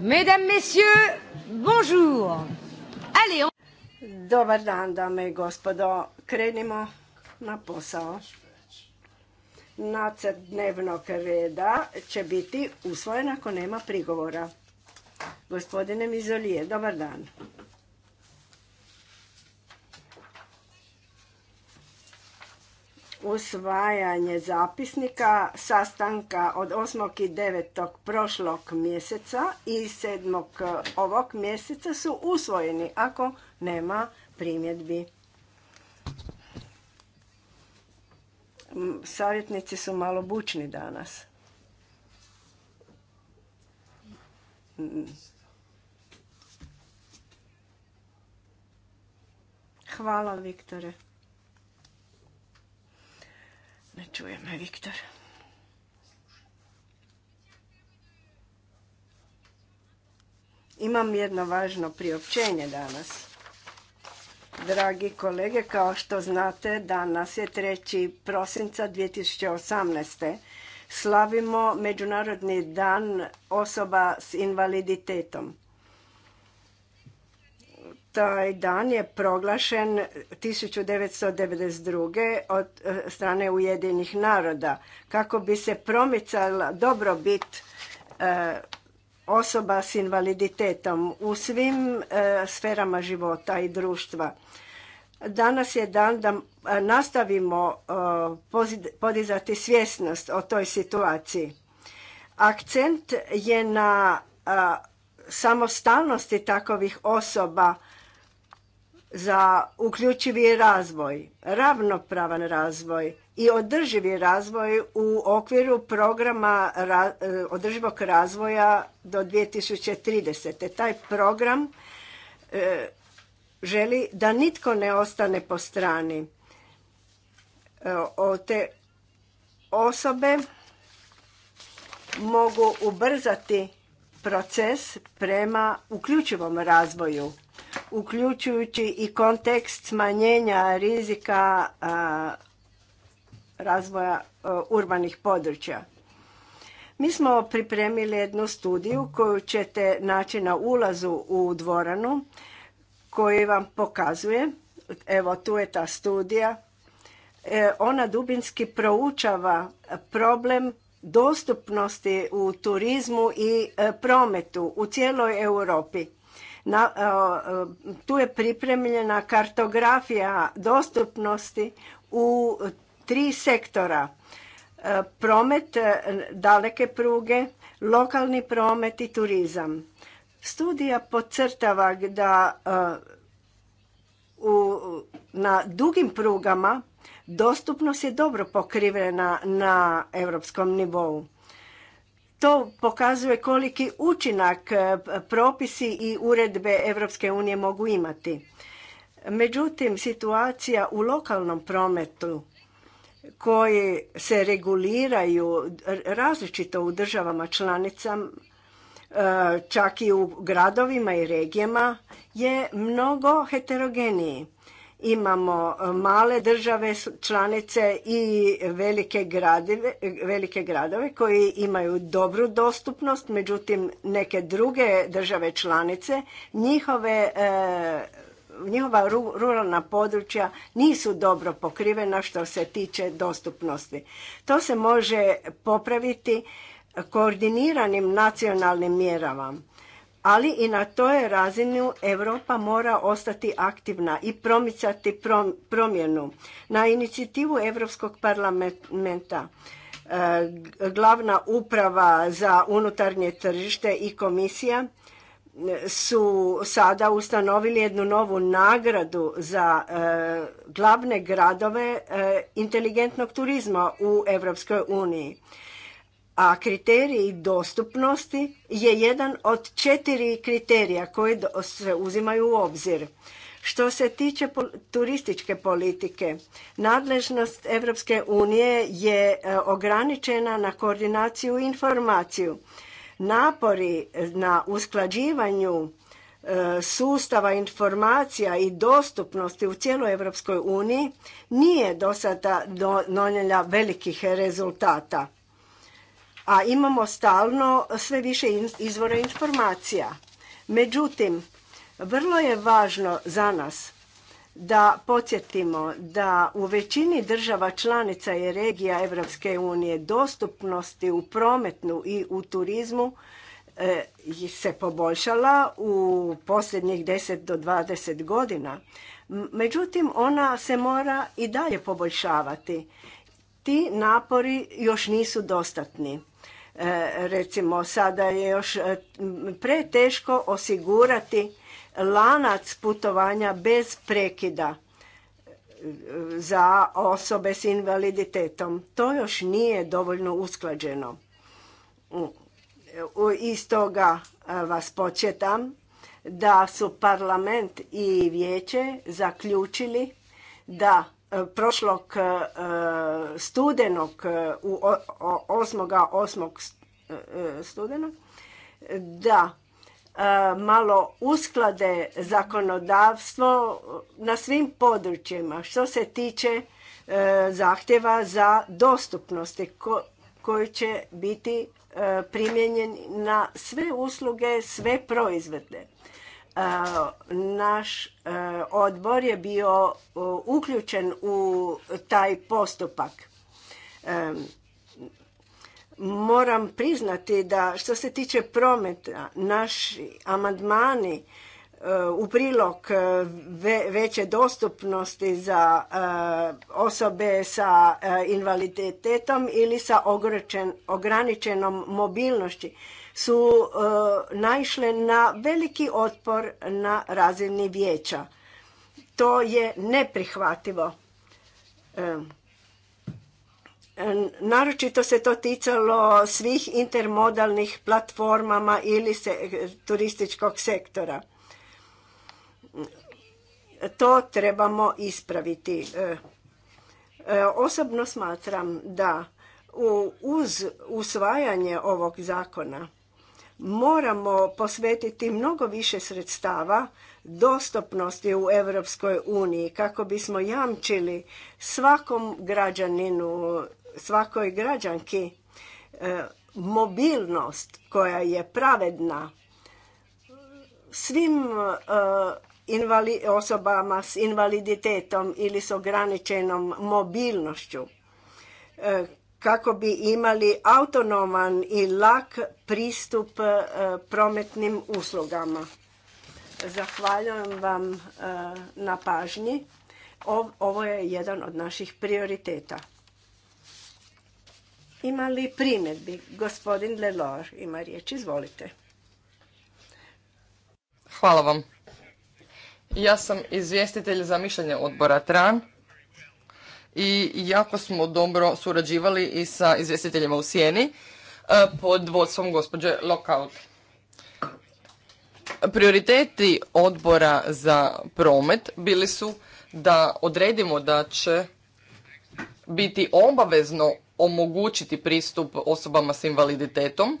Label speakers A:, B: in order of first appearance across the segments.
A: Mesdames, messieurs, bonjour. Allez, on... Dobar dan, dame i gospodo. Krenimo na posao. Nacrt dnevnog reda će biti usvojen ako nema prigovora. Gospodine Mizolije, dobar dan. usvajanje zapisnika sastanka od 8. i 9. prošlog mjeseca i 7. ovog mjeseca su usvojeni ako nema primjedbi. Savjetnici su malo bučni danas. Hvala, Viktore. Ne čuje me Viktor. Imam jedno važno priopćenje danas. Dragi kolege, kao što znate, danas je 3. prosinca 2018. Slavimo Međunarodni dan osoba s invaliditetom. Taj dan je proglašen 1992. od e, strane Ujedinjenih naroda kako bi se promicala dobrobit e, osoba s invaliditetom u svim e, sferama života i društva. Danas je dan da nastavimo podizati svjesnost o toj situaciji. Akcent je na samostalnosti takovih osoba za uključivi razvoj, ravnopravan razvoj i održivi razvoj u okviru programa e, održivog razvoja do 2030. Taj program e, želi da nitko ne ostane po strani. E, te osobe mogu ubrzati proces prema uključivom razvoju uključujući i kontekst smanjenja rizika razvoja urbanih područja. Mi smo pripremili jednu studiju koju ćete naći na ulazu u dvoranu koji vam pokazuje, evo tu je ta studija, e, ona dubinski proučava problem dostupnosti u turizmu i e, prometu u cijeloj Europi na, e, e, tu je pripremljena kartografija dostupnosti u tri sektora. E, promet, daleke pruge, lokalni promet i turizam. Studija podcrtava da u, na dugim prugama dostupnost je dobro pokrivena na europskom nivou. To pokazuje koliki učinak e, propisi i uredbe Europske unije mogu imati. Međutim, situacija u lokalnom prometu koji se reguliraju različito u državama članicama, e, čak i u gradovima i regijama, je mnogo heterogeniji. Imamo e, male države članice i velike, gradive, velike gradove koji imaju dobru dostupnost, međutim neke druge države članice, njihove e, njihova ruralna područja nisu dobro pokrivena što se tiče dostupnosti. To se može popraviti koordiniranim nacionalnim mjerama ali i na toj razini Europa mora ostati aktivna i promicati promjenu. Na inicijativu Europskog parlamenta e, glavna uprava za unutarnje tržište i komisija e, su sada ustanovili jednu novu nagradu za e, glavne gradove inteligentnog turizma u Europskoj uniji. A kriteriji dostupnosti je jedan od četiri kriterija koji se uzimaju u obzir. Što se tiče turističke politike, nadležnost Europske unije je e, ograničena na koordinaciju i informaciju. Napori e, na usklađivanju e, sustava informacija i dostupnosti u cijeloj Europskoj uniji nije do sada donijela velikih rezultata a imamo stalno sve više izvora informacija. Međutim, vrlo je važno za nas da podsjetimo da u većini država članica i regija Europske unije dostupnosti u prometnu i u turizmu e, se poboljšala u posljednjih 10 do 20 godina. Međutim, ona se mora i dalje poboljšavati. Ti napori još nisu dostatni. E, recimo, sada je još e, preteško osigurati lanac putovanja bez prekida e, za osobe s invaliditetom. To još nije dovoljno usklađeno. Iz toga vas početam da su parlament i vijeće zaključili da E, prošlog e, studenog e, u 8. studenog da malo usklade zakonodavstvo na svim područjima što se tiče zahtjeva za dostupnosti koji će biti primijenjen na sve usluge, sve proizvode naš e, odbor je bio e, uključen u taj postupak. E, moram priznati da što se tiče prometa, naši amandmani u prilog veće dostupnosti za osobe sa invaliditetom ili sa ograničenom mobilnošću su e, naišle na veliki otpor na razini vijeća. To je neprihvatljivo. E, naročito se to ticalo svih intermodalnih platformama ili se, e, turističkog sektora. To trebamo ispraviti. Osobno smatram da uz usvajanje ovog zakona moramo posvetiti mnogo više sredstava dostupnosti u Europskoj uniji kako bismo jamčili svakom građaninu, svakoj građanki e, mobilnost koja je pravedna svim e, osobama s invaliditetom ili s ograničenom mobilnošću e, kako bi imali autonoman i lak pristup e, prometnim uslugama. Zahvaljujem vam e, na pažnji. Ovo je jedan od naših prioriteta. Ima li primjedbi? Gospodin Lelor ima riječ, izvolite.
B: Hvala vam. Ja sam izvjestitelj za mišljenje odbora TRAN i jako smo dobro surađivali i sa izvjestiteljima u Sjeni e, pod vodstvom gospođe Lockout. Prioriteti odbora za promet bili su da odredimo da će biti obavezno omogućiti pristup osobama s invaliditetom.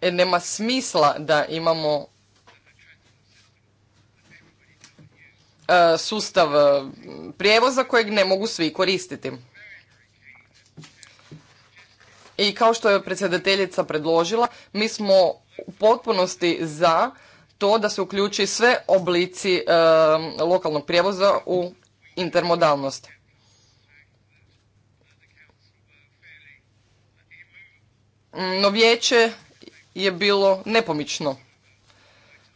B: E, nema smisla da imamo E, sustav e, prijevoza kojeg ne mogu svi koristiti. I kao što je predsjedateljica predložila, mi smo u potpunosti za to da se uključi sve oblici e, lokalnog prijevoza u intermodalnost. No vijeće je bilo nepomično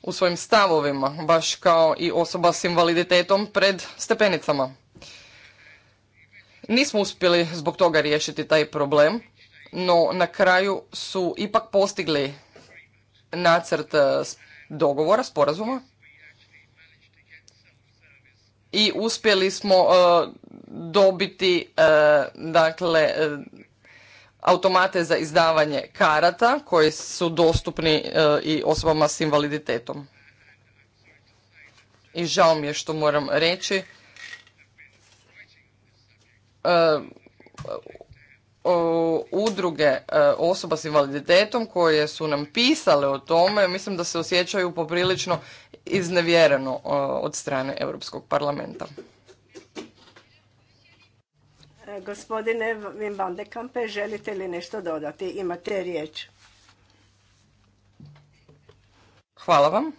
B: u svojim stavovima, baš kao i osoba s invaliditetom pred stepenicama. Nismo uspjeli zbog toga riješiti taj problem, no na kraju su ipak postigli nacrt e, dogovora, sporazuma i uspjeli smo e, dobiti e, dakle automate za izdavanje karata koji su dostupni e, i osobama s invaliditetom. I žao mi je što moram reći e, udruge e, osoba s invaliditetom koje su nam pisale o tome, mislim da se osjećaju poprilično iznevjereno od strane Europskog parlamenta.
A: Gospodine Wim van de Kampe, želite li nešto dodati? Imate riječ.
B: Hvala vam.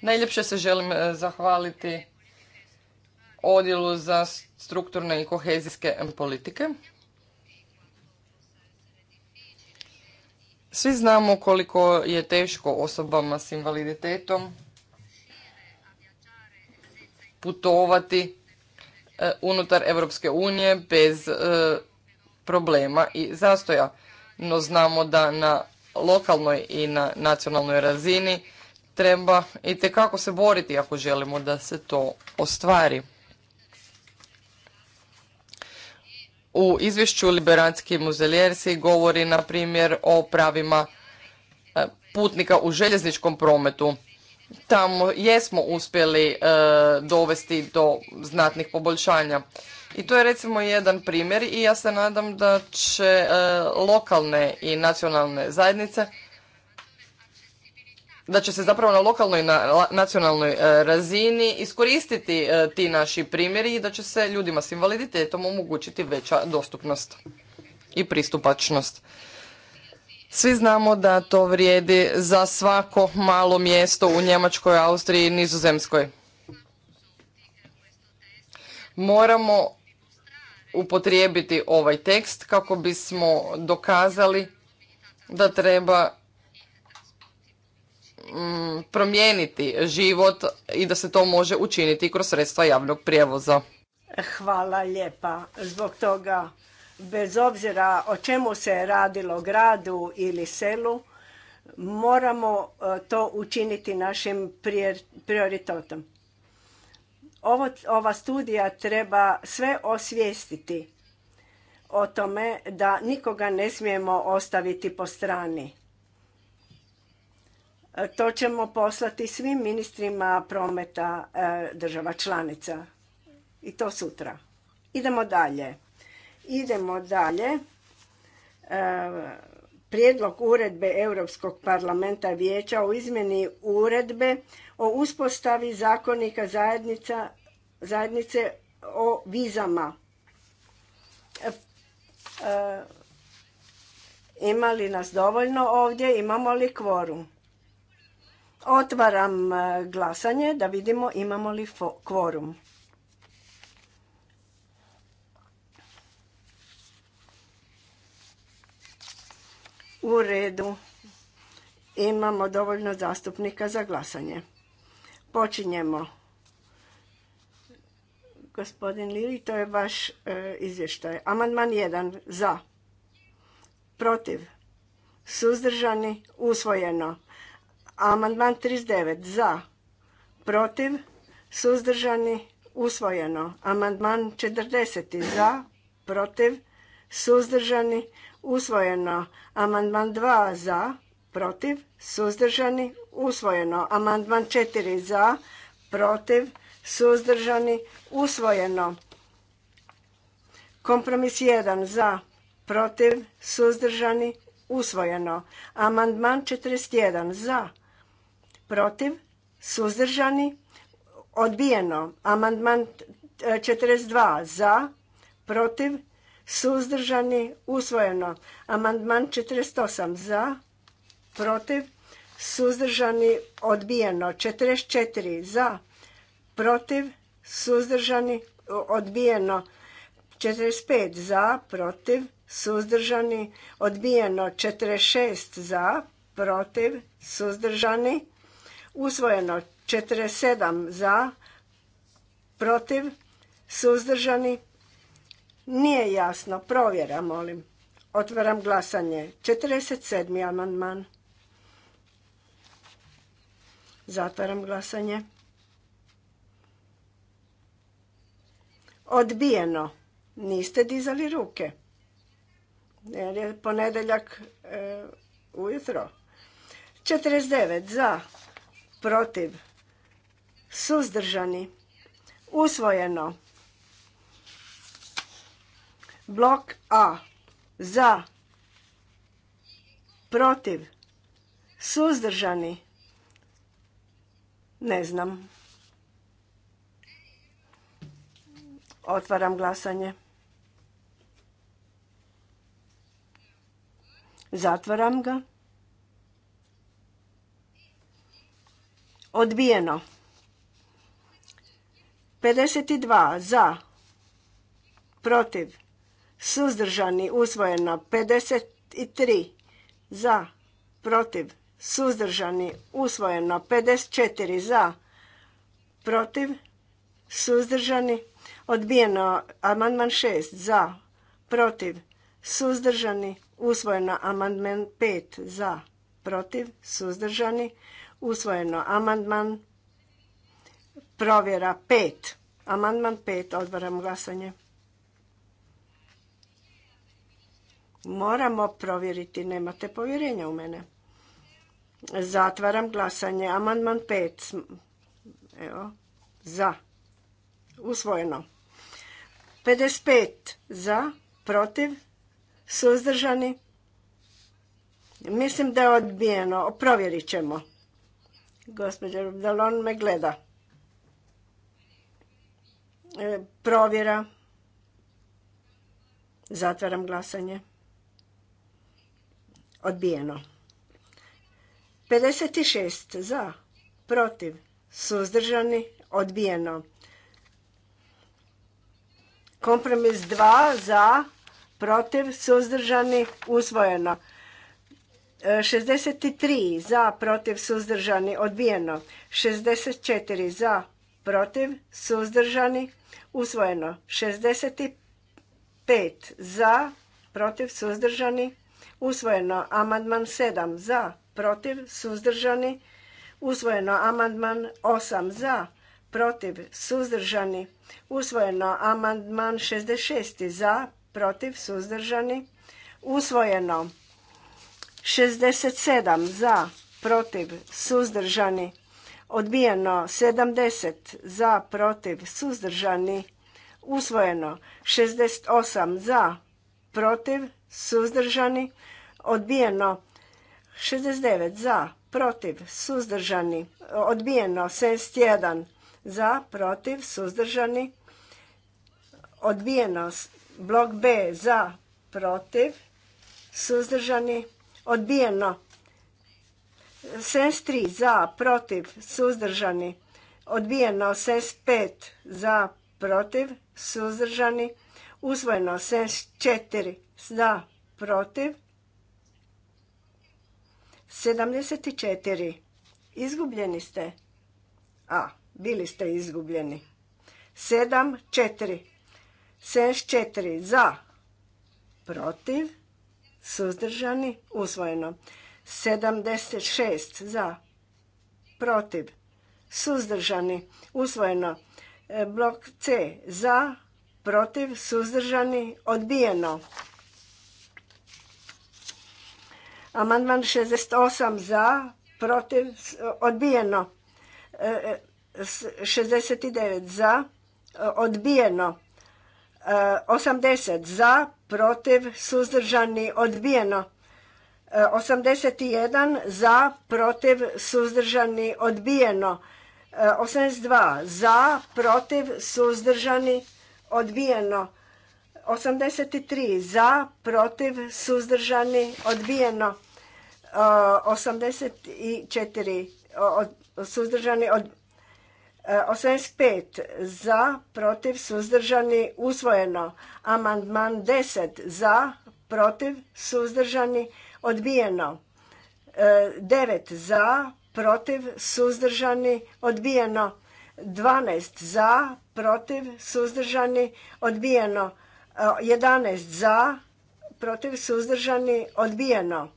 B: Najljepše se želim e, zahvaliti odjelu za strukturne i kohezijske politike. Svi znamo koliko je teško osobama s invaliditetom putovati e, unutar Europske unije bez e, problema i zastoja. No znamo da na lokalnoj i na nacionalnoj razini treba i tekako se boriti ako želimo da se to ostvari. U izvješću Liberanski muzeljersi govori na primjer o pravima e, putnika u željezničkom prometu tamo jesmo uspjeli e, dovesti do znatnih poboljšanja. I to je recimo jedan primjer i ja se nadam da će e, lokalne i nacionalne zajednice da će se zapravo na lokalnoj i na nacionalnoj e, razini iskoristiti ti naši primjeri i da će se ljudima s invaliditetom omogućiti veća dostupnost i pristupačnost. Svi znamo da to vrijedi za svako malo mjesto u Njemačkoj, Austriji i Nizozemskoj. Moramo upotrijebiti ovaj tekst kako bismo dokazali da treba mm, promijeniti život i da se to može učiniti kroz sredstva javnog prijevoza.
A: Hvala lijepa. Zbog toga bez obzira o čemu se radilo gradu ili selu, moramo e, to učiniti našim prioritetom. ova studija treba sve osvijestiti o tome da nikoga ne smijemo ostaviti po strani. E, to ćemo poslati svim ministrima prometa e, država članica. I to sutra. Idemo dalje. Idemo dalje. E, prijedlog uredbe Europskog parlamenta vijeća o izmjeni uredbe o uspostavi zakonika zajednica, zajednice o vizama. E, e, ima li nas dovoljno ovdje? Imamo li kvorum? Otvaram glasanje da vidimo imamo li kvorum. U redu. Imamo dovoljno zastupnika za glasanje. Počinjemo. Gospodin Lili, to je vaš e, izvještaj. Amandman 1. Za. Protiv. Suzdržani. Usvojeno. Amandman 39. Za. Protiv. Suzdržani. Usvojeno. Amandman 40. Za. Protiv. Suzdržani usvojeno. Amandman 2 za, protiv, suzdržani, usvojeno. Amandman 4 za, protiv, suzdržani, usvojeno. Kompromis 1 za, protiv, suzdržani, usvojeno. Amandman 41 za, protiv, suzdržani, odbijeno. Amandman 42 za, protiv, suzdržani, usvojeno. Amandman 48 za, protiv, suzdržani, odbijeno. 44 za, protiv, suzdržani, odbijeno. 45 za, protiv, suzdržani, odbijeno. 46 za, protiv, suzdržani, usvojeno. 47 za, protiv, suzdržani, nije jasno. Provjera, molim. Otvaram glasanje. 47. amandman. Zatvaram glasanje. Odbijeno. Niste dizali ruke. Jer je ponedeljak e, ujutro. 49. Za. Protiv. Suzdržani. Usvojeno. Blok A. Za. Protiv. Suzdržani. Ne znam. Otvaram glasanje. Zatvaram ga. Odbijeno. 52 za. Protiv suzdržani, usvojeno 53 za, protiv, suzdržani, usvojeno 54 za, protiv, suzdržani, odbijeno amandman 6 za, protiv, suzdržani, usvojeno amandman 5 za, protiv, suzdržani, usvojeno amandman provjera 5. Amandman 5, odvaram glasanje. Moramo provjeriti, nemate povjerenja u mene. Zatvaram glasanje. Amandman 5. Evo, za. Usvojeno. 55 za, protiv, suzdržani. Mislim da je odbijeno. Provjerit ćemo. Gospodin on me gleda. E, provjera. Zatvaram glasanje. Odbijeno. 56 za, protiv, suzdržani, odbijeno. Kompromis 2 za, protiv, suzdržani, usvojeno. 63 e, za, protiv, suzdržani, odbijeno. 64 za, protiv, suzdržani, usvojeno. 65 za, protiv, suzdržani, Usvojeno amandman 7 za, protiv, suzdržani. Usvojeno amandman 8 za, protiv, suzdržani. Usvojeno amandman 66 za, protiv, suzdržani. Usvojeno 67 za, protiv, suzdržani. Odbijeno 70 za, protiv, suzdržani. Usvojeno 68 za, protiv, suzdržani, odbijeno 69 za, protiv, suzdržani, odbijeno 71 za, protiv, suzdržani, odbijeno blok B za, protiv, suzdržani, odbijeno 73 za, protiv, suzdržani, odbijeno 75 za, protiv, suzdržani, usvojeno 74 za, protiv. 74. Izgubljeni ste. A, bili ste izgubljeni. 7, 74. Za, protiv, suzdržani, usvojeno. 76. Za, protiv, suzdržani, usvojeno. E, blok C. Za, protiv, suzdržani, odbijeno. Amandman 68 za, protiv, odbijeno. 69 za, odbijeno. 80 za, protiv, suzdržani, odbijeno. 81 za, protiv, suzdržani, odbijeno. 82 za, protiv, suzdržani, odbijeno. 83 za, protiv, suzdržani, odbijeno. 84 suzdržani, od, 85 e, za, protiv, suzdržani, usvojeno. Amandman 10 za, protiv, suzdržani, odbijeno. 9 e, za, protiv, suzdržani, odbijeno. 12 za, protiv, suzdržani, odbijeno. 11 za, protiv suzdržani odbijeno.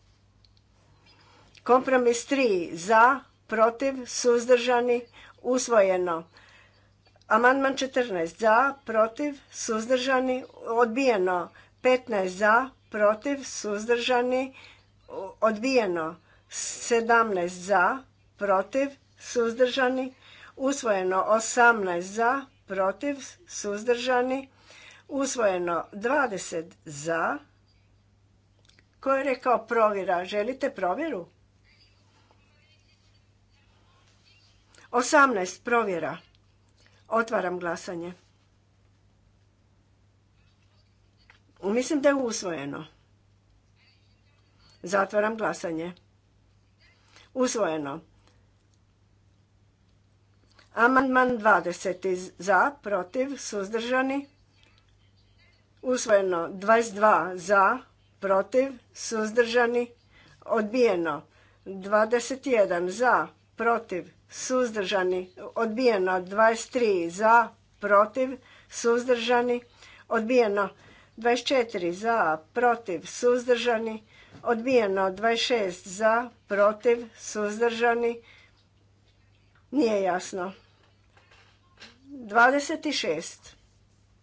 A: Kompromis 3 za, protiv suzdržani usvojeno. Amandman 14 za, protiv suzdržani odbijeno. 15 za, protiv suzdržani odbijeno. 17 za, protiv suzdržani usvojeno. 18 za, protiv suzdržani usvojeno 20 za. Ko je rekao provjera? Želite provjeru? 18 provjera. Otvaram glasanje. Mislim da je usvojeno. Zatvaram glasanje. Usvojeno. Amandman 20 za, protiv, suzdržani usvojeno 22 za, protiv, suzdržani, odbijeno 21 za, protiv, suzdržani, odbijeno 23 za, protiv, suzdržani, odbijeno 24 za, protiv, suzdržani, odbijeno 26 za, protiv, suzdržani, nije jasno. 26.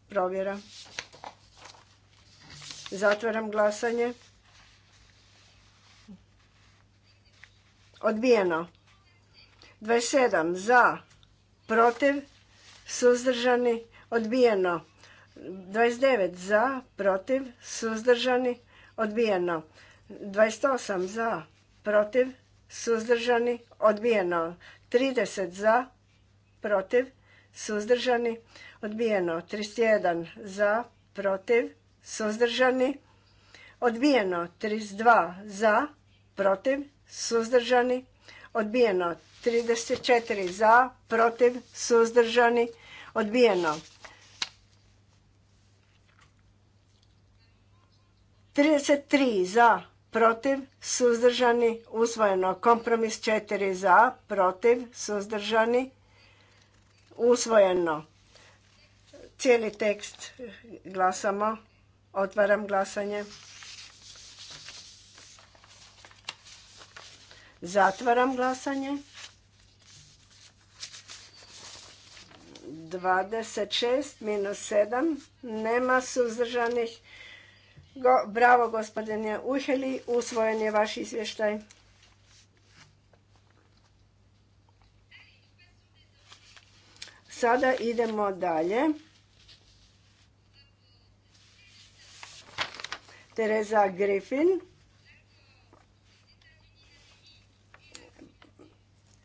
A: Provjera. Zatvaram glasanje. Odbijeno. 27 za, protiv, suzdržani, odbijeno. 29 za, protiv, suzdržani, odbijeno. 28 za, protiv, suzdržani, odbijeno. 30 za, protiv, suzdržani, odbijeno. 31 za, protiv, suzdržani, odbijeno 32 za, protiv, suzdržani, odbijeno 34 za, protiv, suzdržani, odbijeno 33 za, protiv, suzdržani, usvojeno kompromis 4 za, protiv, suzdržani, usvojeno. Cijeli tekst glasamo. Otvaram glasanje. Zatvaram glasanje. 26 minus 7. Nema suzdržanih. bravo gospodine Uheli. Usvojen je vaš izvještaj. Sada idemo dalje. Tereza Griffin.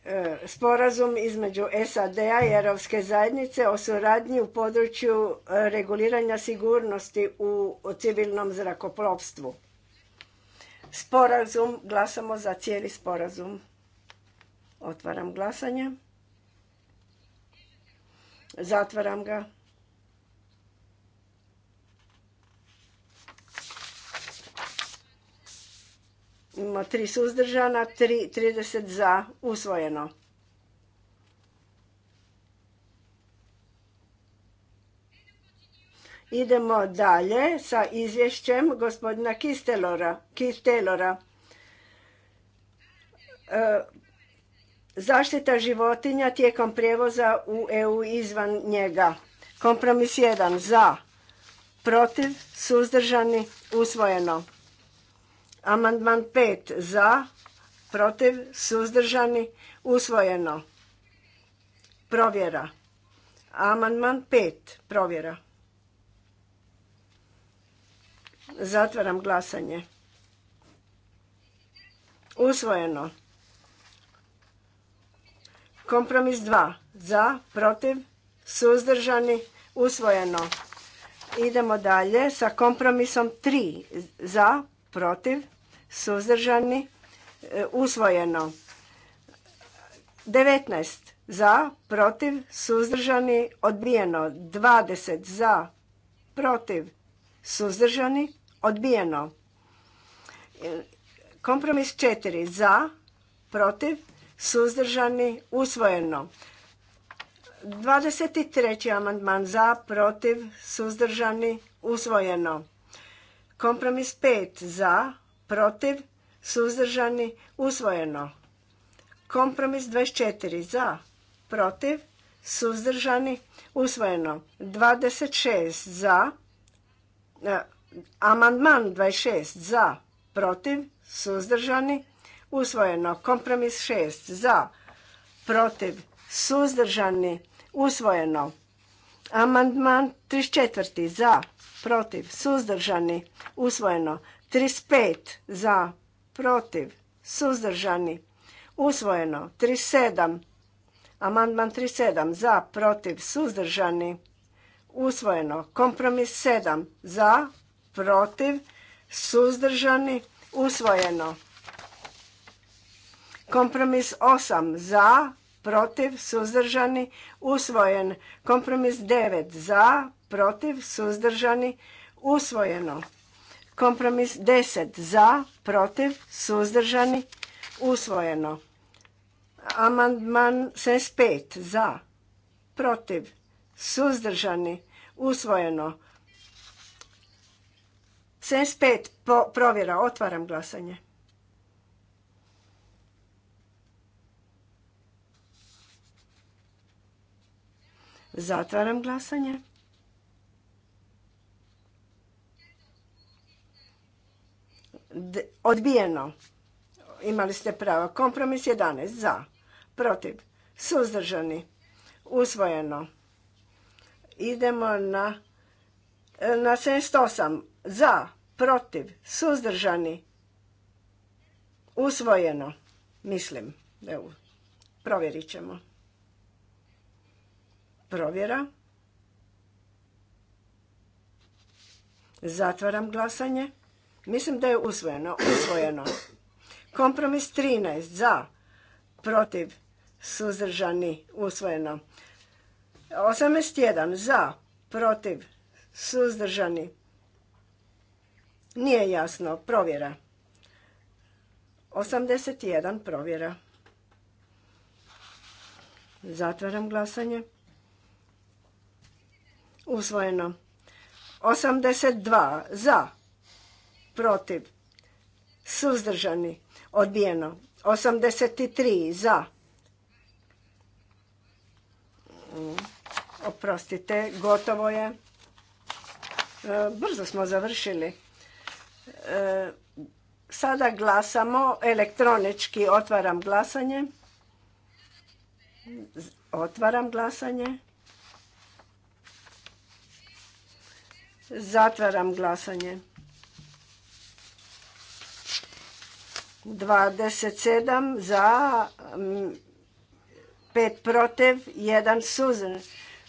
A: E, sporazum između SAD-a i Europske zajednice o suradnji u području e, reguliranja sigurnosti u civilnom zrakoplovstvu. Sporazum, glasamo za cijeli sporazum. Otvaram glasanje. Zatvaram ga. Imamo tri suzdržana, tri, 30 za, usvojeno. Idemo dalje sa izvješćem gospodina Kistelora. Kistelora. E, zaštita životinja tijekom prijevoza u EU izvan njega. Kompromis 1. Za. Protiv. Suzdržani. Usvojeno. Amandman 5 za, protiv, suzdržani, usvojeno. Provjera. Amandman 5, provjera. Zatvaram glasanje. Usvojeno. Kompromis 2. Za, protiv, suzdržani, usvojeno. Idemo dalje sa kompromisom 3. Za, protiv, suzdržani, e, usvojeno. 19 za, protiv, suzdržani, odbijeno. 20 za, protiv, suzdržani, odbijeno. E, kompromis 4 za, protiv, suzdržani, usvojeno. 23. amandman za, protiv, suzdržani, usvojeno. Kompromis 5 za, protiv, suzdržani, usvojeno. Kompromis 24 za, protiv, suzdržani, usvojeno. 26 za, e, amandman 26 za, protiv, suzdržani, usvojeno. Kompromis 6 za, protiv, suzdržani, usvojeno. Amandman 34 za, protiv, suzdržani, usvojeno. 35 za, protiv, suzdržani, usvojeno. 37, amandman 37 za, protiv, suzdržani, usvojeno. Kompromis 7 za, protiv, suzdržani, usvojeno. Kompromis 8 za, protiv, suzdržani, usvojen. Kompromis 9 za, protiv, suzdržani, usvojeno. Kompromis 10 za, protiv, suzdržani, usvojeno. Amandman 75 za, protiv, suzdržani, usvojeno. 75 provjera, otvaram glasanje. Zatvaram glasanje. Odbijeno. Imali ste pravo. Kompromis 11. Za. Protiv. Suzdržani. Usvojeno. Idemo na, na 78. Za. Protiv. Suzdržani. Usvojeno. Mislim. Evo. Provjerit ćemo. Provjera. Zatvaram glasanje. Mislim da je usvojeno. Usvojeno. Kompromis 13 za, protiv, suzdržani, usvojeno. 81 za, protiv, suzdržani. Nije jasno, provjera. 81 provjera. Zatvaram glasanje. Usvojeno. 82 za, protiv, suzdržani, odbijeno. 83 za. Mm, oprostite, gotovo je. E, brzo smo završili. E, sada glasamo elektronički. Otvaram glasanje. Otvaram glasanje. Zatvaram glasanje. 27 za, 5 protiv, 1 suzan.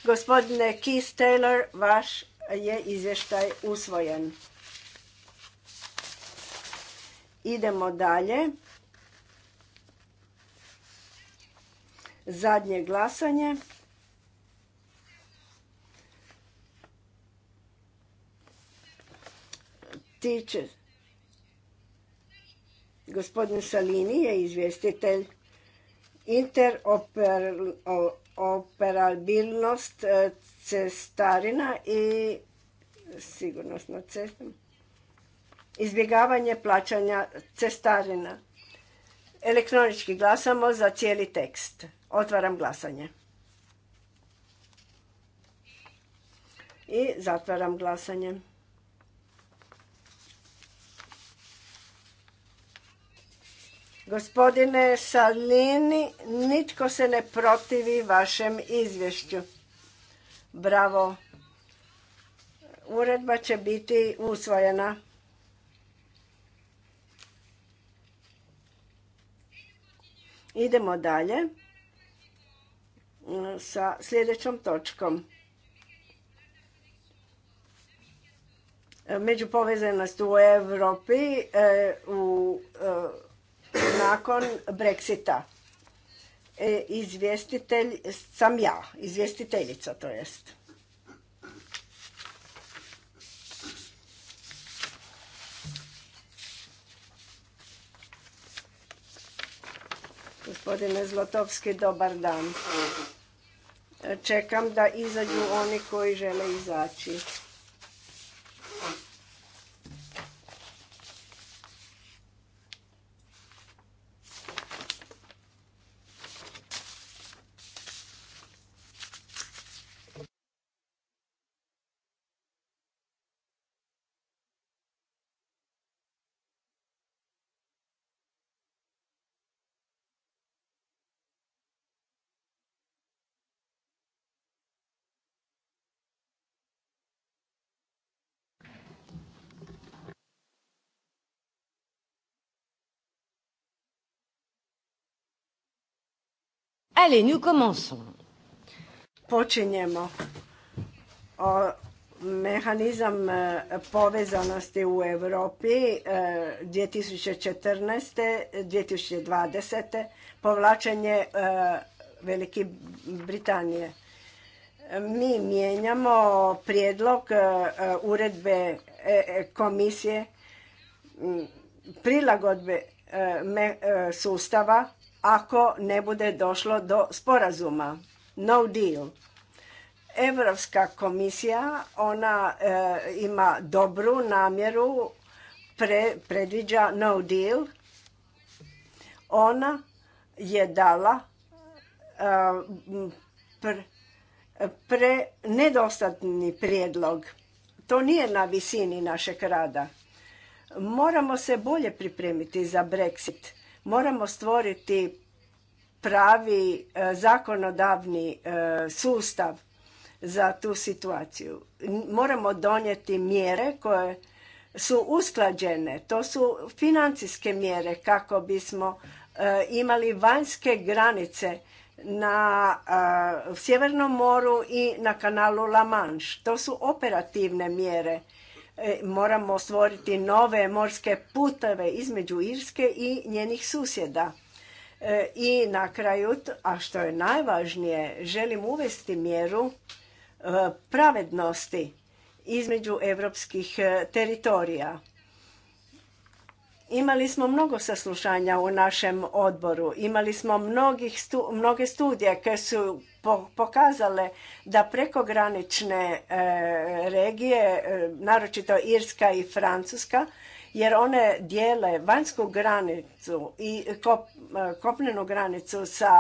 A: Gospodine Keith Taylor, vaš je izvještaj usvojen. Idemo dalje. Zadnje glasanje. Tiče Gospodin Salini je izvjestitelj interoperabilnost e, cestarina i sigurnost na Izbjegavanje plaćanja cestarina. Elektronički glasamo za cijeli tekst. Otvaram glasanje. I zatvaram glasanje. Gospodine Salini, nitko se ne protivi vašem izvješću. Bravo. Uredba će biti usvojena. Idemo dalje mm, sa sljedećom točkom. Međupovezanost u Europi e, u e, nakon Brexita. E, izvjestitelj sam ja, izvjestiteljica to jest. Gospodine Zlotovski, dobar dan. Čekam da izađu oni koji žele izaći. Allez, nous commençons. Počinjemo. O, mehanizam e, povezanosti u Europi e, 2014. 2020. povlačenje e, Velike Britanije. Mi mijenjamo prijedlog e, uredbe komisije prilagodbe sustava ako ne bude došlo do sporazuma. No deal. Europska komisija, ona e, ima dobru namjeru, predviđa no deal. Ona je dala e, nedostatni prijedlog. To nije na visini našeg rada. Moramo se bolje pripremiti za Brexit Moramo stvoriti pravi e, zakonodavni e, sustav za tu situaciju. Moramo donijeti mjere koje su usklađene. To su financijske mjere kako bismo e, imali vanjske granice na Sjevernom moru i na kanalu La Manche. To su operativne mjere E, moramo stvoriti nove morske puteve između Irske i njenih susjeda. E, I na kraju, a što je najvažnije, želim uvesti mjeru e, pravednosti između europskih teritorija Imali smo mnogo saslušanja u našem odboru, imali smo mnoge studije koje su pokazale da prekogranične e, regije, e, naročito Irska i Francuska, jer one dijele vanjsku granicu i e, kopnenu granicu sa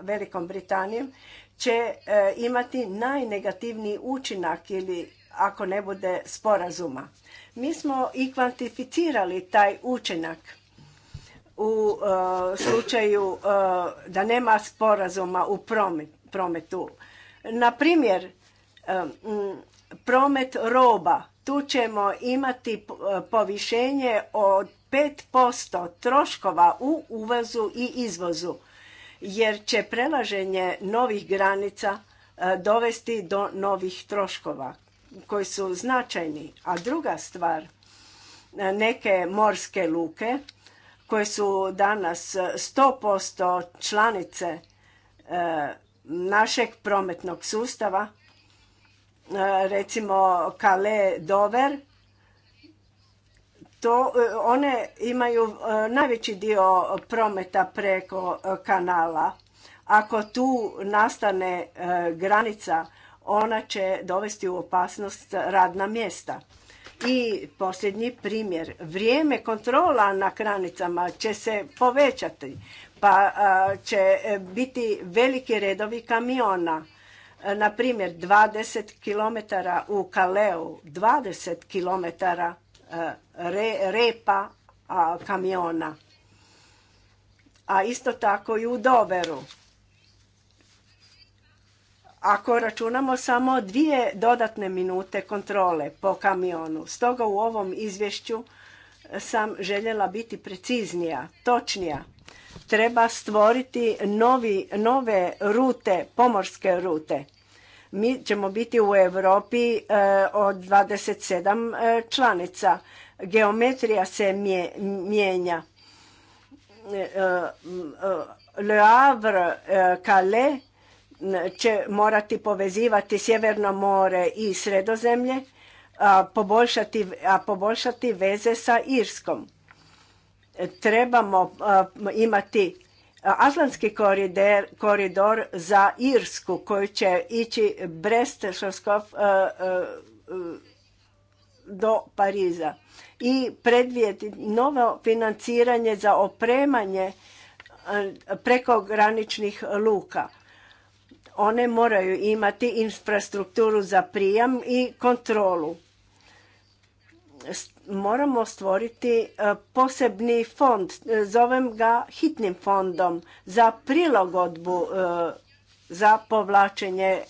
A: Velikom Britanijom, će imati najnegativniji učinak ili ako ne bude sporazuma. Mi smo i kvantificirali taj učinak u e, slučaju e, da nema sporazuma u prometu. Na primjer, e, promet roba. Tu ćemo imati povišenje od 5% troškova u uvozu i izvozu, jer će prelaženje novih granica dovesti do novih troškova koji su značajni. A druga stvar, neke morske luke koje su danas 100% članice e, našeg prometnog sustava, e, recimo Kale Dover, to e, one imaju najveći dio prometa preko kanala. Ako tu nastane granica ona će dovesti u opasnost radna mjesta. I posljednji primjer, vrijeme kontrola na kranicama će se povećati, pa će e, biti veliki redovi kamiona. E, na primjer, 20 km u Kaleu, 20 km e, repa kamiona. A isto tako i u Doveru ako računamo samo dvije dodatne minute kontrole po kamionu. Stoga u ovom izvješću sam željela biti preciznija, točnija. Treba stvoriti novi, nove rute, pomorske rute. Mi ćemo biti u Europi e, od 27 e, članica. Geometrija se mijenja. E, e, e, Le Havre, Calais će morati povezivati Sjeverno more i Sredozemlje, a poboljšati, a poboljšati veze sa Irskom. Trebamo imati Atlantski koridor, za Irsku koji će ići Brest, do Pariza i predvijeti novo financiranje za opremanje prekograničnih luka one moraju imati infrastrukturu za prijam i kontrolu. Moramo stvoriti e, posebni fond, e, zovem ga hitnim fondom, za prilagodbu e, za povlačenje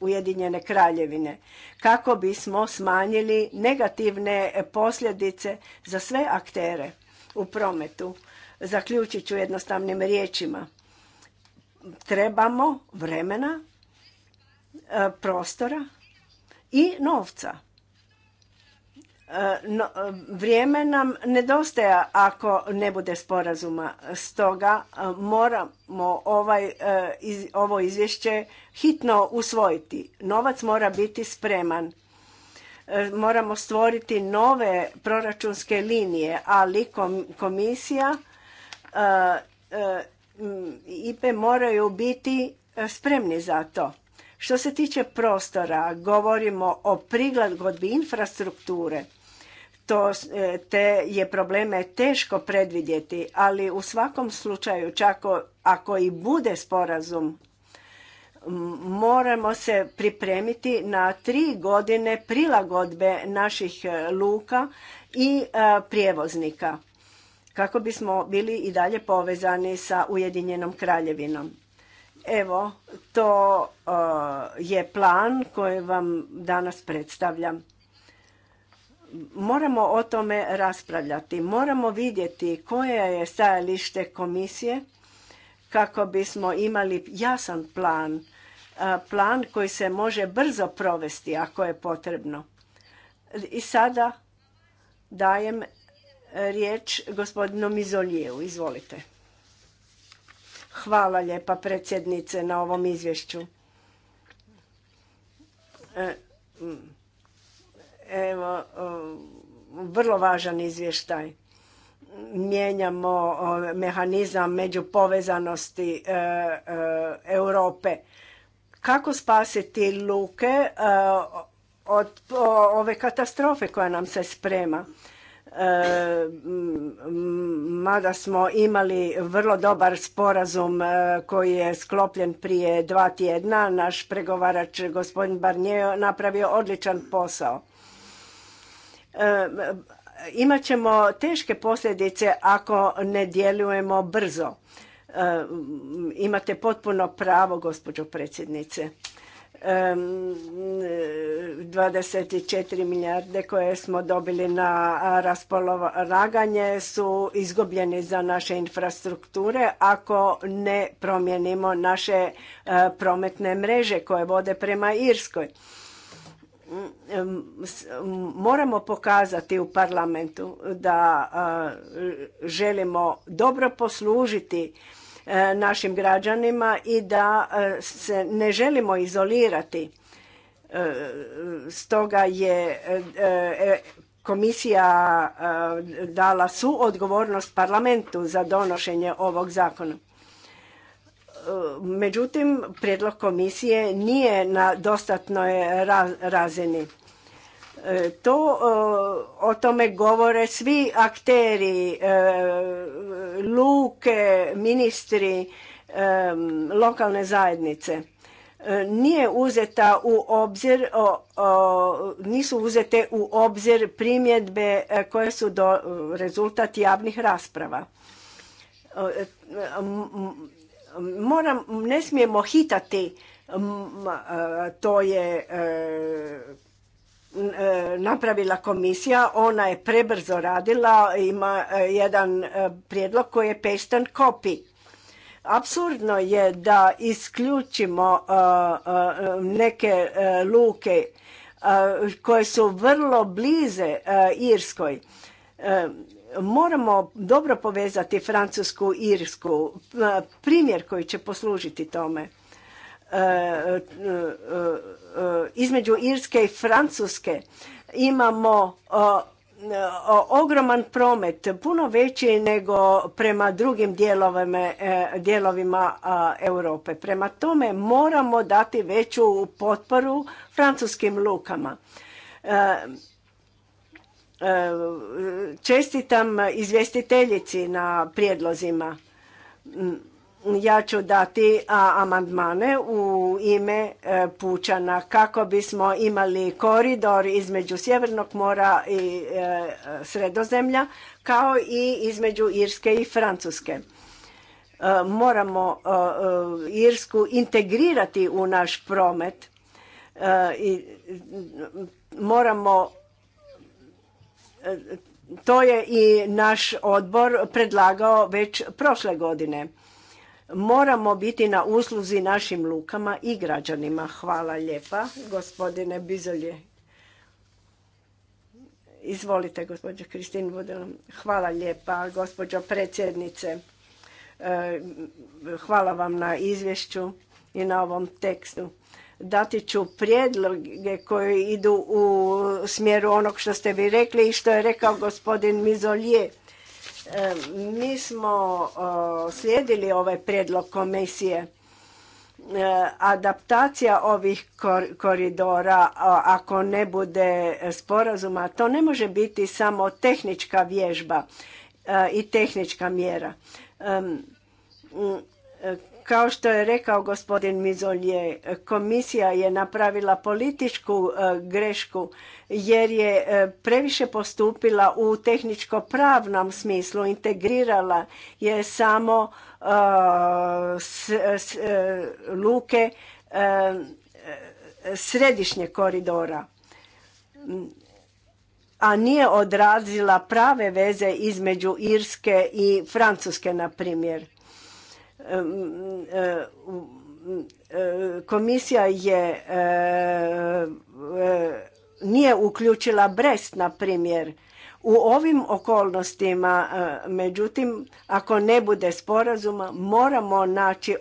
A: Ujedinjene kraljevine, kako bismo smanjili negativne posljedice za sve aktere u prometu. Zaključit ću jednostavnim riječima trebamo vremena, e, prostora i novca. E, no, vrijeme nam nedostaje ako ne bude sporazuma. Stoga e, moramo ovaj, ovo izvješće hitno usvojiti. Novac mora biti spreman. Moramo stvoriti nove proračunske linije, ali komisija IPE moraju biti e, spremni za to. Što se tiče prostora, govorimo o prilagodbi infrastrukture. To e, te je probleme teško predvidjeti, ali u svakom slučaju, čak ako i bude sporazum, moramo se pripremiti na tri godine prilagodbe naših e, luka i prijevoznika kako bismo bili i dalje povezani sa Ujedinjenom kraljevinom. Evo, to e, je plan koji vam danas predstavljam. Moramo o tome raspravljati. Moramo vidjeti koje je stajalište komisije kako bismo imali jasan plan, e, plan koji se može brzo provesti ako je potrebno. I sada dajem riječ gospodinu Mizolijevu. Izvolite. Hvala lijepa predsjednice na ovom izvješću. E, mm, evo, vrlo važan izvještaj. Mijenjamo mehanizam povezanosti e, e, Europe. Kako spasiti luke od ove katastrofe koja nam se sprema? Eh, mada smo imali vrlo dobar sporazum eh, koji je sklopljen prije dva tjedna. Naš pregovarač gospodin Barnier napravio odličan posao. Eh, imat ćemo teške posljedice ako ne djelujemo brzo. Imate potpuno pravo, gospođo predsjednice. 24 milijarde koje smo dobili na raspolaganje su izgubljeni za naše infrastrukture ako ne promijenimo naše e, prometne mreže koje vode prema Irskoj. Moramo pokazati u parlamentu da e, želimo dobro poslužiti E, našim građanima i da e, se ne želimo izolirati. E, stoga je komisija dala su odgovornost parlamentu za donošenje ovog zakona. Međutim, predlog komisije nije na dostatnoj razini. E, to e, o tome govore svi akteri, e, luke, ministri, lokalne zajednice. Nije uzeta u obzir, nisu uzete u obzir primjedbe koje su do, rezultat javnih rasprava. Moram, ne smijemo hitati, to je E, napravila komisija, ona je prebrzo radila, ima e, jedan e, prijedlog koji je peštan kopi. Apsurdno je da isključimo neke luke koje su vrlo blize Irskoj. Moramo dobro povezati Francusku i Irsku, primjer koji će poslužiti tome. Eh, između Irske i Francuske imamo eh, ogroman promet, puno veći nego prema drugim dijelovima, eh, dijelovima Europe. Prema tome moramo dati veću potporu francuskim lukama. Čestitam izvjestiteljici na prijedlozima mm. Ja ću dati amandmane u ime e, Pučana kako bismo imali koridor između Sjevernog mora i e, Sredozemlja kao i između Irske i Francuske. E, moramo Irsku integrirati u naš promet i moramo to je i naš odbor predlagao već prošle godine moramo biti na usluzi našim lukama i građanima. Hvala lijepa, gospodine Bizolje. Izvolite, gospođo Kristin Vudelom. Hvala lijepa, gospođo predsjednice. E, hvala vam na izvješću i na ovom tekstu. Dati ću prijedloge koji idu u smjeru onog što ste vi rekli i što je rekao gospodin Mizolje mi smo slijedili ovaj prijedlog komisije. Adaptacija ovih koridora, ako ne bude sporazuma, to ne može biti samo tehnička vježba e, i tehnička mjera kao što je rekao gospodin Mizolje, komisija je napravila političku e, grešku jer je e, previše postupila u tehničko-pravnom smislu, integrirala je samo e, luke središnje koridora a nije odrazila prave veze između Irske i Francuske, na primjer komisija je nije uključila Brest, na primjer. U ovim okolnostima, međutim, ako ne bude sporazuma, moramo naći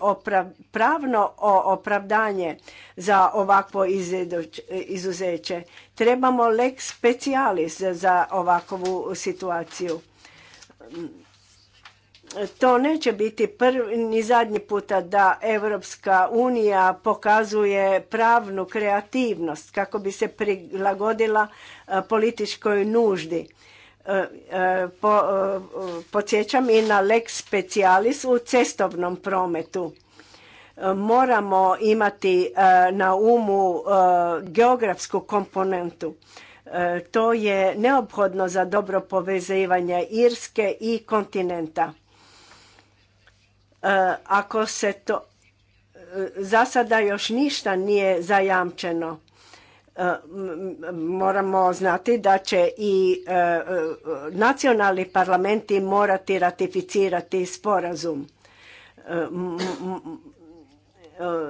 A: pravno opravdanje za ovakvo izuzeće. Trebamo lex specialis za ovakvu situaciju. To neće biti prvi ni zadnji puta da Europska unija pokazuje pravnu kreativnost kako bi se prilagodila e, političkoj nuždi. E, e, podsjećam i na lex specialis u cestovnom prometu. Moramo imati na umu geografsku komponentu. To je neophodno za dobro povezivanje Irske i kontinenta E, ako se to e, za sada još ništa nije zajamčeno e, moramo znati da će i nacionalni parlamenti morati ratificirati sporazum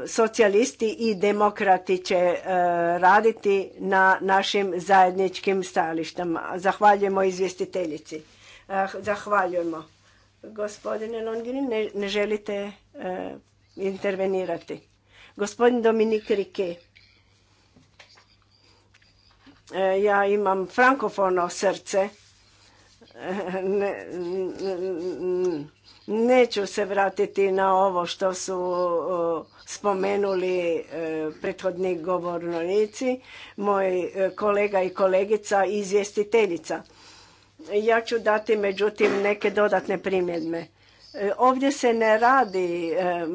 A: socijalisti i demokrati će raditi na našim zajedničkim stajalištama zahvaljujemo izvjestiteljici zahvaljujemo Gospodine Longini, ne, želite e, intervenirati. Gospodin Dominik Rike. E, ja imam frankofono srce. E, neću se vratiti na ovo što su spomenuli prethodni govornici, moj kolega i kolegica izvjestiteljica ja ću dati međutim neke dodatne primjedbe. E, ovdje se ne radi e, e,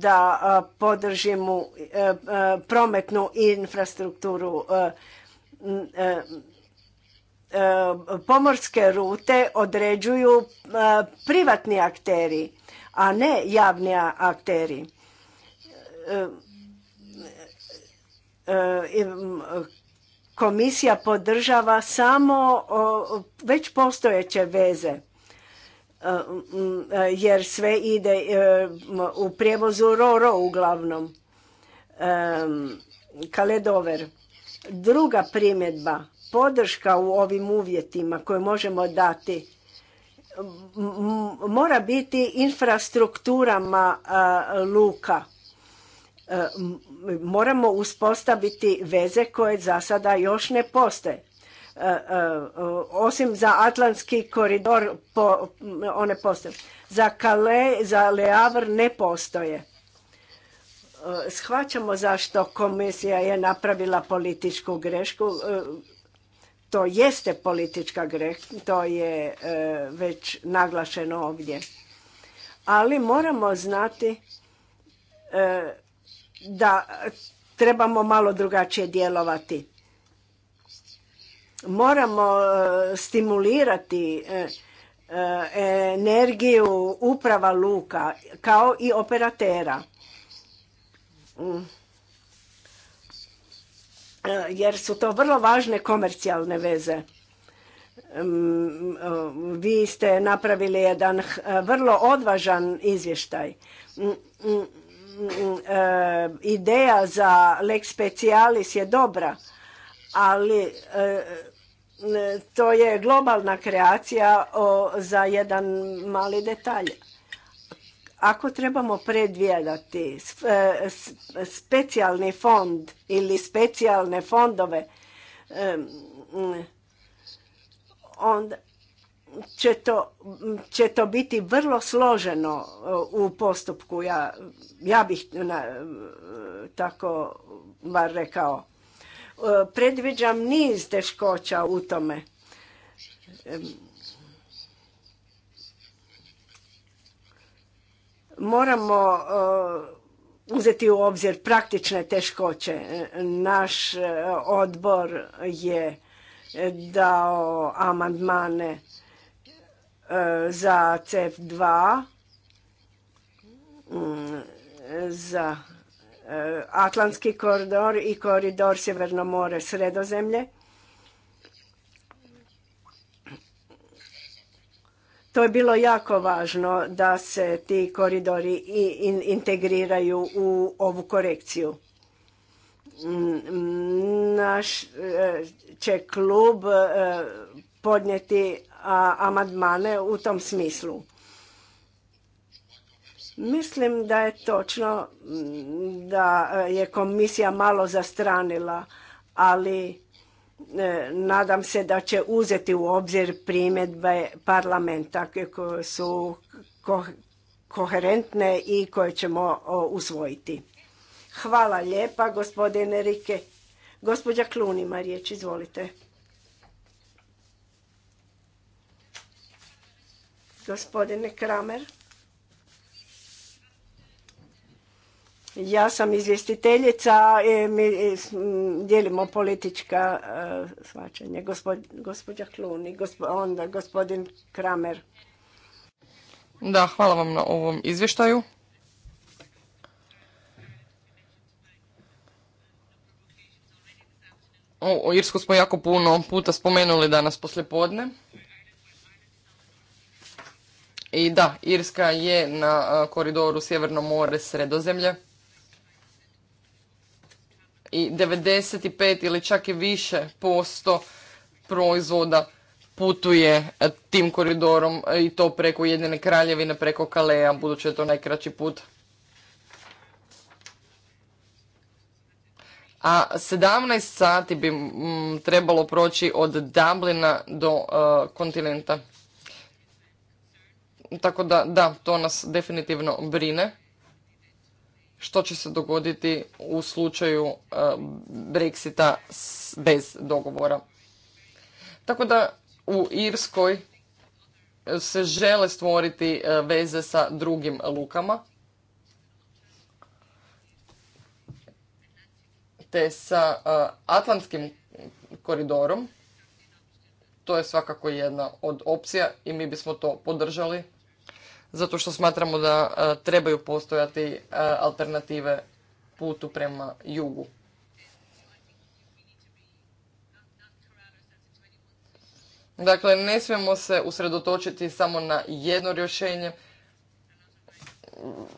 A: da podržimo prometnu infrastrukturu pomorske rute određuju privatni akteri, a ne javni akteri komisija podržava samo već postojeće veze e, mm, jer sve ide e, u prijevozu roro uglavnom e, kaledover druga primjedba podrška u ovim uvjetima koje možemo dati mora biti infrastrukturama luka moramo uspostaviti veze koje za sada još ne postoje. E, e, osim za Atlantski koridor, one postoje. Za Kale, za Leavr ne postoje. E, shvaćamo zašto komisija je napravila političku grešku. To jeste politička greška, to je već naglašeno ovdje. Ali moramo znati da trebamo malo drugačije djelovati. Moramo e, stimulirati e, e, energiju uprava luka kao i operatera. Mm. Jer su to vrlo važne komercijalne veze. Mm, vi ste napravili jedan vrlo odvažan izvještaj mm, Eh, ideja za lex specialis je dobra, ali eh, to je globalna kreacija za jedan mali detalj. Ako trebamo predvijedati eh, specijalni fond ili specijalne fondove, mm, onda će to, biti vrlo složeno e, u postupku, ja, ja bih na, e, tako bar rekao. E, predviđam niz teškoća u tome. Moramo uzeti u obzir praktične teškoće. Naš odbor je dao amandmane za CF2, mm, za e, Atlantski koridor i koridor Sjeverno more Sredozemlje. To je bilo jako važno da se ti koridori integriraju u ovu korekciju. Mm, naš e, će klub e, podnijeti amadmane u tom smislu. Mislim da je točno mm, da e, je komisija malo zastranila, ali e, nadam se da će uzeti u obzir primjedbe parlamenta koje su koherentne i koje ćemo usvojiti. Hvala lijepa gospodine Rike. Gospođa Klunima riječ, izvolite. gospodine Kramer. Ja sam izvjestiteljica i e, mi e, dijelimo politička uh, gospođa Kluni, onda gospodin Kramer. Da,
B: hvala vam na ovom izvještaju. O, Irsku smo jako puno puta spomenuli danas poslijepodne. podne. I da, Irska je na koridoru Sjeverno more sredozemlje. I 95 ili čak i više posto proizvoda putuje e, tim koridorom e, i to preko Jedine kraljevine, preko Kaleja, budući je to najkraći put. A 17 sati bi trebalo proći od Dublina do e, kontinenta. Tako da, da, to nas definitivno brine. Što će se dogoditi u slučaju e, Brexita bez dogovora. Tako da u Irskoj se žele stvoriti e, veze sa drugim lukama. Te sa e, Atlantskim koridorom. To je svakako jedna od opcija i mi bismo to podržali zato što smatramo da e, trebaju postojati e, alternative putu prema jugu. Dakle, ne smijemo se usredotočiti samo na jedno rješenje.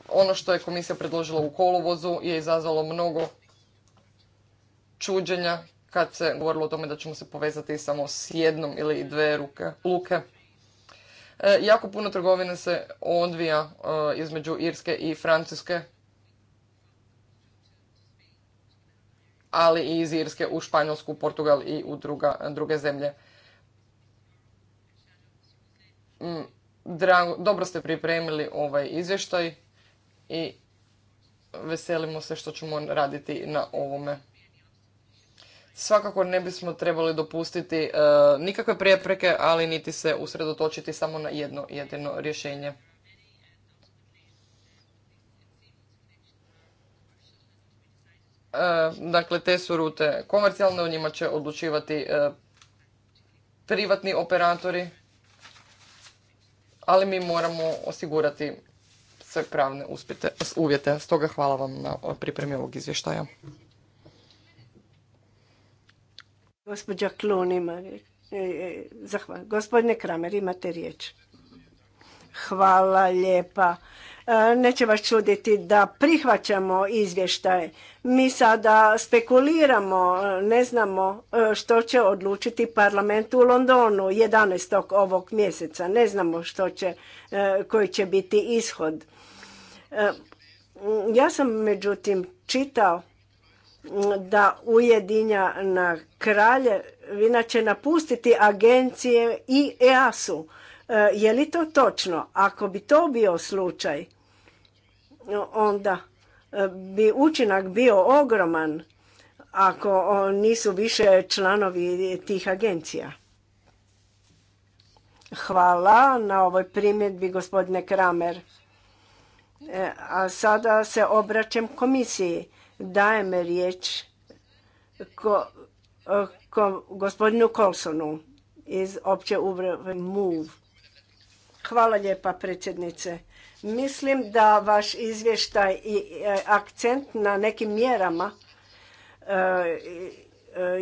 B: Ono što je komisija predložila u kolovozu je izazvalo mnogo čuđenja kad se govorilo o tome da ćemo se povezati samo s jednom ili dve luke. E, jako puno trgovine se odvija e, između Irske i Francuske, ali i iz Irske u Španjolsku, Portugal i u druge zemlje. Mm, drago, dobro ste pripremili ovaj izvještaj i veselimo se što ćemo raditi na ovome. Svakako ne bismo trebali dopustiti e, nikakve prepreke, ali niti se usredotočiti samo na jedno jedino rješenje. E, dakle, te su rute komercijalne, o njima će odlučivati e, privatni operatori, ali mi moramo osigurati
A: sve pravne
B: uspite, uvjete. Stoga hvala vam na pripremi ovog izvještaja.
A: Gospođa Klun ima e, e, Gospodine Kramer, imate riječ. Hvala lijepa. E, neće vas čuditi da prihvaćamo izvještaje. Mi sada spekuliramo, ne znamo što će odlučiti parlament u Londonu 11. ovog mjeseca. Ne znamo što će, koji će biti ishod. Ja sam međutim čitao da ujedinja na kralje, inače napustiti agencije i EASU. E, je li to točno? Ako bi to bio slučaj, onda e, bi učinak bio ogroman ako nisu više članovi tih agencija. Hvala na ovoj primjedbi gospodine Kramer. E, a sada se obraćam komisiji. Dajem riječ ko, ko, gospodinu Kolsonu iz opće Uvrven MOVE. Hvala lijepa predsjednice. Mislim da vaš izvještaj i e, akcent na nekim mjerama e, e,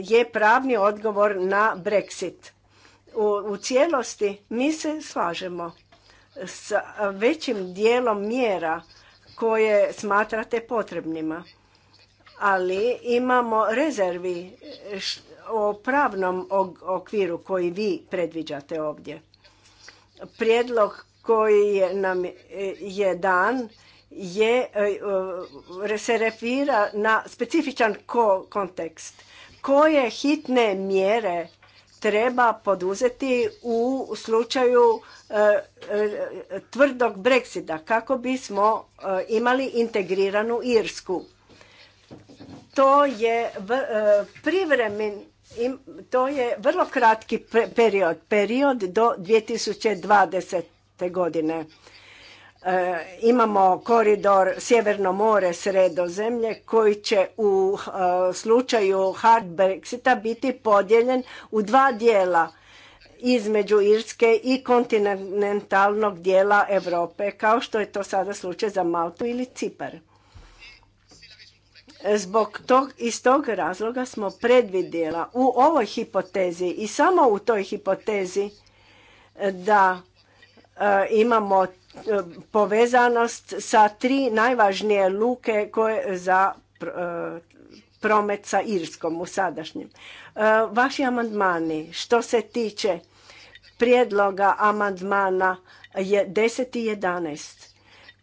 A: je pravni odgovor na Brexit. U cijelosti mi se slažemo s većim dijelom mjera koje smatrate potrebnima ali imamo rezervi eh, o pravnom okviru koji vi predviđate ovdje. Prijedlog koji nam eh, je dan je, eh, se refira na specifičan kontekst. Koje hitne mjere treba poduzeti u slučaju tvrdog Brexita kako bismo imali integriranu Irsku? to je e, privremen to je vrlo kratki period, period do 2020. godine. E, imamo koridor Sjeverno more sredozemlje koji će u e, slučaju hard Brexita biti podijeljen u dva dijela između Irske i kontinentalnog dijela Europe, kao što je to sada slučaj za Maltu ili Cipar. Zbog tog, iz tog razloga smo predvidjela u ovoj hipotezi i samo u toj hipotezi e, da e, imamo e, povezanost sa tri najvažnije luke koje za promet sa Irskom u sadašnjem. Vaši amandmani što se tiče prijedloga amandmana je 10 i 11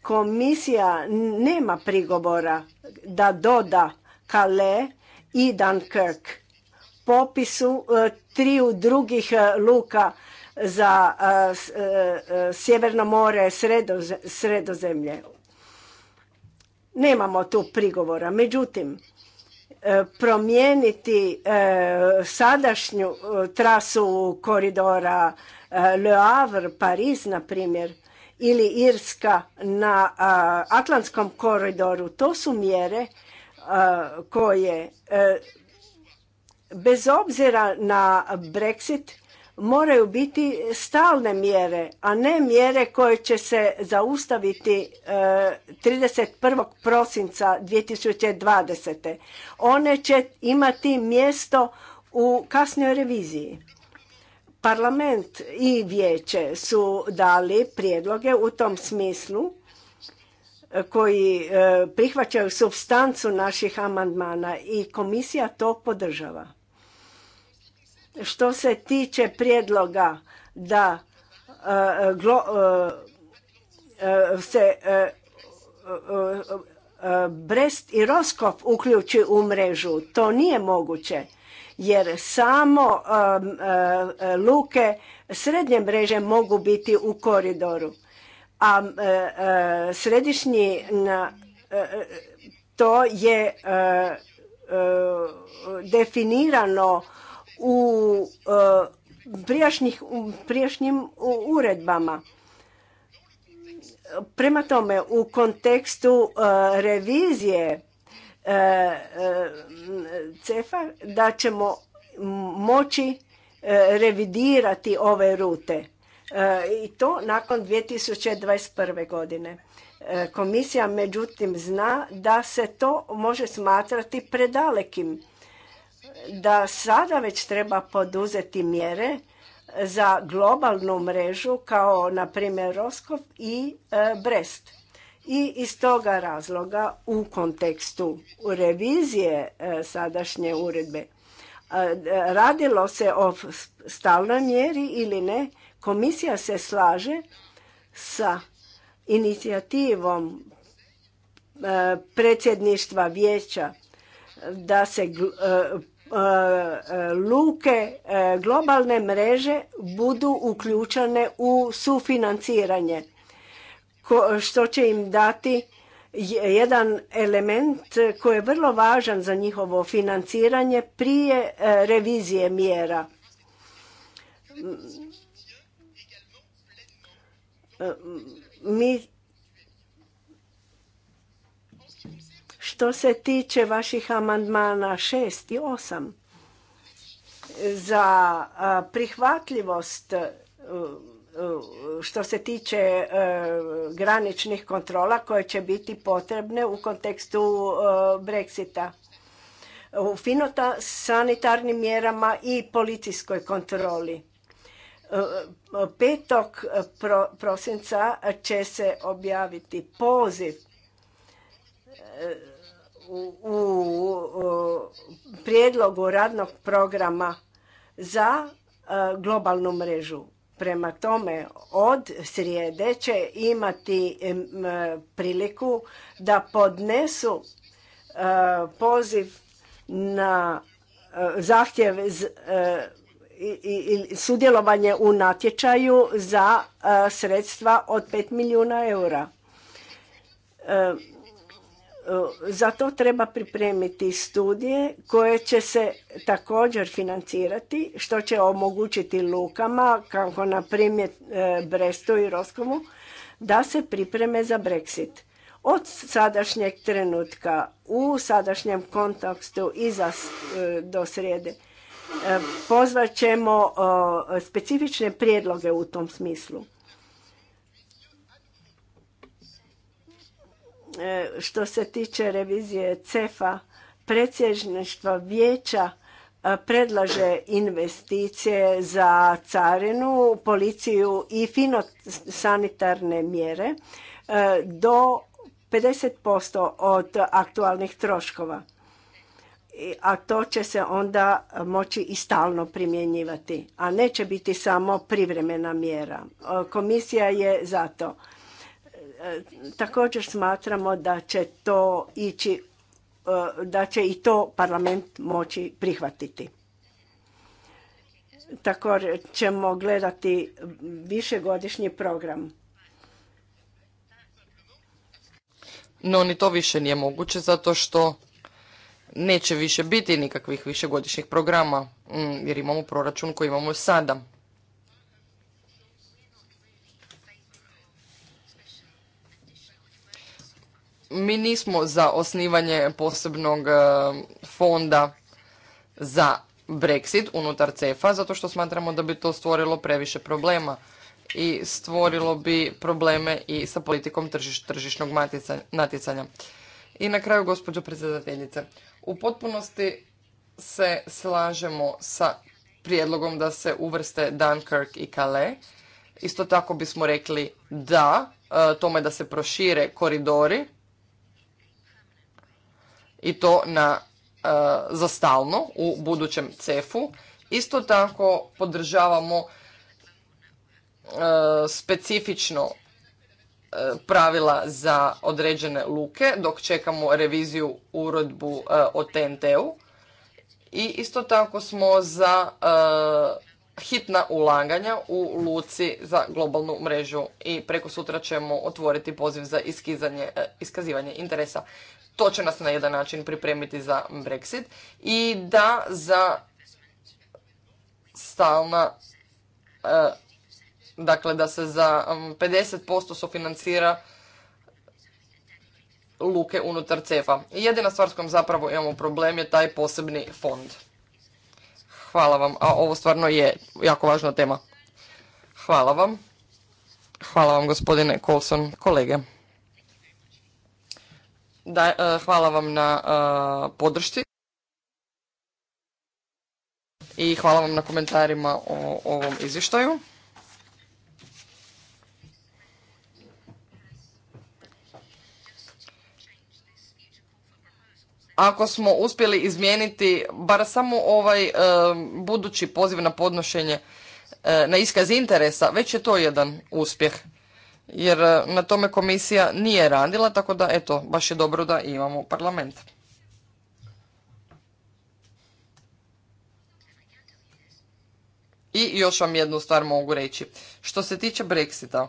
A: Komisija nema prigovora da doda Calais i Dunkirk popisu e, triju drugih e, luka za e, Sjeverno more, Sredozemlje. Nemamo tu prigovora. Međutim, promijeniti sadašnju trasu koridora Le Havre, paris na primjer, ili Irska na Atlantskom koridoru, to su mjere koje e, bez obzira na Brexit moraju biti stalne mjere, a ne mjere koje će se zaustaviti 31. E, prosinca 2020. One će imati mjesto u kasnoj reviziji. Parlament i vijeće su dali prijedloge u tom smislu e, koji e, prihvaćaju substancu naših amandmana i komisija to podržava. Što se tiče prijedloga da e, se Brest i Roskov uključi u mrežu, to nije moguće jer samo um, uh, luke srednje mreže mogu biti u koridoru. A uh, uh, središnji to je definirano u prijašnjim uredbama. Prema tome, u kontekstu revizije E, e, CEFA da ćemo moći e, revidirati ove rute i to nakon 2021. godine. Komisija međutim zna da se to može smatrati predalekim, da sada već treba poduzeti mjere za globalnu mrežu kao na primjer Roskov i Brest i iz toga razloga u kontekstu revizije e, sadašnje uredbe e, radilo se o stalnoj mjeri ili ne, komisija se slaže sa inicijativom e, predsjedništva vijeća da se luke globalne mreže budu uključene u sufinanciranje što će im dati jedan element koji je vrlo važan za njihovo financiranje prije e, revizije mjera. Mi mm, mm, mm, što se tiče vaših amandmana 6 i 8 za prihvatljivost što se tiče e, graničnih kontrola koje će biti potrebne u kontekstu e, Brexita. U finota sanitarnim mjerama i policijskoj kontroli. 5. prosinca će se objaviti poziv e, u prijedlogu radnog programa za globalnu mrežu Prema tome, od srijede će imati priliku da podnesu e, poziv na e, zahtjev e, i sudjelovanje u natječaju za sredstva od 5 milijuna eura za to treba pripremiti studije koje će se također financirati, što će omogućiti lukama, kako na primjer e, Brestu i Roskomu da se pripreme za Brexit. Od sadašnjeg trenutka u sadašnjem kontekstu i e, do srijede e, pozvat ćemo specifične prijedloge u tom smislu. E, što se tiče revizije CEFA, predsjedništvo vijeća e, predlaže investicije za carinu, policiju i finosanitarne mjere e, do 50% od aktualnih troškova. A to će se onda moći i stalno primjenjivati, a neće biti samo privremena mjera. Komisija je zato... Također smatramo da će to ići, e, da će i to parlament moći prihvatiti. Također ćemo gledati višegodišnji program.
B: No ni to više nije moguće zato što neće više biti nikakvih višegodišnjih programa mm, jer imamo proračun koji imamo sada. mi nismo za osnivanje posebnog e, fonda za Brexit unutar CEFA zato što smatramo da bi to stvorilo previše problema i stvorilo bi probleme i sa politikom tržišnog natjecanja. I na kraju, gospođo predsjedateljice, u potpunosti se slažemo sa prijedlogom da se uvrste Dunkirk i Calais. Isto tako bismo rekli da e, tome da se prošire koridori i to na e, za stalno u budućem cefu. Isto tako podržavamo e, specifično e, pravila za određene luke dok čekamo reviziju urodbu o TNT-u. I isto tako smo za hitna ulaganja u luci za globalnu mrežu i preko sutra ćemo otvoriti poziv za iskazivanje interesa to će nas na jedan način pripremiti za Brexit i da za stalna, e, dakle da se za 50% sufinancira luke unutar CEFA. Jedina stvar s kojom zapravo imamo problem je taj posebni fond. Hvala vam, a ovo stvarno je jako važna tema. Hvala vam. Hvala vam gospodine Colson, kolege da, e, hvala vam na e, podršci i hvala vam na komentarima o ovom izvještaju. Ako smo uspjeli izmijeniti bar samo ovaj e, budući poziv na podnošenje na iskaz interesa, već je to jedan uspjeh jer e, na tome komisija nije radila, tako da eto, baš je dobro da imamo parlament. I još vam jednu stvar mogu reći. Što se tiče Brexita,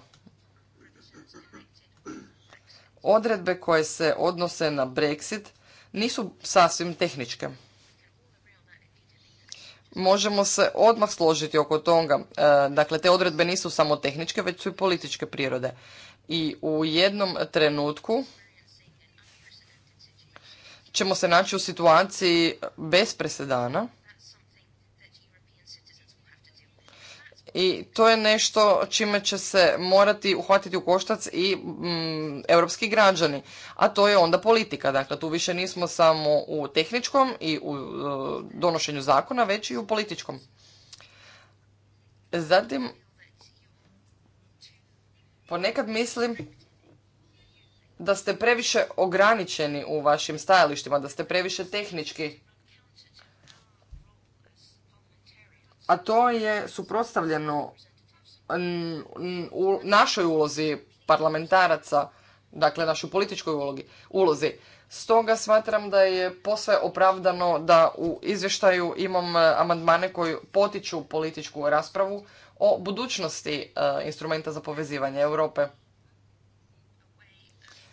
B: odredbe koje se odnose na Brexit nisu sasvim tehničke možemo se odmah složiti oko toga. E, dakle, te odredbe nisu samo tehničke, već su i političke prirode. I u jednom trenutku ćemo se naći u situaciji bez presedana I to je nešto čime će se morati uhvatiti u koštac i mm, europski građani, a to je onda politika. Dakle, tu više nismo samo u tehničkom i u e, donošenju zakona, već i u političkom. Zatim, ponekad mislim da ste previše ograničeni u vašim stajalištima, da ste previše tehnički a to je suprotstavljeno u našoj ulozi parlamentaraca, dakle našoj političkoj ulozi. Stoga smatram da je posve opravdano da u izvještaju imam e, amandmane koji potiču političku raspravu o budućnosti e, instrumenta za povezivanje Europe.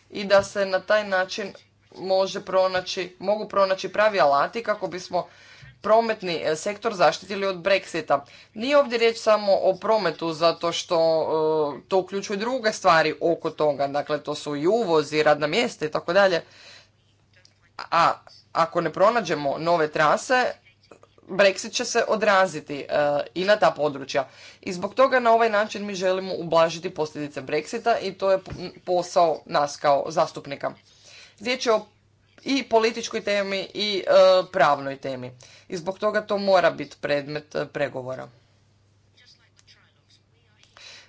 B: I da se na taj način može pronaći, mogu pronaći pravi alati kako bismo prometni e, sektor zaštitili od Brexita. Nije ovdje riječ samo o prometu, zato što e, to uključuje druge stvari oko toga. Dakle, to su i uvozi, radna mjesta i tako dalje. A ako ne pronađemo nove trase, Brexit će se odraziti e, i na ta područja. I zbog toga na ovaj način mi želimo ublažiti posljedice Brexita i to je posao nas kao zastupnika. Riječ je o i političkoj temi i e, pravnoj temi. I zbog toga to mora biti predmet e, pregovora.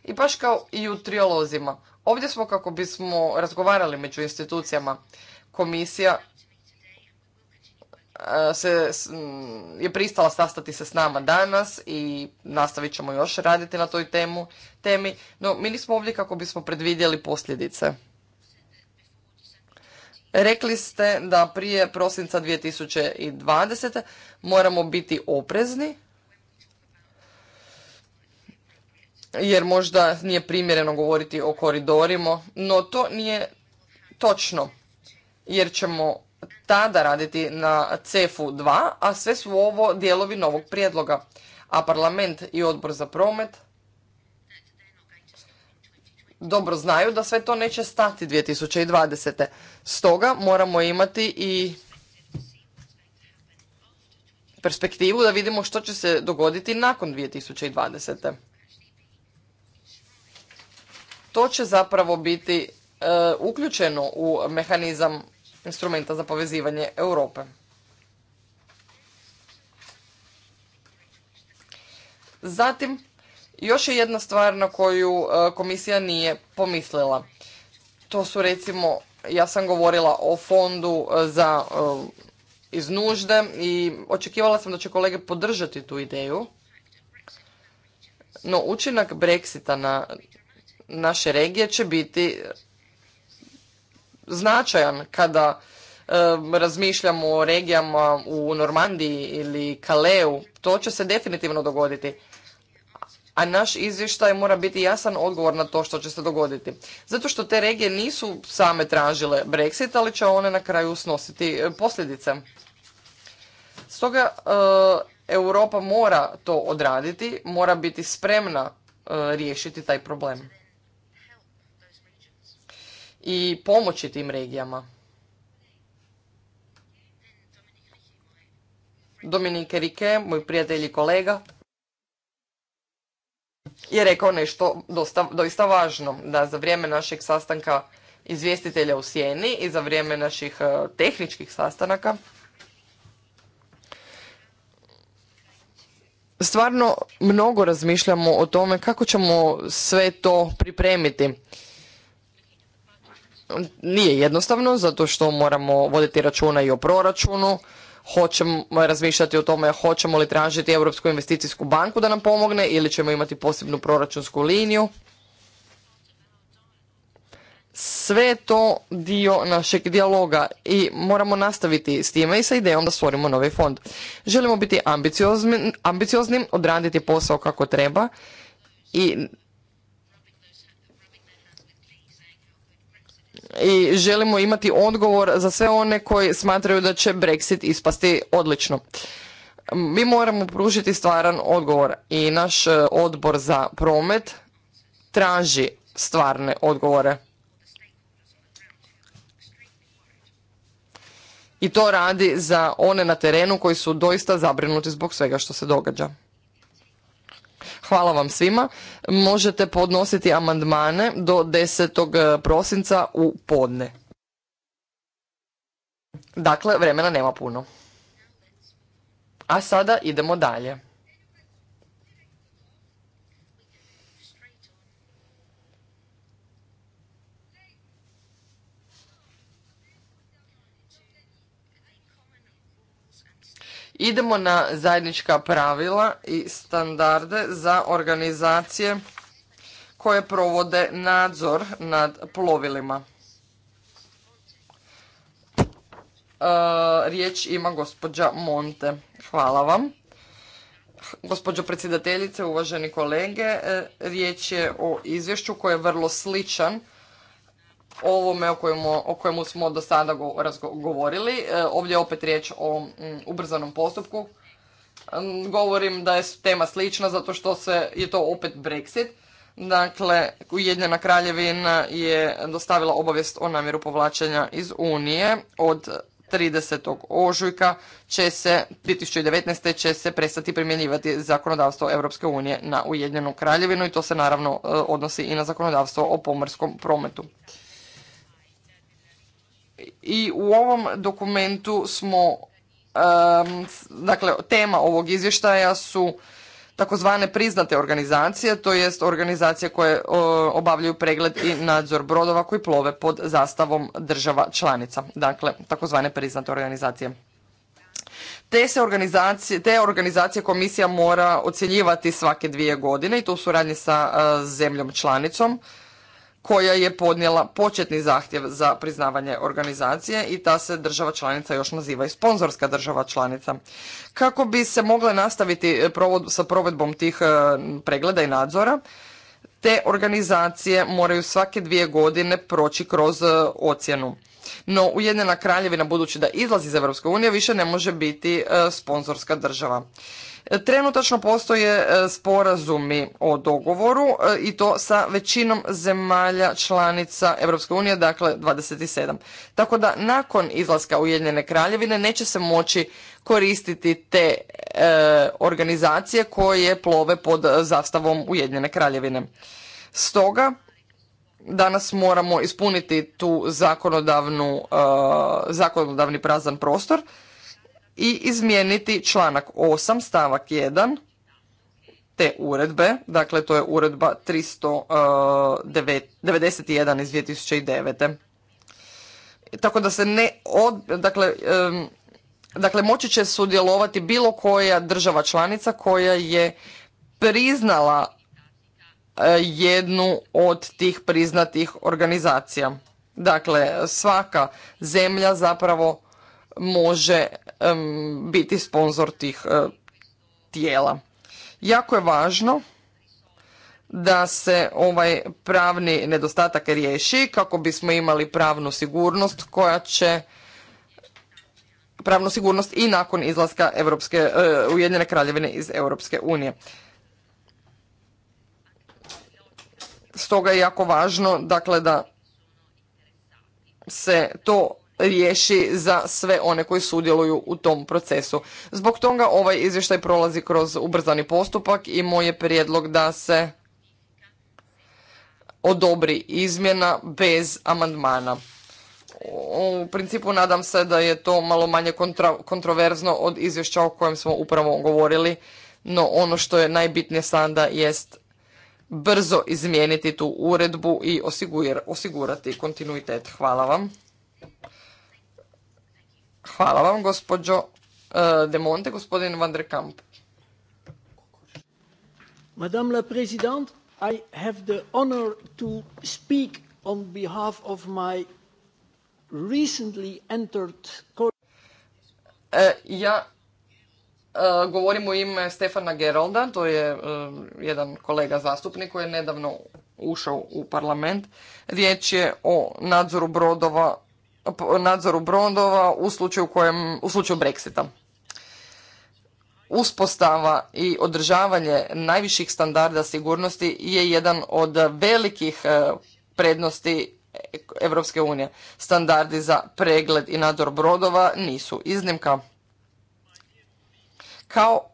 B: I baš kao i u triolozima. Ovdje smo kako bismo razgovarali među institucijama. Komisija e, se, je pristala sastati se s nama danas i nastavit ćemo još raditi na toj temu, temi, no mi nismo ovdje kako bismo predvidjeli posljedice. Rekli ste da prije prosinca 2020. moramo biti oprezni, jer možda nije primjereno govoriti o koridorima, no to nije točno, jer ćemo tada raditi na CEFU 2, a sve su ovo dijelovi novog prijedloga, a parlament i odbor za promet dobro znaju da sve to neće stati 2020. Stoga moramo imati i perspektivu da vidimo što će se dogoditi nakon 2020. To će zapravo biti e, uključeno u mehanizam instrumenta za povezivanje Europe. Zatim još je jedna stvar na koju e, komisija nije pomislila. To su recimo, ja sam govorila o fondu e, za e, iz nužde i očekivala sam da će kolege podržati tu ideju. No učinak Brexita na naše regije će biti značajan kada razmišljamo o regijama u Normandiji ili Kaleu. To će se definitivno dogoditi a naš izvještaj mora biti jasan odgovor na to što će se dogoditi. Zato što te regije nisu same tražile Brexit, ali će one na kraju snositi e, posljedice. Stoga e, Europa mora to odraditi, mora biti spremna e, riješiti taj problem. I pomoći tim regijama. Dominique Rike, moj prijatelj i kolega, je rekao nešto dosta, doista važno, da za vrijeme našeg sastanka izvjestitelja u Sjeni i za vrijeme naših e, tehničkih sastanaka stvarno mnogo razmišljamo o tome kako ćemo sve to pripremiti. Nije jednostavno zato što moramo voditi računa i o proračunu, hoćemo razmišljati o tome hoćemo li tražiti Europsku investicijsku banku da nam pomogne ili ćemo imati posebnu proračunsku liniju. Sve je to dio našeg dijaloga i moramo nastaviti s time i sa idejom da stvorimo novi fond. Želimo biti ambiciozni, ambicioznim, odraditi posao kako treba i i želimo imati odgovor za sve one koji smatraju da će Brexit ispasti odlično. Mi moramo pružiti stvaran odgovor i naš e, odbor za promet traži stvarne odgovore. I to radi za one na terenu koji su doista zabrinuti zbog svega što se događa. Hvala vam svima. Možete podnositi amandmane do 10. E, prosinca u podne. Dakle, vremena nema puno. A sada idemo dalje. idemo na zajednička pravila i standarde za organizacije koje provode nadzor nad plovilima. E, riječ ima gospođa Monte. Hvala vam. Gospođo predsjedateljice, uvaženi kolege, e, riječ je o izvješću koje je vrlo sličan ovome o kojemu, o smo do sada govorili. E, ovdje je opet riječ o mm, ubrzanom postupku. Mm, govorim da je tema slična zato što se je to opet Brexit. Dakle, Ujedinjena kraljevina je dostavila obavijest o namjeru povlačenja iz Unije. Od 30. ožujka će se, 2019. će se prestati primjenjivati zakonodavstvo Europske unije na Ujedinjenu kraljevinu i to se naravno e, odnosi i na zakonodavstvo o pomorskom prometu i u ovom dokumentu smo, dakle tema ovog izvještaja su takozvane priznate organizacije, to jest organizacije koje obavljaju pregled i nadzor brodova koji plove pod zastavom država članica, dakle takozvane priznate organizacije. Te, organizacije, komisija mora ocjenjivati svake dvije godine i to u suradnji sa e, zemljom članicom koja je podnijela početni zahtjev za priznavanje organizacije i ta se država članica još naziva i sponzorska država članica. Kako bi se mogle nastaviti e, provod, sa provedbom tih e, pregleda i nadzora, te organizacije moraju svake dvije godine proći kroz e, ocjenu. No, Ujedinjena kraljevina, budući da izlazi iz EU, više ne može biti sponzorska država. Trenutačno postoje e, sporazumi o dogovoru e, i to sa većinom zemalja članica Europske unije, dakle 27. Tako da nakon izlaska Ujedinjene kraljevine neće se moći koristiti te e, organizacije koje plove pod zastavom Ujedinjene kraljevine. Stoga danas moramo ispuniti tu zakonodavnu, zakonodavni prazan prostor i izmijeniti članak 8 stavak 1 te uredbe, dakle to je uredba 391 e, iz 2009. Tako da se ne, dakle, dakle moći će sudjelovati bilo koja država članica koja je priznala e, jednu od tih priznatih organizacija. Dakle, svaka zemlja zapravo može biti sponzor tih e, tijela. Jako je važno da se ovaj pravni nedostatak riješi kako bismo imali pravnu sigurnost koja će pravnu sigurnost i nakon izlaska Europske, e, Ujedinjene kraljevine iz Europske unije. Stoga je jako važno dakle, da se to riješi za sve one koji sudjeluju u tom procesu. Zbog toga ovaj izvještaj prolazi kroz ubrzani postupak i moj je prijedlog da se odobri izmjena bez amandmana. U principu nadam se da je to malo manje kontroverzno od izvješća o kojem smo upravo govorili, no ono što je najbitnije sada jest brzo izmijeniti tu uredbu i osigurati kontinuitet. Hvala vam. Hvala vam, gospođo eh, De Monte, gospodin Van der Kamp.
A: Madame la Présidente, I have the honor to speak on behalf of my recently entered... E, ja
B: eh, govorim u ime Stefana Geralda. to je jedan kolega zastupnik koji je nedavno ušao u parlament. Riječ je o nadzoru brodova nadzoru brodova u slučaju, kojem, u slučaju Brexita. Uspostava i održavanje najviših standarda sigurnosti je jedan od velikih e, prednosti Europske unije. Standardi za pregled i nadzor brodova nisu iznimka. Kao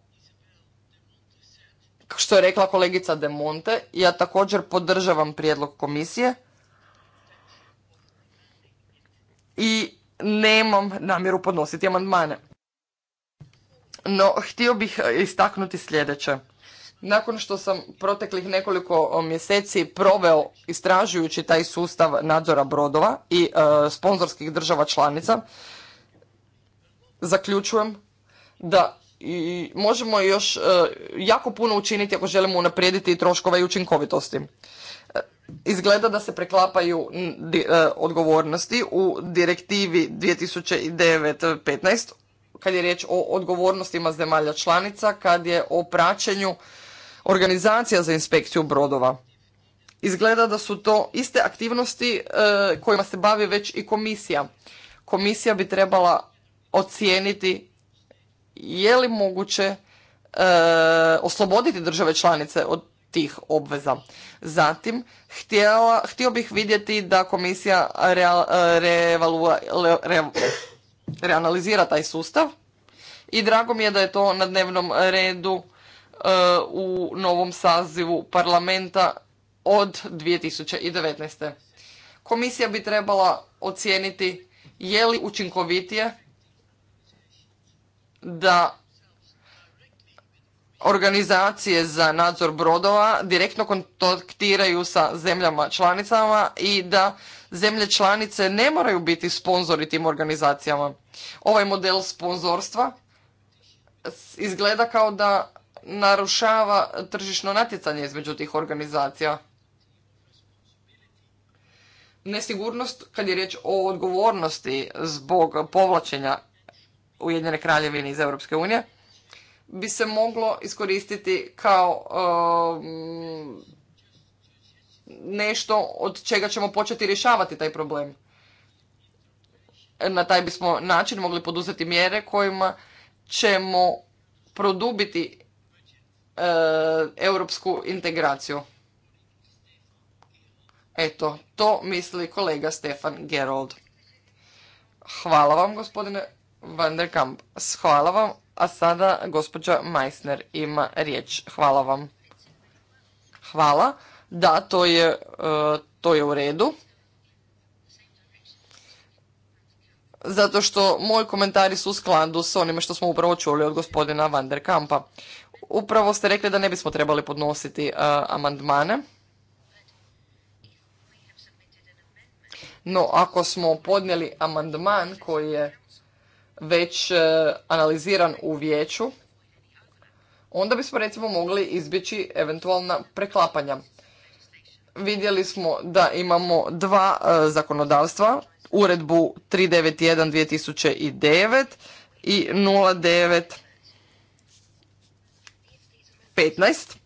B: što je rekla kolegica De Monte, ja također podržavam prijedlog komisije – i nemam namjeru podnositi amandmane. No, htio bih e, istaknuti sljedeće. Nakon što sam proteklih nekoliko mjeseci proveo istražujući taj sustav nadzora brodova i e, sponzorskih država članica, zaključujem da i možemo još e, jako puno učiniti ako želimo unaprijediti troškove i učinkovitosti izgleda da se preklapaju e, odgovornosti u direktivi 2009-15 kad je riječ o odgovornostima zemalja članica, kad je o praćenju organizacija za inspekciju brodova. Izgleda da su to iste aktivnosti e, kojima se bavi već i komisija. Komisija bi trebala ocijeniti je li moguće e, osloboditi države članice od tih obveza. Zatim, htjela, htio bih vidjeti da komisija reanalizira taj sustav i drago mi je da je to na dnevnom redu e, u novom sazivu parlamenta od 2019. Komisija bi trebala ocijeniti je li učinkovitije da organizacije za nadzor brodova direktno kontaktiraju sa zemljama članicama i da zemlje članice ne moraju biti sponzori tim organizacijama. Ovaj model sponzorstva izgleda kao da narušava tržišno natjecanje između tih organizacija. Nesigurnost kad je riječ o odgovornosti zbog povlačenja Ujedinjene kraljevine iz Europske unije bi se moglo iskoristiti kao um, nešto od čega ćemo početi rješavati taj problem. Na taj bismo način mogli poduzeti mjere kojima ćemo produbiti uh, europsku integraciju. Eto, to misli kolega Stefan Gerold. Hvala vam, gospodine Van der Kamp. Hvala vam. A sada gospođa Meissner ima riječ. Hvala vam. Hvala. Da, to je, e, to je u redu. Zato što moji komentari su u skladu s onime što smo upravo čuli od gospodina Van der Kampa. Upravo ste rekli da ne bismo trebali podnositi e, amandmane. No, ako smo podnijeli amandman koji je već e, analiziran u vijeću, onda bismo recimo mogli izbjeći eventualna preklapanja. Vidjeli smo da imamo dva e, zakonodavstva, uredbu 391 2009 i 09 15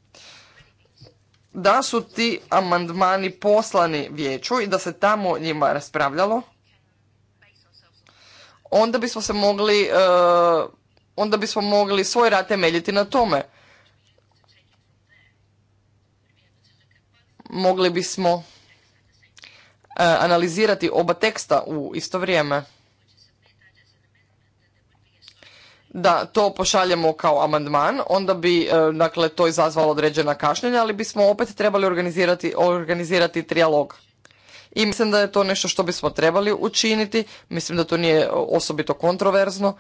B: da su ti amandmani poslani vijeću i da se tamo njima raspravljalo onda bismo se mogli, e, onda bismo mogli svoj rad temeljiti na tome. Mogli bismo e, analizirati oba teksta u isto vrijeme. Da to pošaljemo kao amandman, onda bi e, dakle, to izazvalo određena kašnjenja, ali bismo opet trebali organizirati, organizirati trijalog i mislim da je to nešto što bismo trebali učiniti. Mislim da to nije osobito kontroverzno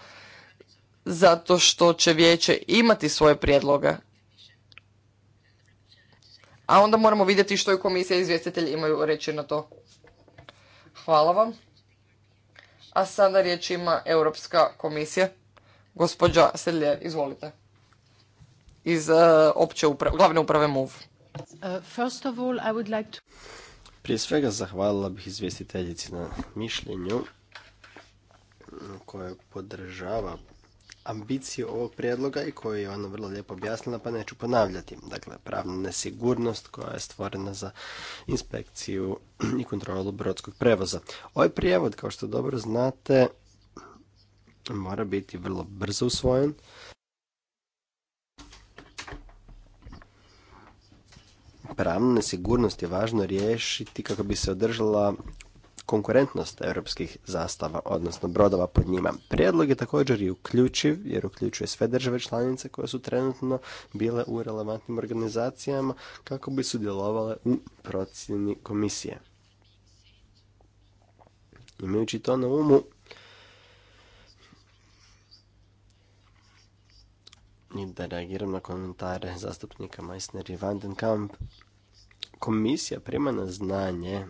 B: zato što će vijeće imati svoje prijedloge. A onda moramo vidjeti što je komisija i izvjestitelji imaju reći na to. Hvala vam. A sada riječ ima Europska komisija. Gospođa Sedljer, izvolite. Iz eh, opće glavne uprave MUV.
A: Uh, first of all, I would like to...
C: Prije svega zahvalila bih izvjestiteljici na mišljenju koje podržava ambiciju ovog prijedloga i koju je ona vrlo lijepo objasnila, pa neću ponavljati. Dakle, pravna nesigurnost koja je stvorena za inspekciju i kontrolu brodskog prevoza. Ovaj prijevod, kao što dobro znate, mora biti vrlo brzo usvojen Pravne sigurnost je važno riješiti kako bi se održala konkurentnost europskih zastava, odnosno brodova pod njima. Prijedlog je također i uključiv, jer uključuje sve države članice koje su trenutno bile u relevantnim organizacijama kako bi sudjelovale u procjeni komisije. Imajući to na umu, i da reagiram na komentare zastupnika Meissner i Vandenkamp. Komisija prima na znanje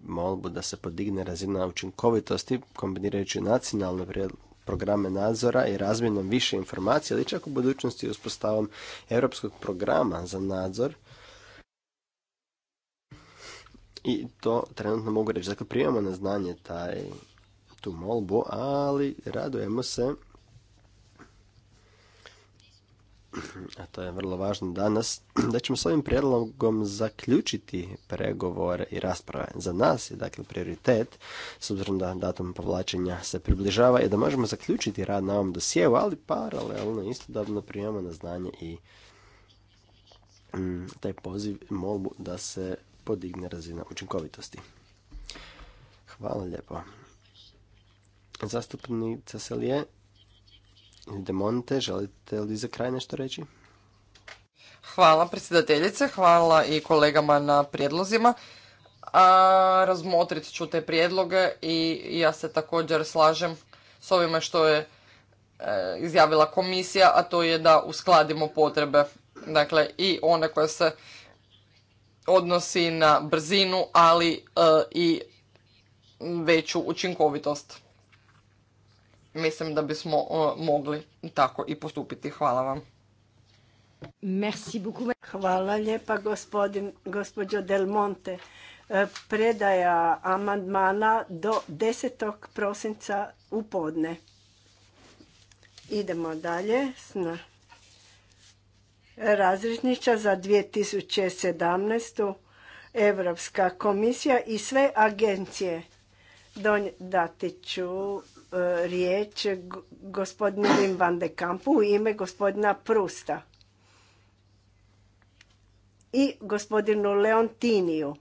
C: molbu da se podigne razina učinkovitosti kombinirajući nacionalne programe nadzora i razmjenom više informacija ali čak u budućnosti uspostavom europskog programa za nadzor i to trenutno mogu reći. Dakle, primamo na znanje taj, tu molbu, ali radujemo se a to je vrlo važno danas, da ćemo s ovim prijedlogom zaključiti pregovore i rasprave. Za nas je dakle prioritet, s obzirom da datum povlačenja se približava i da možemo zaključiti rad na ovom dosijevu, ali paralelno istodobno primamo na znanje i mm, taj poziv molbu da se podigne razina učinkovitosti. Hvala lijepo. Zastupnica Selije. Demonte, želite li za kraj nešto reći?
B: Hvala predsjedateljice, hvala i kolegama na prijedlozima. A, razmotrit ću te prijedloge i ja se također slažem s ovime što je e, izjavila komisija, a to je da uskladimo potrebe, dakle i one koje se odnosi na brzinu, ali e, i veću učinkovitost mislim da bismo e, mogli tako i postupiti. Hvala vam.
A: Hvala lijepa gospodin, gospođo Del Monte. E, predaja amandmana do 10. prosinca u podne. Idemo dalje. Sna. za 2017. Evropska komisija i sve agencije. Donj, dati ću E, riječ gospodinu Wim van de Kampu u ime gospodina Prusta i gospodinu Leontiniju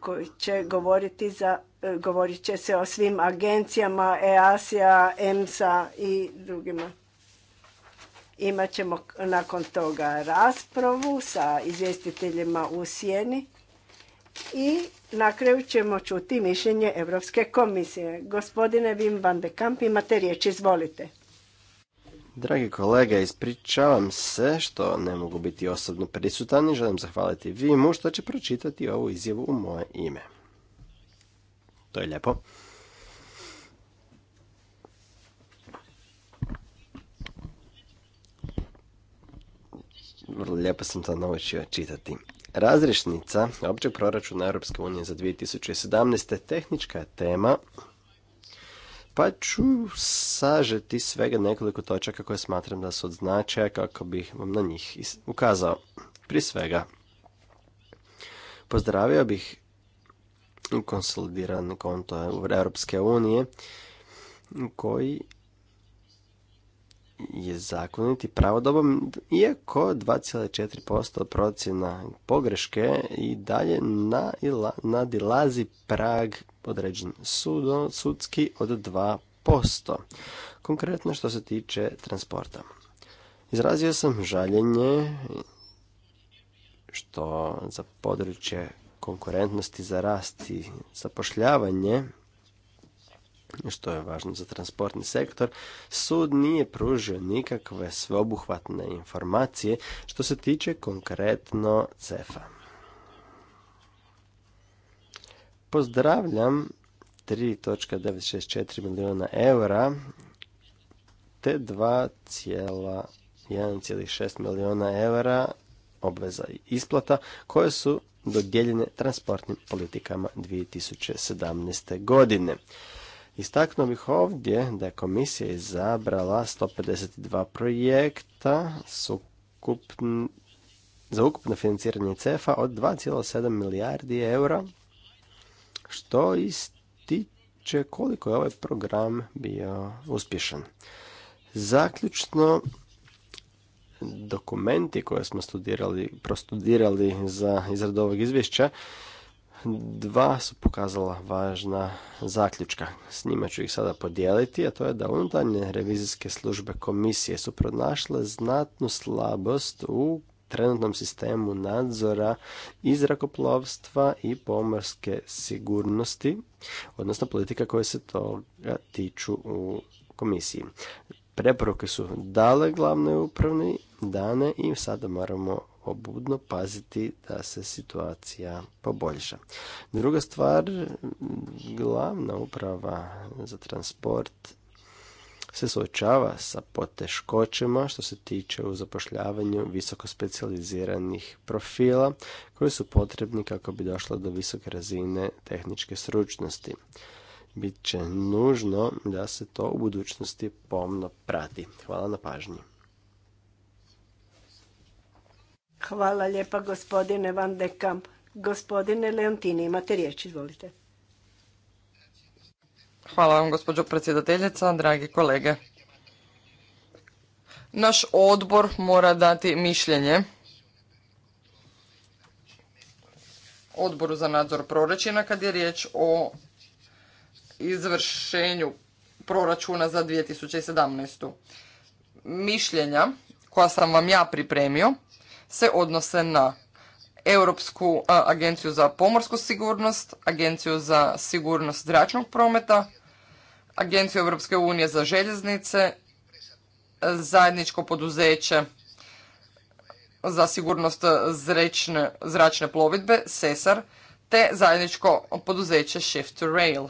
A: koji će govoriti za, e, govorit će se o svim agencijama EASIA, EMSA i drugima. Imaćemo nakon toga raspravu sa izvjestiteljima u sjeni i na kraju ćemo čuti mišljenje Europske komisije. Gospodine Wim van de Kamp, imate riječ, izvolite.
C: Dragi kolege, ispričavam se što ne mogu biti osobno prisutan i želim zahvaliti mu što će pročitati ovu izjavu u moje ime. To je lijepo. Vrlo lijepo sam to naučio čitati. Razrešnica općeg proračuna Europske unije za 2017. tehnička je tema, pa ću sažeti svega nekoliko točaka koje smatram da su od značaja kako bih vam na njih ukazao. Prije svega, pozdravio bih konsolidiran konto Europske unije koji je zakonit i pravodoban, iako 2,4% procjena pogreške i dalje nadilazi prag određen sudski od 2%. Konkretno što se tiče transporta. Izrazio sam žaljenje što za područje konkurentnosti za rast i zapošljavanje što je važno za transportni sektor, sud nije pružio nikakve sveobuhvatne informacije što se tiče konkretno CEFA. Pozdravljam 3.964 milijuna eura te 2,1,6 milijuna eura obveza i isplata koje su dodijeljene transportnim politikama 2017. godine. Istaknuo bih ovdje da je komisija izabrala 152 projekta za ukupno financiranje CEFA od 2,7 milijardi eura, što ističe koliko je ovaj program bio uspješan. Zaključno, dokumenti koje smo studirali, prostudirali za izradu ovog izvješća dva su pokazala važna zaključka. S njima ću ih sada podijeliti, a to je da unutarnje revizijske službe komisije su pronašle znatnu slabost u trenutnom sistemu nadzora izrakoplovstva i pomorske sigurnosti, odnosno politika koje se toga tiču u komisiji. Preporuke su dale glavnoj upravni dane i sada moramo obudno paziti da se situacija poboljša. Druga stvar, glavna uprava za transport se suočava sa poteškoćama što se tiče u zapošljavanju visoko specijaliziranih profila koji su potrebni kako bi došlo do visoke razine tehničke stručnosti. Bit će nužno da se to u budućnosti pomno prati. Hvala na pažnji.
A: Hvala lijepa gospodine Van de Kamp. Gospodine Leontini, imate riječ, izvolite.
B: Hvala vam gospođo predsjedateljica, dragi kolege. Naš odbor mora dati mišljenje odboru za nadzor proračuna kad je riječ o izvršenju proračuna za 2017. Mišljenja koja sam vam ja pripremio se odnose na Europsku agenciju za pomorsku sigurnost, Agenciju za sigurnost zračnog prometa, Agenciju Europske unije za željeznice, zajedničko poduzeće za sigurnost zračne plovidbe, SESAR, te zajedničko poduzeće Shift to Rail.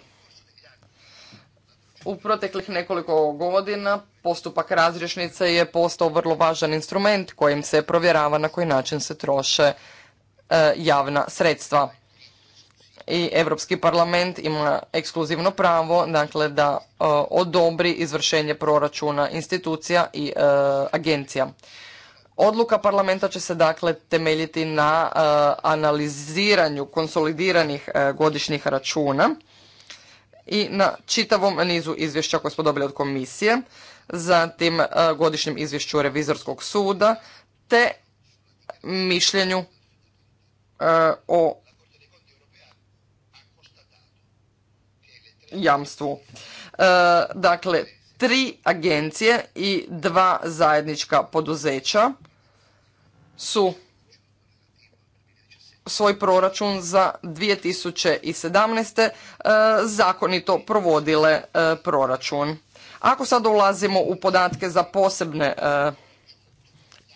B: U proteklih nekoliko godina postupak razrješnice je postao vrlo važan instrument kojim se provjerava na koji način se troše e, javna sredstva. I Europski parlament ima ekskluzivno pravo dakle, da e, odobri izvršenje proračuna institucija i e, agencija. Odluka parlamenta će se dakle temeljiti na analiziranju konsolidiranih godišnjih računa i na čitavom nizu izvješća koje smo dobili od komisije, zatim e, godišnjem izvješću revizorskog suda te mišljenju e, o jamstvu. E, dakle, tri agencije i dva zajednička poduzeća su svoj proračun za 2017. E, zakonito provodile e, proračun. Ako sad ulazimo u podatke za posebne e,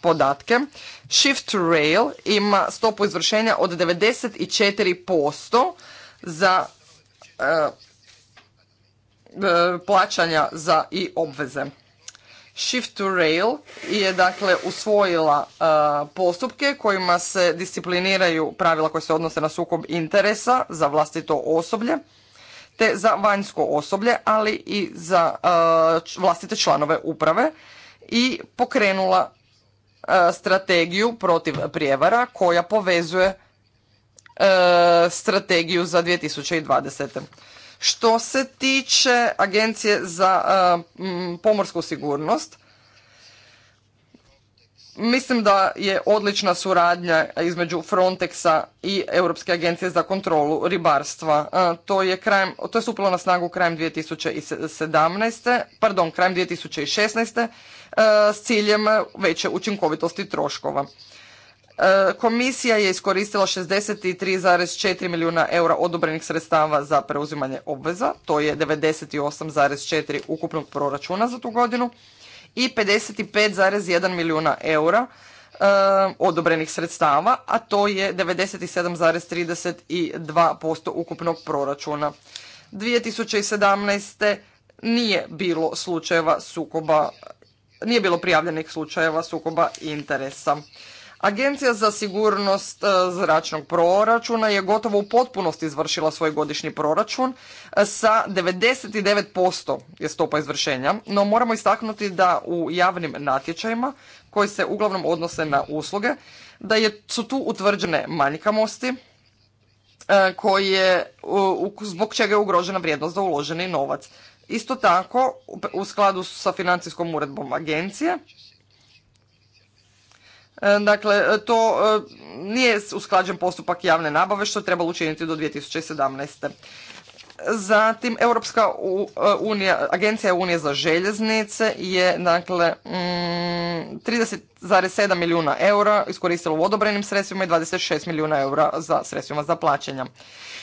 B: podatke, Shift Rail ima stopu izvršenja od 94% za plaćanja za i obveze. Shift to Rail je dakle usvojila e, postupke kojima se discipliniraju pravila koje se odnose na sukob interesa za vlastito osoblje te za vanjsko osoblje, ali i za e, vlastite članove uprave i pokrenula e, strategiju protiv prijevara koja povezuje strategiju za 2020. Što se tiče Agencije za e, pomorsku sigurnost, mislim da je odlična suradnja između Frontexa i Europske agencije za kontrolu ribarstva. E, to je krajem, to je stupilo na snagu krajem 2017. pardon, krajem 2016. E, s ciljem veće učinkovitosti troškova. Komisija je iskoristila 63,4 milijuna eura odobrenih sredstava za preuzimanje obveza, to je 98,4 ukupnog proračuna za tu godinu i 55,1 milijuna eura eh, odobrenih sredstava, a to je 97,32% ukupnog proračuna. 2017. nije bilo slučajeva sukoba, nije bilo prijavljenih slučajeva sukoba interesa. Agencija za sigurnost e, zračnog proračuna je gotovo u potpunosti izvršila svoj godišnji proračun e, sa 99% je stopa izvršenja, no moramo istaknuti da u javnim natječajima koji se uglavnom odnose na usluge, da je, su tu utvrđene manjkamosti e, koje, zbog čega je ugrožena vrijednost za uloženi novac. Isto tako, u skladu sa financijskom uredbom agencije, E, dakle, to e, nije usklađen postupak javne nabave što je trebalo učiniti do 2017. Zatim Europska e, unija, Agencija Unije za željeznice je dakle 30,7 mm, milijuna eura iskoristila u odobrenim sredstvima i 26 milijuna eura za sredstvima za plaćanja.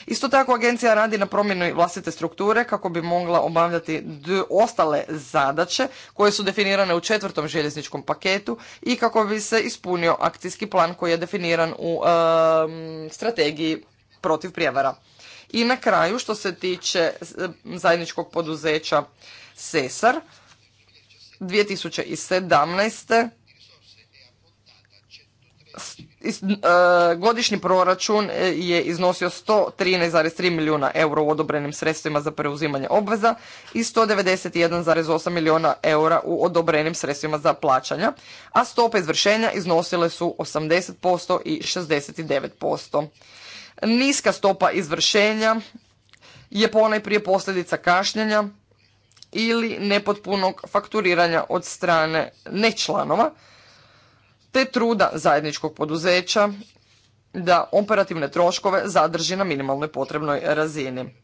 B: Isto tako agencija radi na promjeni vlastite strukture kako bi mogla obavljati ostale zadaće koje su definirane u četvrtom željezničkom paketu i kako bi se ispunio akcijski plan koji je definiran u e, strategiji protiv prijevara. I na kraju, što se tiče zajedničkog poduzeća Sesar, 2017. E, godišnji proračun e, je iznosio 113,3 milijuna eura u odobrenim sredstvima za preuzimanje obveza i 191,8 milijuna eura u odobrenim sredstvima za plaćanja, a stope izvršenja iznosile su 80% i 69%. Niska stopa izvršenja je ponajprije posljedica kašnjenja ili nepotpunog fakturiranja od strane nečlanova, te truda zajedničkog poduzeća da operativne troškove zadrži na minimalnoj potrebnoj razini.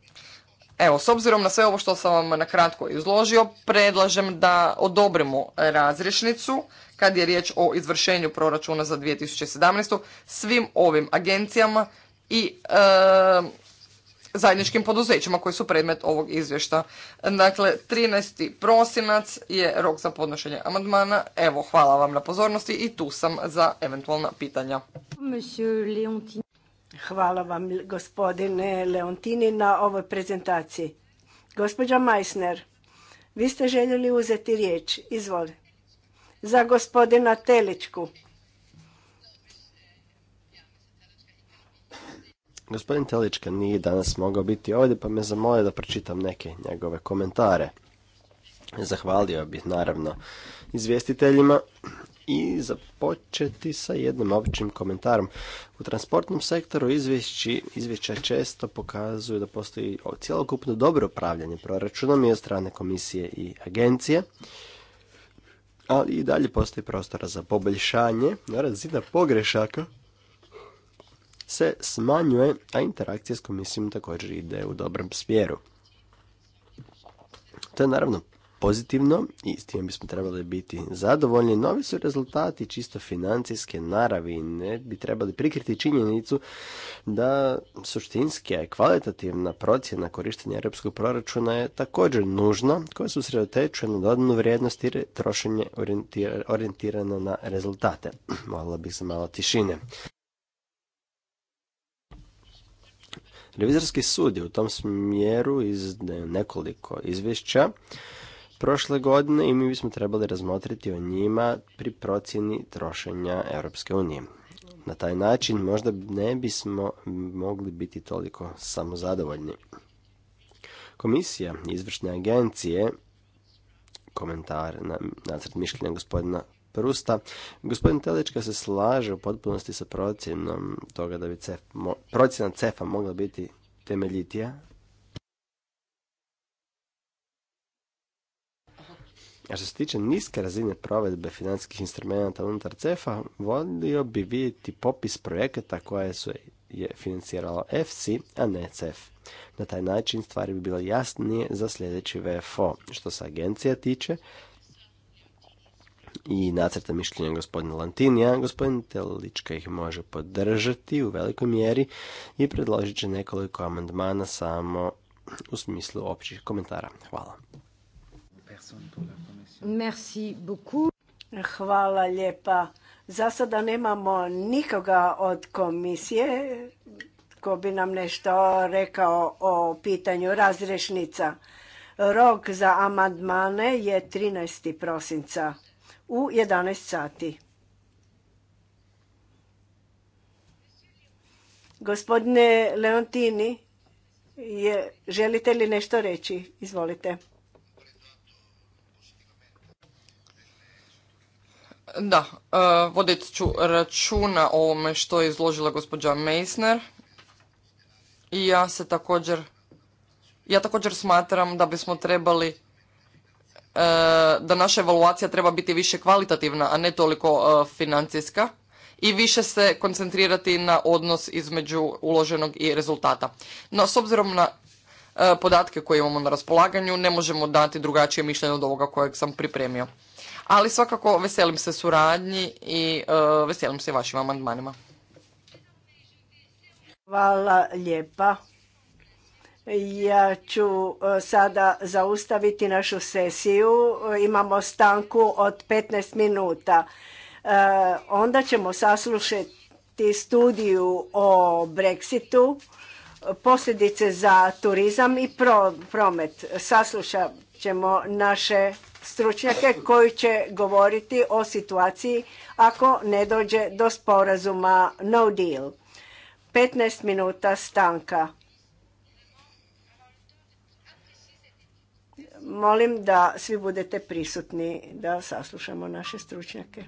B: Evo, s obzirom na sve ovo što sam vam na kratko izložio, predlažem da odobrimo razrješnicu kad je riječ o izvršenju proračuna za 2017. svim ovim agencijama i e, zajedničkim poduzećima koji su predmet ovog izvješta. Dakle, 13. prosinac je rok za podnošenje amandmana. Evo, hvala vam na pozornosti i tu sam za eventualna pitanja.
A: Hvala vam, gospodine Leontini, na ovoj prezentaciji. Gospođa Meissner, vi ste željeli uzeti riječ. Izvoli. Za gospodina Teličku.
C: Gospodin Telička nije danas mogao biti ovdje, pa me zamolio da pročitam neke njegove komentare. Zahvalio bih naravno izvjestiteljima i započeti sa jednim općim komentarom. U transportnom sektoru izvješći, izvješća često pokazuju da postoji cjelokupno dobro upravljanje proračunom i od strane komisije i agencije, ali i dalje postoji prostora za poboljšanje na razina pogrešaka se smanjuje, a interakcija s komisijom također ide u dobrom smjeru. To je naravno pozitivno i s tim bismo trebali biti zadovoljni. Novi su rezultati čisto financijske naravi i ne bi trebali prikriti činjenicu da suštinska i kvalitativna procjena korištenja europskog proračuna je također nužna koja se usredotečuje na dodanu vrijednost i trošenje orijentirano na rezultate. Molila bih se malo tišine. Revizorski sud je u tom smjeru iz nekoliko izvješća prošle godine i mi bismo trebali razmotriti o njima pri procjeni trošenja Europske unije. Na taj način možda ne bismo mogli biti toliko samozadovoljni. Komisija izvršne agencije komentar na nacrt mišljenja gospodina Prusta. Gospodin Telička se slaže u potpunosti sa procjenom toga da bi cef, procjena cefa mogla biti temeljitija. A što se tiče niske razine provedbe financijskih instrumenta unutar cefa, volio bi vidjeti popis projekata koje su je financiralo FC, a ne CEF. Na taj način stvari bi bilo jasnije za sljedeći VFO. Što se agencija tiče, i nacrta mišljenja gospodina Lantinija, gospodin Telička ih može podržati u velikoj mjeri i predložit će nekoliko amandmana samo u smislu općih komentara. Hvala.
A: Merci beaucoup. Hvala lijepa. Za sada nemamo nikoga od komisije ko bi nam nešto rekao o pitanju razrešnica. Rok za amandmane je 13. prosinca u 11 sati. Gospodine Leontini, je, želite li nešto reći? Izvolite.
B: Da, e, vodit ću računa o ovome što je izložila gospođa Meisner. I ja se također, ja također smatram da bismo trebali E, da naša evaluacija treba biti više kvalitativna, a ne toliko e, financijska i više se koncentrirati na odnos između uloženog i rezultata. No, s obzirom na e, podatke koje imamo na raspolaganju, ne možemo dati drugačije mišljenje od ovoga kojeg sam pripremio. Ali svakako veselim se suradnji i veselim se vašim amandmanima.
A: Hvala lijepa. Ja ću e, sada zaustaviti našu sesiju. Imamo stanku od 15 minuta. E, onda ćemo saslušati studiju o Brexitu, posljedice za turizam i promet. Saslušat ćemo naše stručnjake koji će govoriti o situaciji ako ne dođe do sporazuma no deal. 15 minuta stanka. Molim da svi budete prisutni da saslušamo naše stručnjake.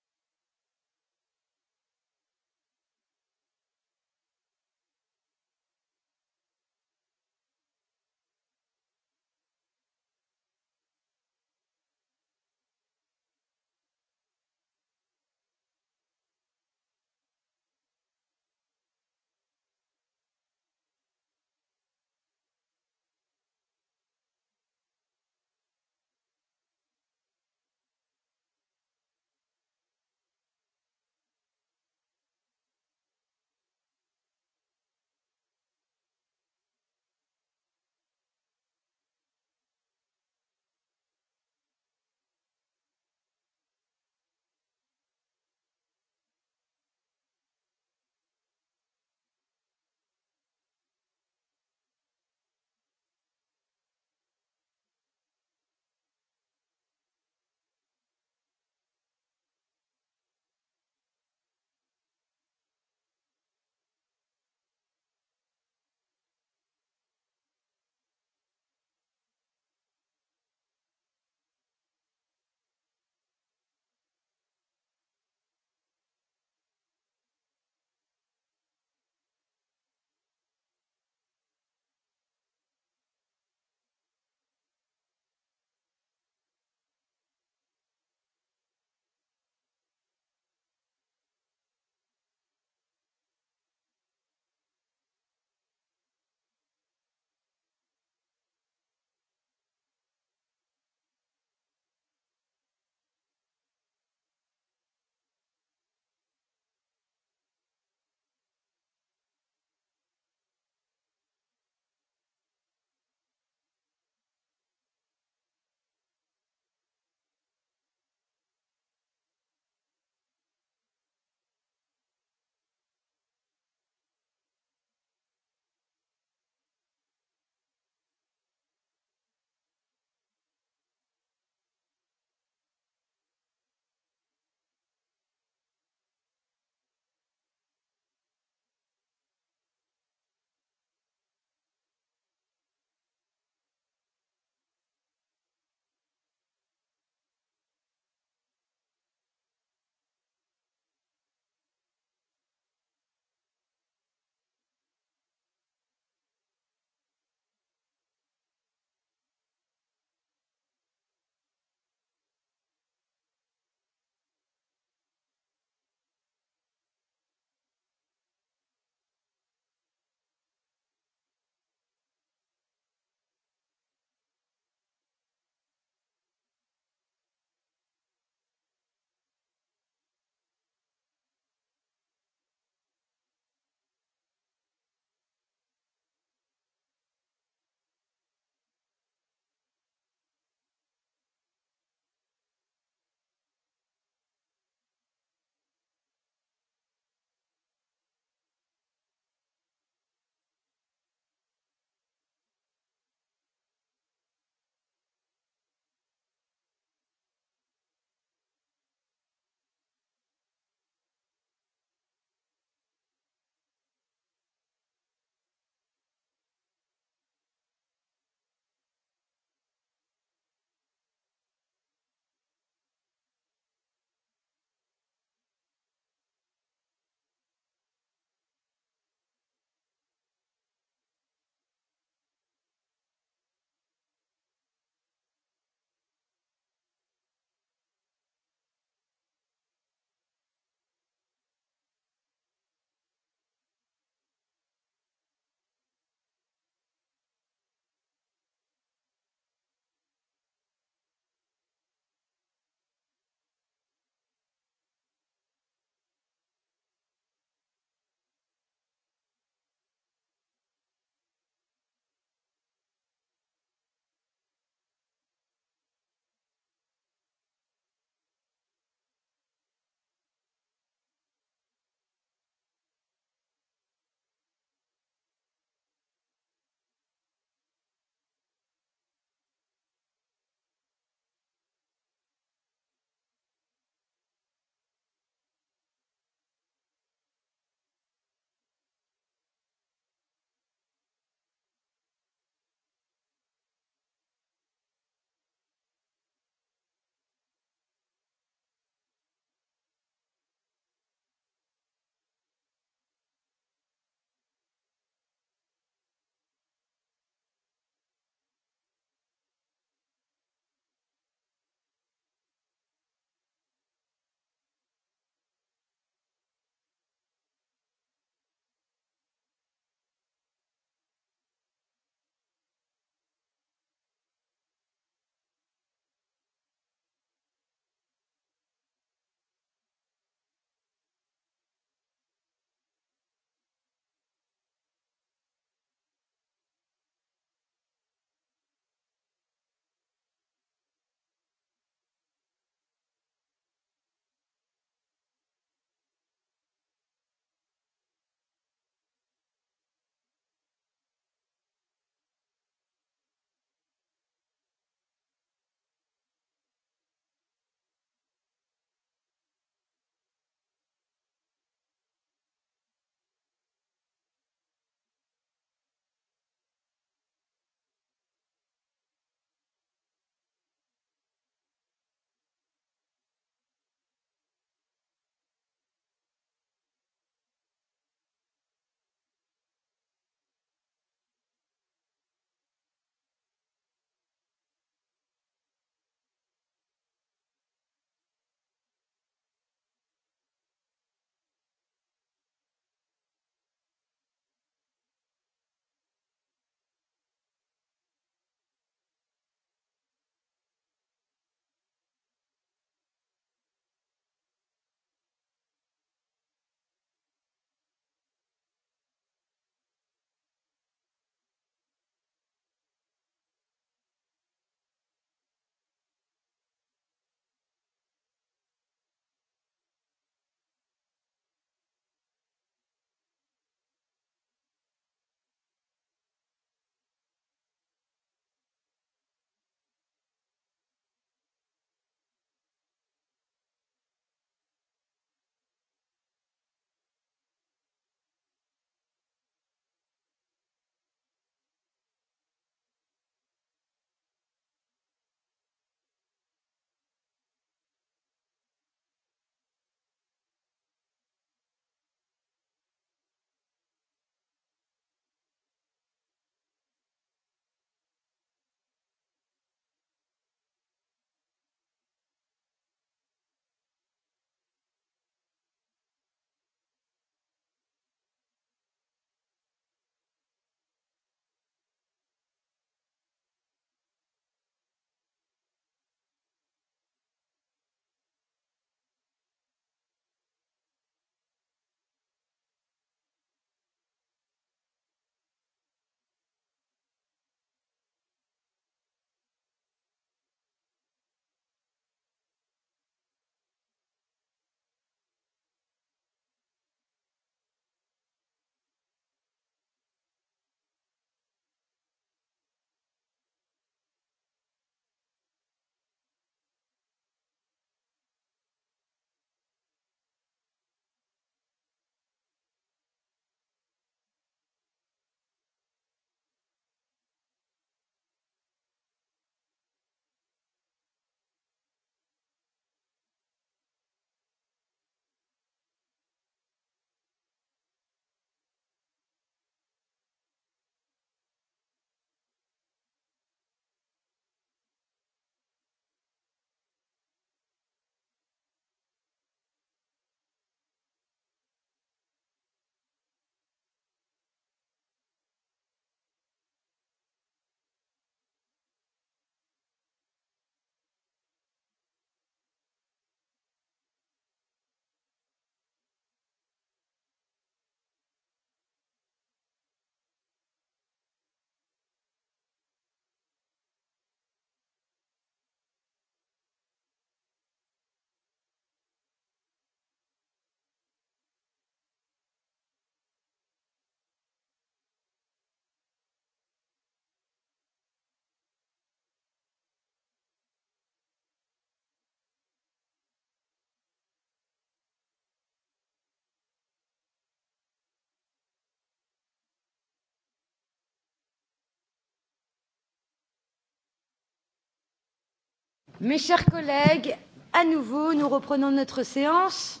A: Mes chers collègues, à nouveau, nous reprenons notre séance.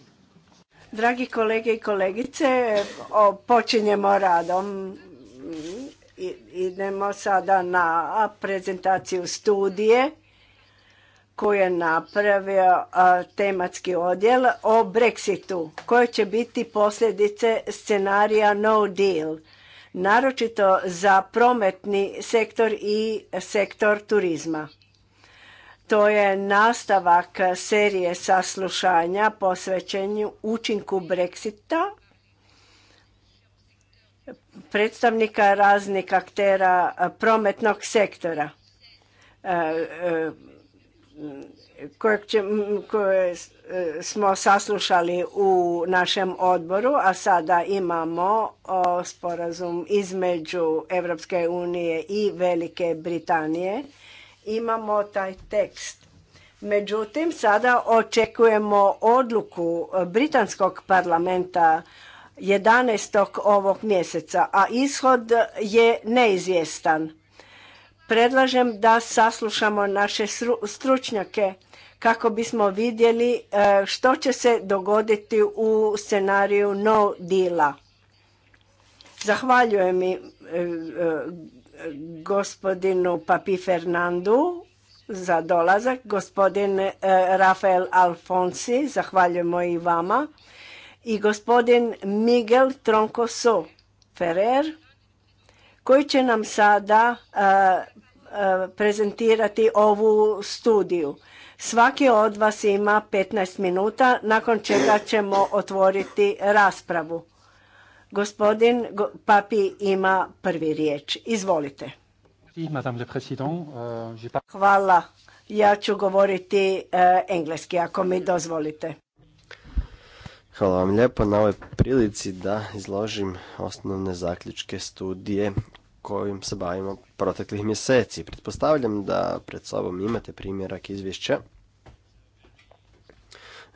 A: Dragi kolege i kolegice, počinjemo radom. Idemo sada na prezentaciju studije koju je napravio tematski odjel o Brexitu, koje će biti posljedice scenarija no deal, naročito za prometni sektor i sektor turizma. To je nastavak serije saslušanja posvećenju učinku Brexita predstavnika raznih aktera prometnog sektora e, e, koje e, smo saslušali u našem odboru, a sada imamo sporazum između Europske unije i Velike Britanije imamo taj tekst. Međutim, sada očekujemo odluku Britanskog parlamenta 11. ovog mjeseca, a ishod je neizvjestan. Predlažem da saslušamo naše stručnjake kako bismo vidjeli e, što će se dogoditi u scenariju no deala. Zahvaljujem mi e, e, gospodinu Papi Fernandu za dolazak, gospodin eh, Rafael Alfonsi, zahvaljujemo i vama, i gospodin Miguel Troncoso Ferrer, koji će nam sada eh, eh, prezentirati ovu studiju. Svaki od vas ima 15 minuta, nakon čega ćemo otvoriti raspravu. Gospodin Papi ima prvi riječ. Izvolite. Euh, Hvala. Ja ću govoriti eh, engleski ako mi dozvolite.
C: Hvala vam lijepo na ovoj prilici da izložim osnovne zaključke studije kojim se bavimo proteklih mjeseci. Pretpostavljam da pred sobom imate primjerak izvješća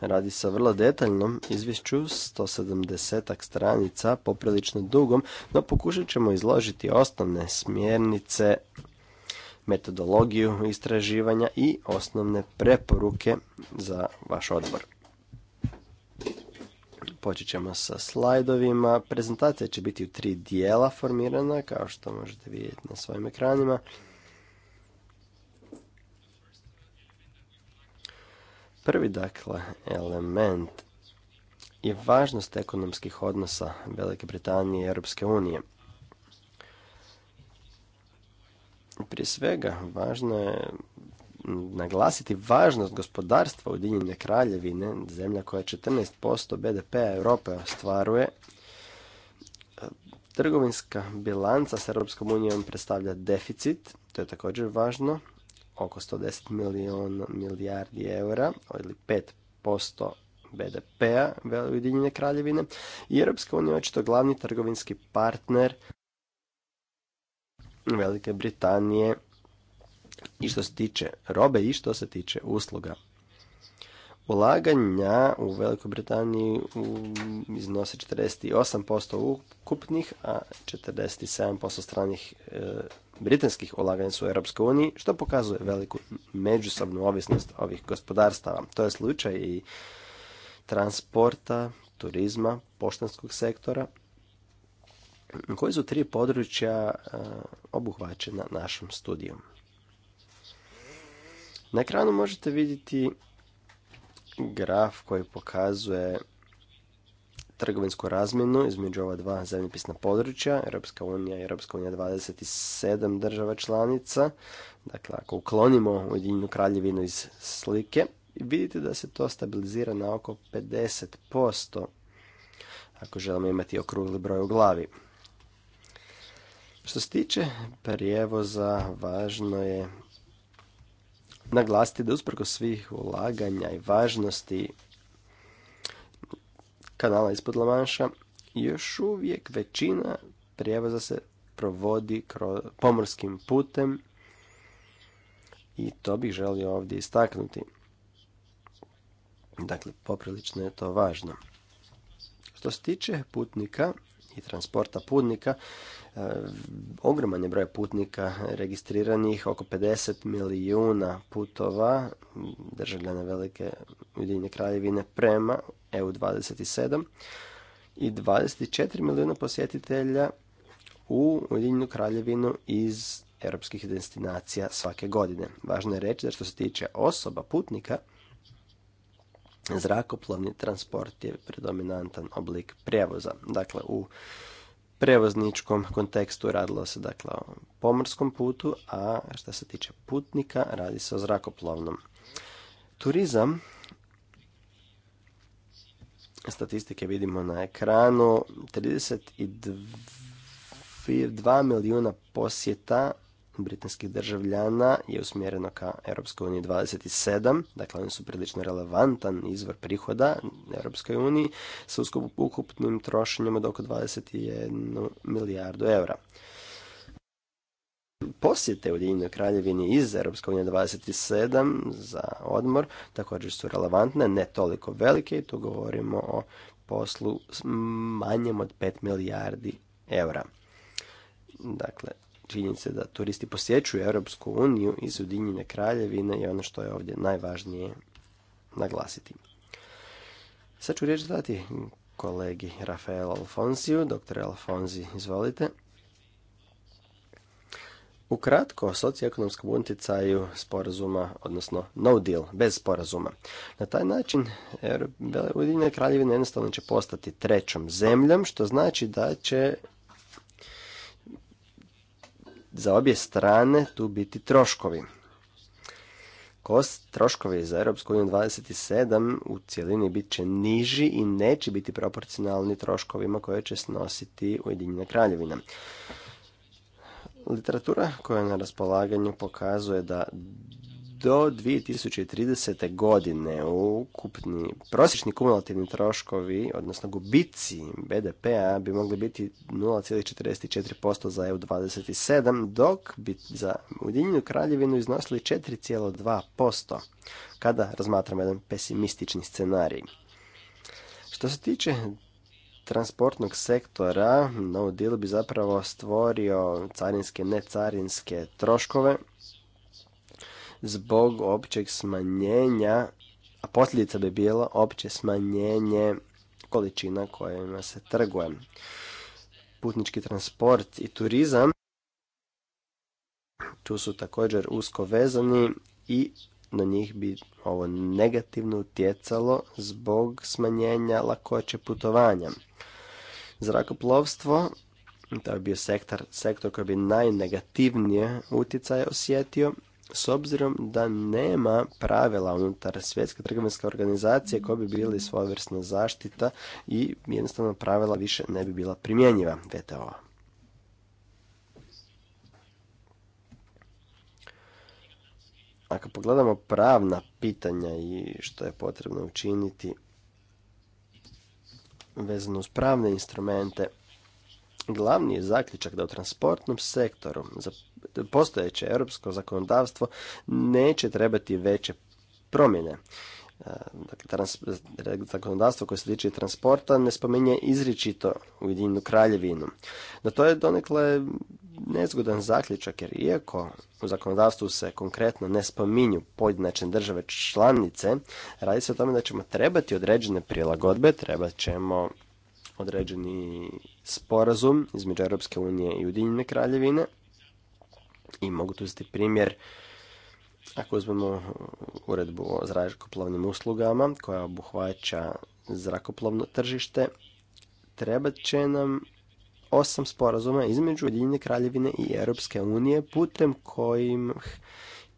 C: Radi se o vrlo detaljnom izvješću, 170 stranica, poprilično dugom, no pokušat ćemo izložiti osnovne smjernice, metodologiju istraživanja i osnovne preporuke za vaš odbor. Počet ćemo sa slajdovima. Prezentacija će biti u tri dijela formirana, kao što možete vidjeti na svojim ekranima. Prvi dakle element je važnost ekonomskih odnosa Velike Britanije i Europske unije. Prije svega, važno je naglasiti važnost gospodarstva Ujedinjene kraljevine, zemlja koja 14% BDP-a Europe ostvaruje. Trgovinska bilanca s Europskom unijom predstavlja deficit, to je također važno, oko 110 milijon milijardi eura, ili 5% BDP-a Ujedinjene kraljevine i Europska unija je očito glavni trgovinski partner Velike Britanije i što se tiče robe i što se tiče usluga. Ulaganja u Velikoj Britaniji iznose 48% ukupnih, a 47% stranih e, britanskih ulaganja su u Europskoj uniji, što pokazuje veliku međusobnu ovisnost ovih gospodarstava. To je slučaj i transporta, turizma, poštanskog sektora, koji su tri područja e, obuhvaćena našom studijom. Na ekranu možete vidjeti graf koji pokazuje trgovinsku razmjenu između ova dva zemljopisna područja, Europska unija i Europska unija 27 država članica. Dakle, ako uklonimo Ujedinjenu kraljevinu iz slike, vidite da se to stabilizira na oko 50% ako želimo imati okrugli broj u glavi. Što se tiče prijevoza, važno je naglasiti da usprko svih ulaganja i važnosti kanala ispod Lamanša, još uvijek većina prijevoza se provodi pomorskim putem i to bih želio ovdje istaknuti. Dakle, poprilično je to važno. Što se tiče putnika i transporta putnika, e, ogroman je broj putnika registriranih, oko 50 milijuna putova državljana Velike Ujedinje kraljevine prema EU27 i 24 milijuna posjetitelja u Ujedinjenu kraljevinu iz europskih destinacija svake godine. Važno je reći da što se tiče osoba, putnika, zrakoplovni transport je predominantan oblik prijevoza. Dakle, u prevozničkom kontekstu radilo se dakle o pomorskom putu, a što se tiče putnika radi se o zrakoplovnom. Turizam statistike vidimo na ekranu, 32 milijuna posjeta britanskih državljana je usmjereno ka Europskoj uniji 27, dakle oni su prilično relevantan izvor prihoda Europskoj uniji sa ukupnim trošenjima od oko 21 milijardu eura posjete Ujedinjenoj kraljevini iz Europske unije 27 za odmor također su relevantne, ne toliko velike i tu govorimo o poslu manjem od 5 milijardi eura. Dakle, činjenica da turisti posjećuju Europsku uniju iz Ujedinjene kraljevine i ono što je ovdje najvažnije naglasiti. Sad ću riječ dati kolegi Rafael Alfonsiju. Doktore Alfonzi, izvolite. Ukratko o socioekonomskom utjecaju sporazuma, odnosno no deal, bez sporazuma. Na taj način Ujedinjene Kraljevine jednostavno će postati trećom zemljom, što znači da će za obje strane tu biti troškovi. Kost troškovi za Europsku uniju 27 u cjelini bit će niži i neće biti proporcionalni troškovima koje će snositi Ujedinjena kraljevina. Literatura koja je na raspolaganju pokazuje da do 2030. godine ukupni prosječni kumulativni troškovi, odnosno gubici BDP-a bi mogli biti 0,44% za EU27, dok bi za Ujedinjenu kraljevinu iznosili 4,2%, kada razmatramo jedan pesimistični scenarij. Što se tiče transportnog sektora, ovu dilu bi zapravo stvorio carinske, necarinske troškove zbog općeg smanjenja, a posljedica bi bilo opće smanjenje količina kojima se trguje. Putnički transport i turizam tu su također usko vezani i na njih bi ovo negativno utjecalo zbog smanjenja lakoće putovanja. Zrakoplovstvo, to je bio sektor, sektor koji bi najnegativnije utjecaje osjetio, s obzirom da nema pravila unutar svjetske trgovinske organizacije koje bi bili svojevrsna zaštita i jednostavno pravila više ne bi bila primjenjiva VTO-a. Ako pogledamo pravna pitanja i što je potrebno učiniti vezano uz pravne instrumente, glavni je zaključak da u transportnom sektoru za postojeće europsko zakonodavstvo neće trebati veće promjene. E, dakle, trans, zakonodavstvo koje se tiče transporta ne spominje izričito jedinu kraljevinu. No to je donekle nezgodan zaključak jer iako u zakonodavstvu se konkretno ne spominju pojedinačne države članice, radi se o tome da ćemo trebati određene prilagodbe, trebat ćemo određeni sporazum između Europske unije i Ujedinjene kraljevine. I mogu tu uzeti primjer ako uzmemo uredbu o zrakoplovnim uslugama koja obuhvaća zrakoplovno tržište, trebat će nam osam sporazuma između Ujedinjene kraljevine i Europske unije putem kojim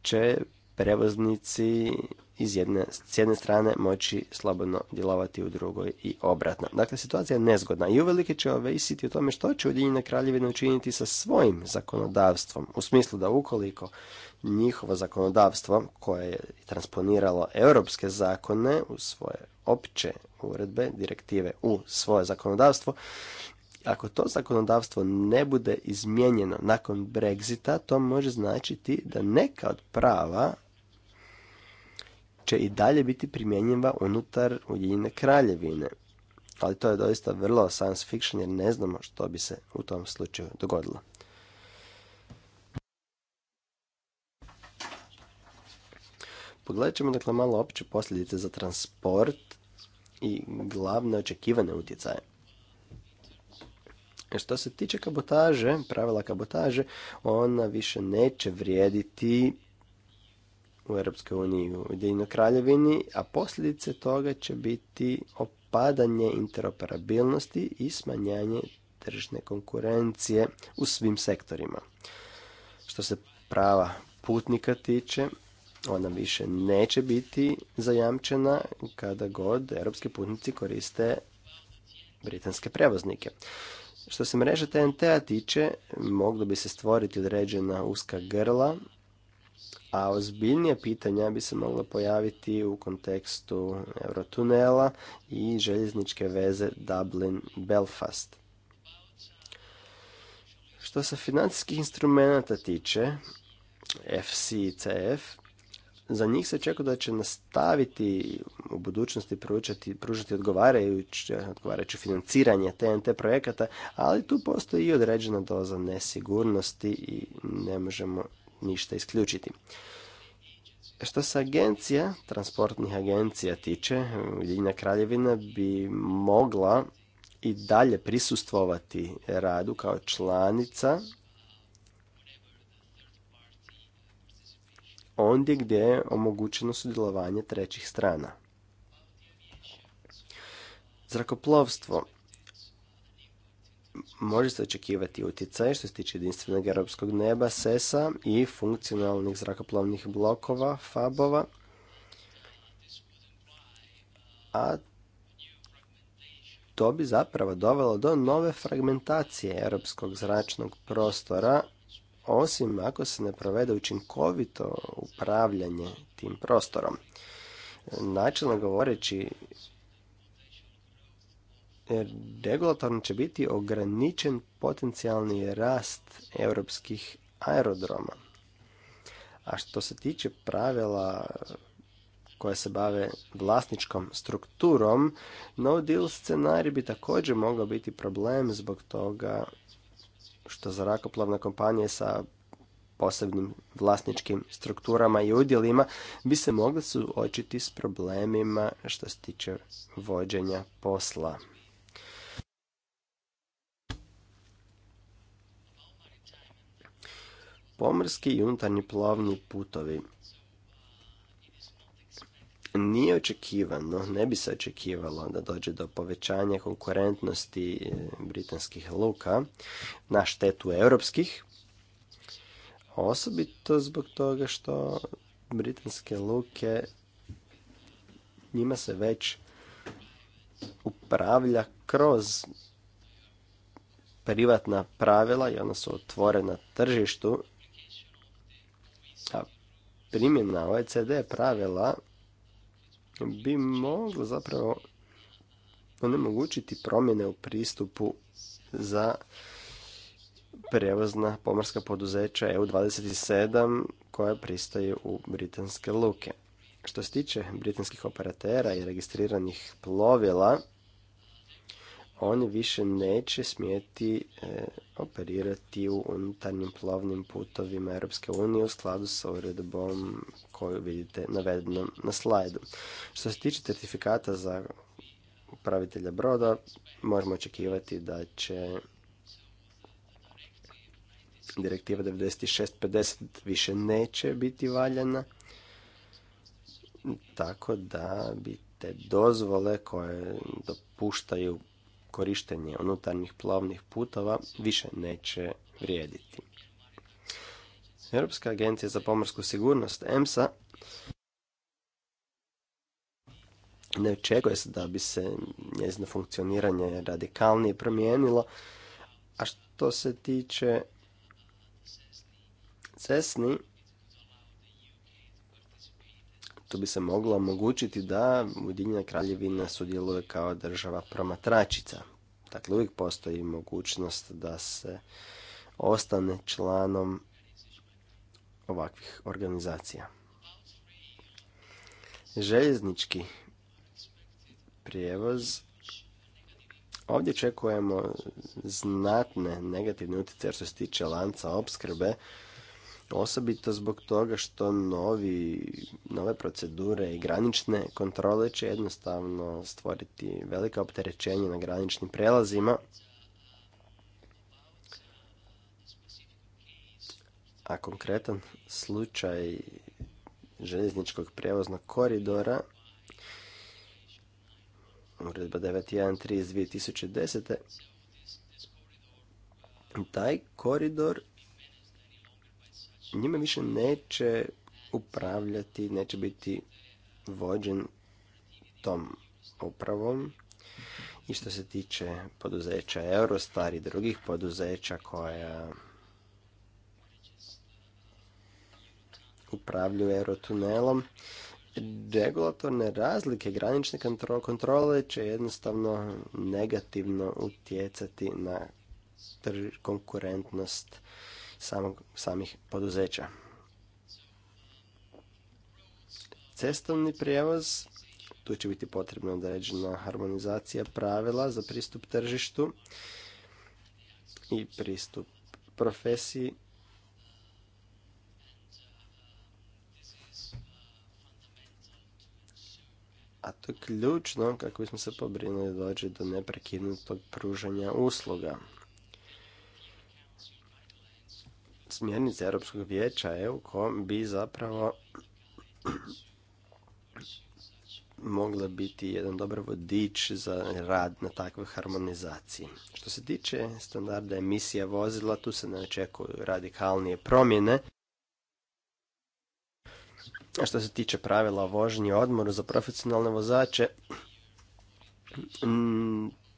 C: će prevoznici iz jedne, s jedne strane moći slobodno djelovati u drugoj i obratno. Dakle, situacija je nezgodna i uvelike će ovisiti o tome što će Ujedinjena kraljevina učiniti sa svojim zakonodavstvom. U smislu da ukoliko njihovo zakonodavstvo koje je transponiralo europske zakone u svoje opće uredbe, direktive u svoje zakonodavstvo, ako to zakonodavstvo ne bude izmijenjeno nakon Brexita, to može značiti da neka od prava će i dalje biti primjenjiva unutar Ujedinjene kraljevine. Ali to je doista vrlo science fiction jer ne znamo što bi se u tom slučaju dogodilo. Pogledat ćemo dakle malo opće posljedice za transport i glavne očekivane utjecaje. E, što se tiče kabotaže, pravila kabotaže, ona više neće vrijediti u Europskoj uniji u Ujedinjenoj kraljevini, a posljedice toga će biti opadanje interoperabilnosti i smanjanje tržišne konkurencije u svim sektorima. Što se prava putnika tiče, ona više neće biti zajamčena kada god europski putnici koriste britanske prevoznike. Što se mreža TNT-a tiče, moglo bi se stvoriti određena uska grla, a ozbiljnije pitanja bi se moglo pojaviti u kontekstu Eurotunela i željezničke veze Dublin-Belfast. Što se financijskih instrumenta tiče, FC i CF, za njih se očekuje da će nastaviti u budućnosti pručati, pružati odgovarajuće, odgovarajuće financiranje TNT projekata, ali tu postoji i određena doza nesigurnosti i ne možemo ništa isključiti. Što se agencija, transportnih agencija tiče, Ujedinjena kraljevina bi mogla i dalje prisustvovati radu kao članica ondje gdje je omogućeno sudjelovanje trećih strana. Zrakoplovstvo može se očekivati utjecaj što se tiče jedinstvenog europskog neba, SESA i funkcionalnih zrakoplovnih blokova, FABova, a to bi zapravo dovelo do nove fragmentacije europskog zračnog prostora osim ako se ne provede učinkovito upravljanje tim prostorom. Načelno govoreći, regulatorno će biti ograničen potencijalni rast europskih aerodroma. A što se tiče pravila koje se bave vlasničkom strukturom, no deal scenarij bi također mogao biti problem zbog toga što zrakoplovne kompanije sa posebnim vlasničkim strukturama i udjelima bi se mogli suočiti s problemima što se tiče vođenja posla. Pomorski i unutarnji plovni putovi nije očekivano, ne bi se očekivalo da dođe do povećanja konkurentnosti e, britanskih luka na štetu europskih, osobito zbog toga što britanske luke njima se već upravlja kroz privatna pravila i ona su otvorena tržištu. A primjena OECD pravila bi moglo zapravo onemogućiti promjene u pristupu za prevozna pomorska poduzeća EU27 koja pristaje u britanske luke. Što se tiče britanskih operatera i registriranih plovila, oni više neće smjeti e, operirati u unutarnjim plovnim putovima Europske unije u skladu sa uredbom koju vidite navedenom na slajdu. Što se tiče certifikata za upravitelja broda, možemo očekivati da će direktiva 96.50 više neće biti valjana, tako da bi te dozvole koje dopuštaju korištenje unutarnjih plavnih putova više neće vrijediti. Europska agencija za pomorsku sigurnost EMSA ne očekuje se da bi se njezino funkcioniranje radikalnije promijenilo, a što se tiče cesni, to bi se moglo omogućiti da Ujedinjena kraljevina sudjeluje kao država promatračica. Dakle, uvijek postoji mogućnost da se ostane članom ovakvih organizacija. Željeznički prijevoz ovdje čekujemo znatne negativne utjecaje što se tiče lanca opskrbe Osobito zbog toga što novi, nove procedure i granične kontrole će jednostavno stvoriti velika opterećenje na graničnim prelazima. A konkretan slučaj željezničkog prijevoznog koridora uredba 913 iz 2010. Taj koridor njime više neće upravljati, neće biti vođen tom upravom. I što se tiče poduzeća Eurostar i drugih poduzeća koja upravljaju Eurotunelom, regulatorne razlike granične kontrole će jednostavno negativno utjecati na konkurentnost samog, samih poduzeća. Cestovni prijevoz, tu će biti potrebna određena harmonizacija pravila za pristup tržištu i pristup profesiji. A to je ključno kako bismo se pobrinuli dođe do neprekinutog pružanja usluga. smjernice Europskog vijeća EU kom bi zapravo mogla biti jedan dobar vodič za rad na takvoj harmonizaciji. Što se tiče standarda emisija vozila, tu se ne očekuju radikalnije promjene. A što se tiče pravila o vožnji odmoru za profesionalne vozače,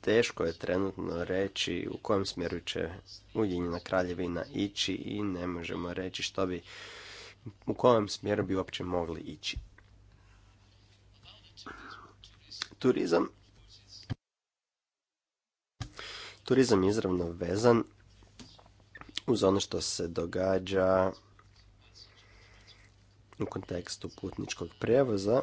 C: teško je trenutno reći u kojem smjeru će Ujedinjena kraljevina ići i ne možemo reći što bi, u kojem smjeru bi uopće mogli ići. Turizam. Turizam je izravno vezan uz ono što se događa u kontekstu putničkog prijevoza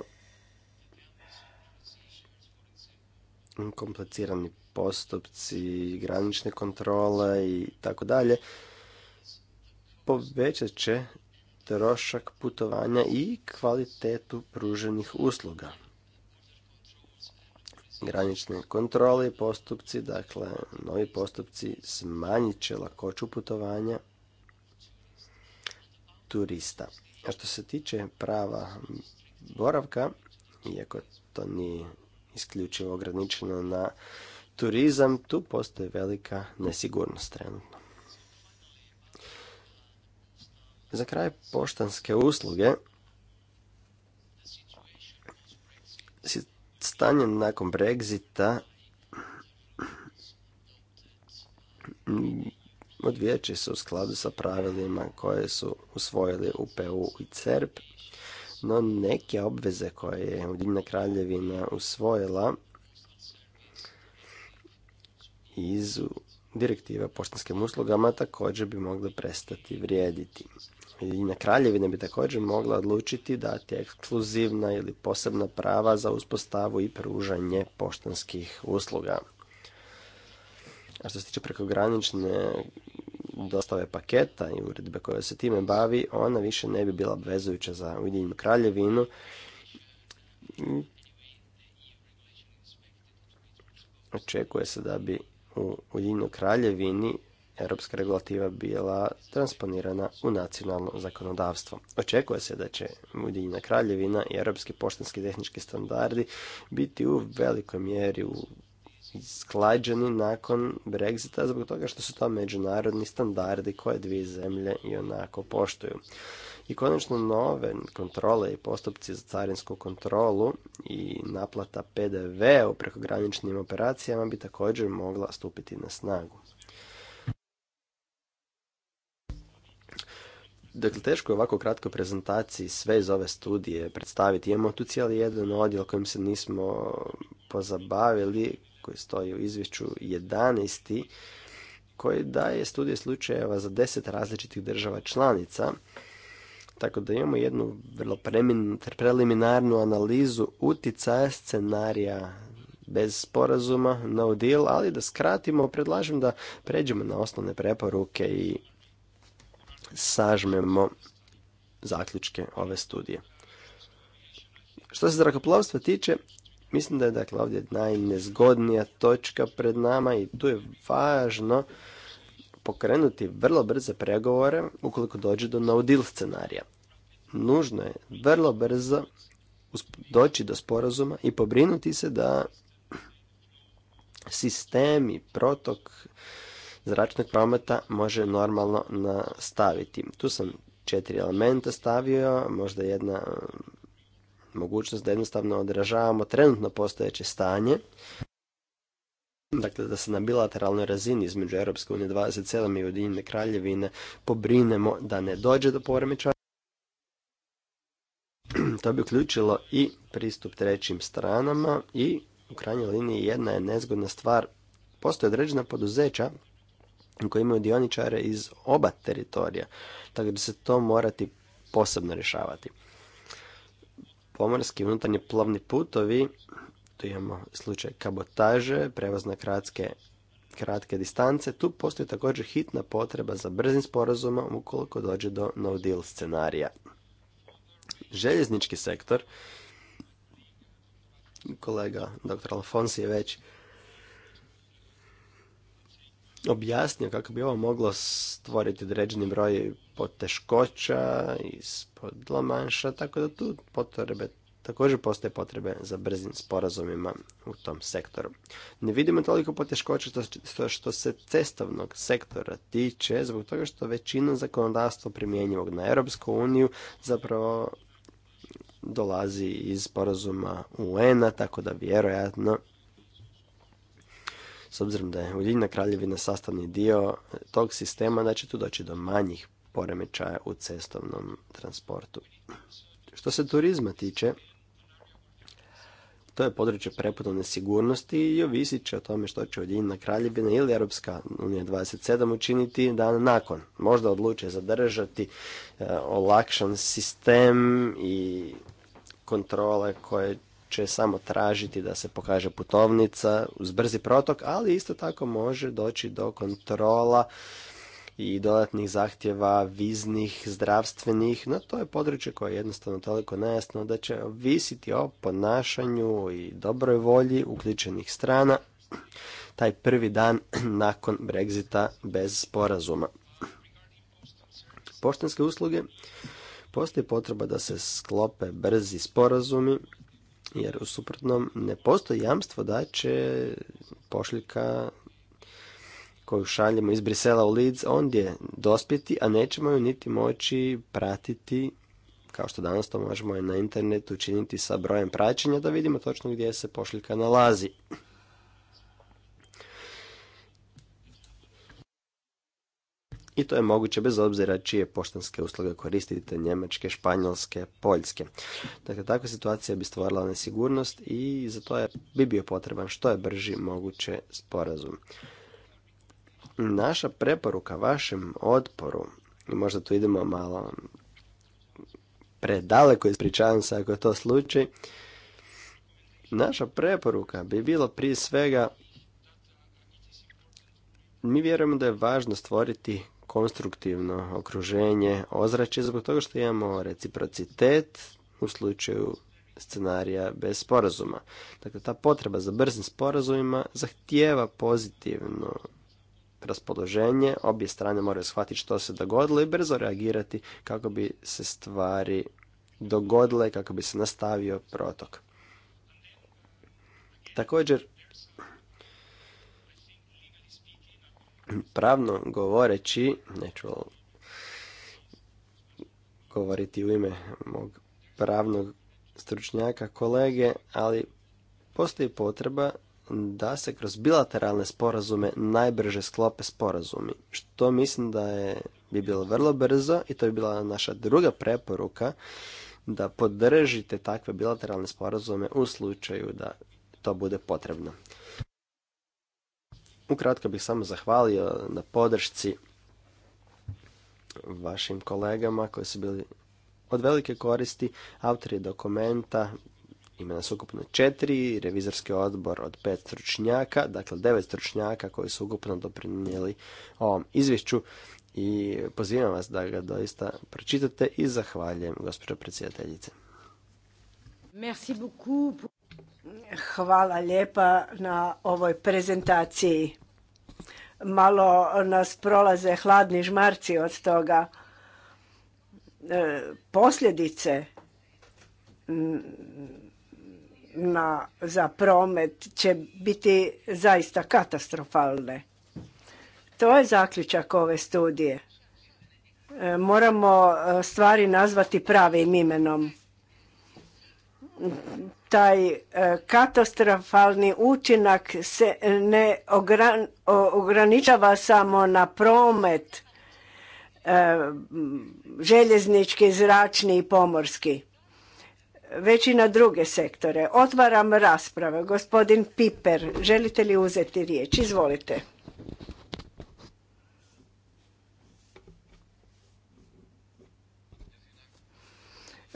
C: komplicirani postupci, granične kontrole i tako dalje, povećat će trošak putovanja i kvalitetu pruženih usluga. Granične kontrole i postupci, dakle, novi postupci smanjit će lakoću putovanja turista. A što se tiče prava boravka, iako to nije isključivo ograničeno na turizam, tu postoji velika nesigurnost trenutno. Za kraj poštanske usluge stanje nakon Brexita odvijeće se u skladu sa pravilima koje su usvojili UPU i CERP no neke obveze koje je Ujedinjena kraljevina usvojila iz direktive o poštanskim uslugama također bi mogle prestati vrijediti. Ujedinjena kraljevina bi također mogla odlučiti dati ekskluzivna ili posebna prava za uspostavu i pružanje poštanskih usluga. A što se tiče prekogranične dostave paketa i uredbe koja se time bavi, ona više ne bi bila obvezujuća za Ujedinjenu kraljevinu. Očekuje se da bi u Ujedinjenoj kraljevini europska regulativa bila transponirana u nacionalno zakonodavstvo. Očekuje se da će Ujedinjena kraljevina i europski poštanski tehnički standardi biti u velikoj mjeri u sklađeni nakon Brexita zbog toga što su to međunarodni standardi koje dvije zemlje i onako poštuju. I konačno nove kontrole i postupci za carinsku kontrolu i naplata PDV u prekograničnim operacijama bi također mogla stupiti na snagu. Dakle, teško je ovako kratkoj prezentaciji sve iz ove studije predstaviti. Imamo tu cijeli jedan odjel kojim se nismo pozabavili koji stoji u izvješću 11. koji daje studije slučajeva za 10 različitih država članica. Tako da imamo jednu vrlo preliminarnu analizu utjecaja scenarija bez sporazuma, no deal, ali da skratimo, predlažem da pređemo na osnovne preporuke i sažmemo zaključke ove studije. Što se zrakoplovstva tiče, Mislim da je dakle ovdje najnezgodnija točka pred nama i tu je važno pokrenuti vrlo brze pregovore ukoliko dođe do no deal scenarija. Nužno je vrlo brzo doći do sporazuma i pobrinuti se da sistem i protok zračnog prometa može normalno nastaviti. Tu sam četiri elementa stavio, možda jedna mogućnost da jednostavno odražavamo trenutno postojeće stanje, dakle da se na bilateralnoj razini između Europske unije 27 i Ujedinjene kraljevine pobrinemo da ne dođe do poremećaja. To bi uključilo i pristup trećim stranama i u krajnjoj liniji jedna je nezgodna stvar. Postoje određena poduzeća koja imaju dioničare iz oba teritorija, tako da se to morati posebno rješavati pomorski unutarnji plovni putovi, tu imamo slučaj kabotaže, prevoz na kratke, kratke distance, tu postoji također hitna potreba za brzim sporazumom ukoliko dođe do no deal scenarija. Željeznički sektor, kolega dr. Alfonsi je već objasnio kako bi ovo moglo stvoriti određeni broj poteškoća ispod Lamanša, tako da tu potrebe također postoje potrebe za brzim sporazumima u tom sektoru. Ne vidimo toliko poteškoća što se cestovnog sektora tiče, zbog toga što većina zakonodavstva primjenjivog na Europsku uniju zapravo dolazi iz sporazuma UN-a, tako da vjerojatno s obzirom da je Ujedinjena kraljevina sastavni dio e, tog sistema, da će tu doći do manjih poremećaja u cestovnom transportu. Što se turizma tiče, to je područje preputovne sigurnosti i ovisit će o tome što će Ujedinjena kraljevina ili Europska unija 27 učiniti dan nakon. Možda odluče zadržati e, olakšan sistem i kontrole koje će samo tražiti da se pokaže putovnica uz brzi protok, ali isto tako može doći do kontrola i dodatnih zahtjeva viznih, zdravstvenih, no to je područje koje je jednostavno toliko nejasno da će visiti o ponašanju i dobroj volji uključenih strana taj prvi dan nakon Brexita bez sporazuma. Poštanske usluge postoji potreba da se sklope brzi sporazumi jer u suprotnom ne postoji jamstvo da će pošljika koju šaljemo iz Brisela u Leeds ondje dospjeti, a nećemo ju niti moći pratiti kao što danas to možemo i na internetu učiniti sa brojem praćenja da vidimo točno gdje se pošljika nalazi. i to je moguće bez obzira čije poštanske usluge koristite, njemačke, španjolske, poljske. Dakle, takva situacija bi stvorila nesigurnost i za to je, bi bio potreban što je brži moguće sporazum. Naša preporuka vašem otporu, i možda tu idemo malo predaleko, ispričavam se ako je to slučaj, naša preporuka bi bilo prije svega mi vjerujemo da je važno stvoriti konstruktivno okruženje, ozračje, zbog toga što imamo reciprocitet u slučaju scenarija bez sporazuma. Dakle, ta potreba za brzim sporazumima zahtijeva pozitivno raspoloženje, obje strane moraju shvatiti što se dogodilo i brzo reagirati kako bi se stvari dogodile, kako bi se nastavio protok. Također, Pravno govoreći, neću govoriti u ime mog pravnog stručnjaka kolege, ali postoji potreba da se kroz bilateralne sporazume najbrže sklope sporazumi, što mislim da je, bi bilo vrlo brzo i to bi bila naša druga preporuka da podržite takve bilateralne sporazume u slučaju da to bude potrebno. Ukratko bih samo zahvalio na podršci vašim kolegama koji su bili od velike koristi. Autori dokumenta ima nas ukupno četiri, revizorski odbor od pet stručnjaka, dakle devet stručnjaka koji su ukupno doprinijeli ovom izvješću i pozivam vas da ga doista pročitate i zahvaljujem gospođo predsjedateljice.
A: Merci beaucoup. Hvala lijepa na ovoj prezentaciji. Malo nas prolaze hladni žmarci od toga. E, posljedice mm, za promet će biti zaista katastrofalne. To je zaključak ove studije. E, moramo e, stvari nazvati pravim imenom taj e, katastrofalni učinak se ne ograničava samo na promet e, željeznički, zračni i pomorski, već i na druge sektore. Otvaram rasprave. Gospodin Piper, želite li uzeti riječ? Izvolite.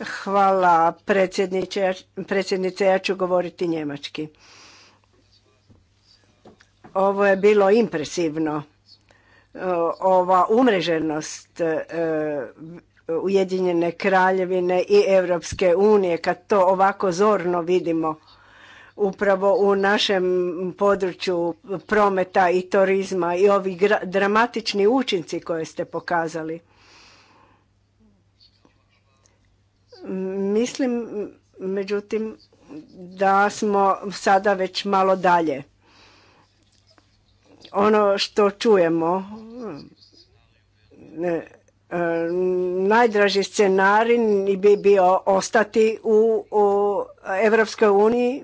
A: Hvala predsjednice, ja ću govoriti njemački. Ovo je bilo impresivno. Ova umreženost e, Ujedinjene kraljevine i Europske unije, kad to ovako zorno vidimo upravo u našem području prometa i turizma i ovi dramatični učinci koje ste pokazali. Mislim, međutim, da smo sada već malo dalje. Ono što čujemo, e, e, najdraži scenarij bi bio ostati u, u Evropskoj uniji.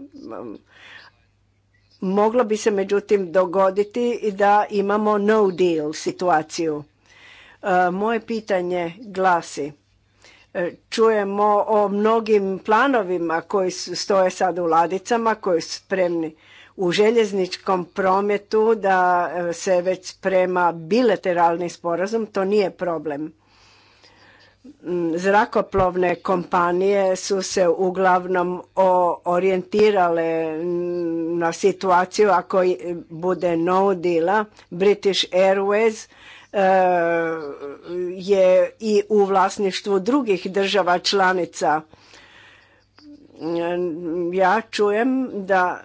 A: Moglo bi se međutim dogoditi i da imamo no deal situaciju. E, moje pitanje glasi, Čujemo o mnogim planovima koji stoje sad u ladicama, koji su spremni u željezničkom prometu da e, se već sprema bilateralni sporazum, to nije problem. Mm, zrakoplovne kompanije su se uglavnom orijentirale mm, na situaciju ako bude no deala. British Airways Eh, je i u vlasništvu drugih država članica eh, ja čujem da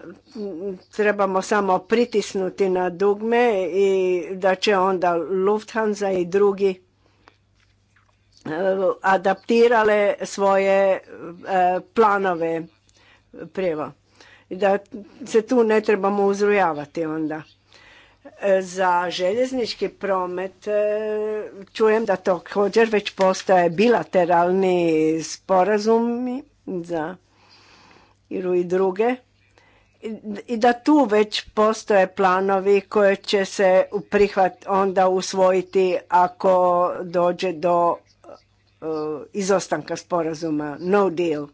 A: trebamo samo pritisnuti na dugme i da će onda Lufthansa i drugi eh, adaptirale svoje planove prijevo. Da se tu ne trebamo uzrujavati onda. Za željeznički promet e, čujem da to također već postoje bilateralni sporazumi za Iru i druge i da tu već postoje planovi koje će se prihvat onda usvojiti ako dođe do e, izostanka sporazuma no deal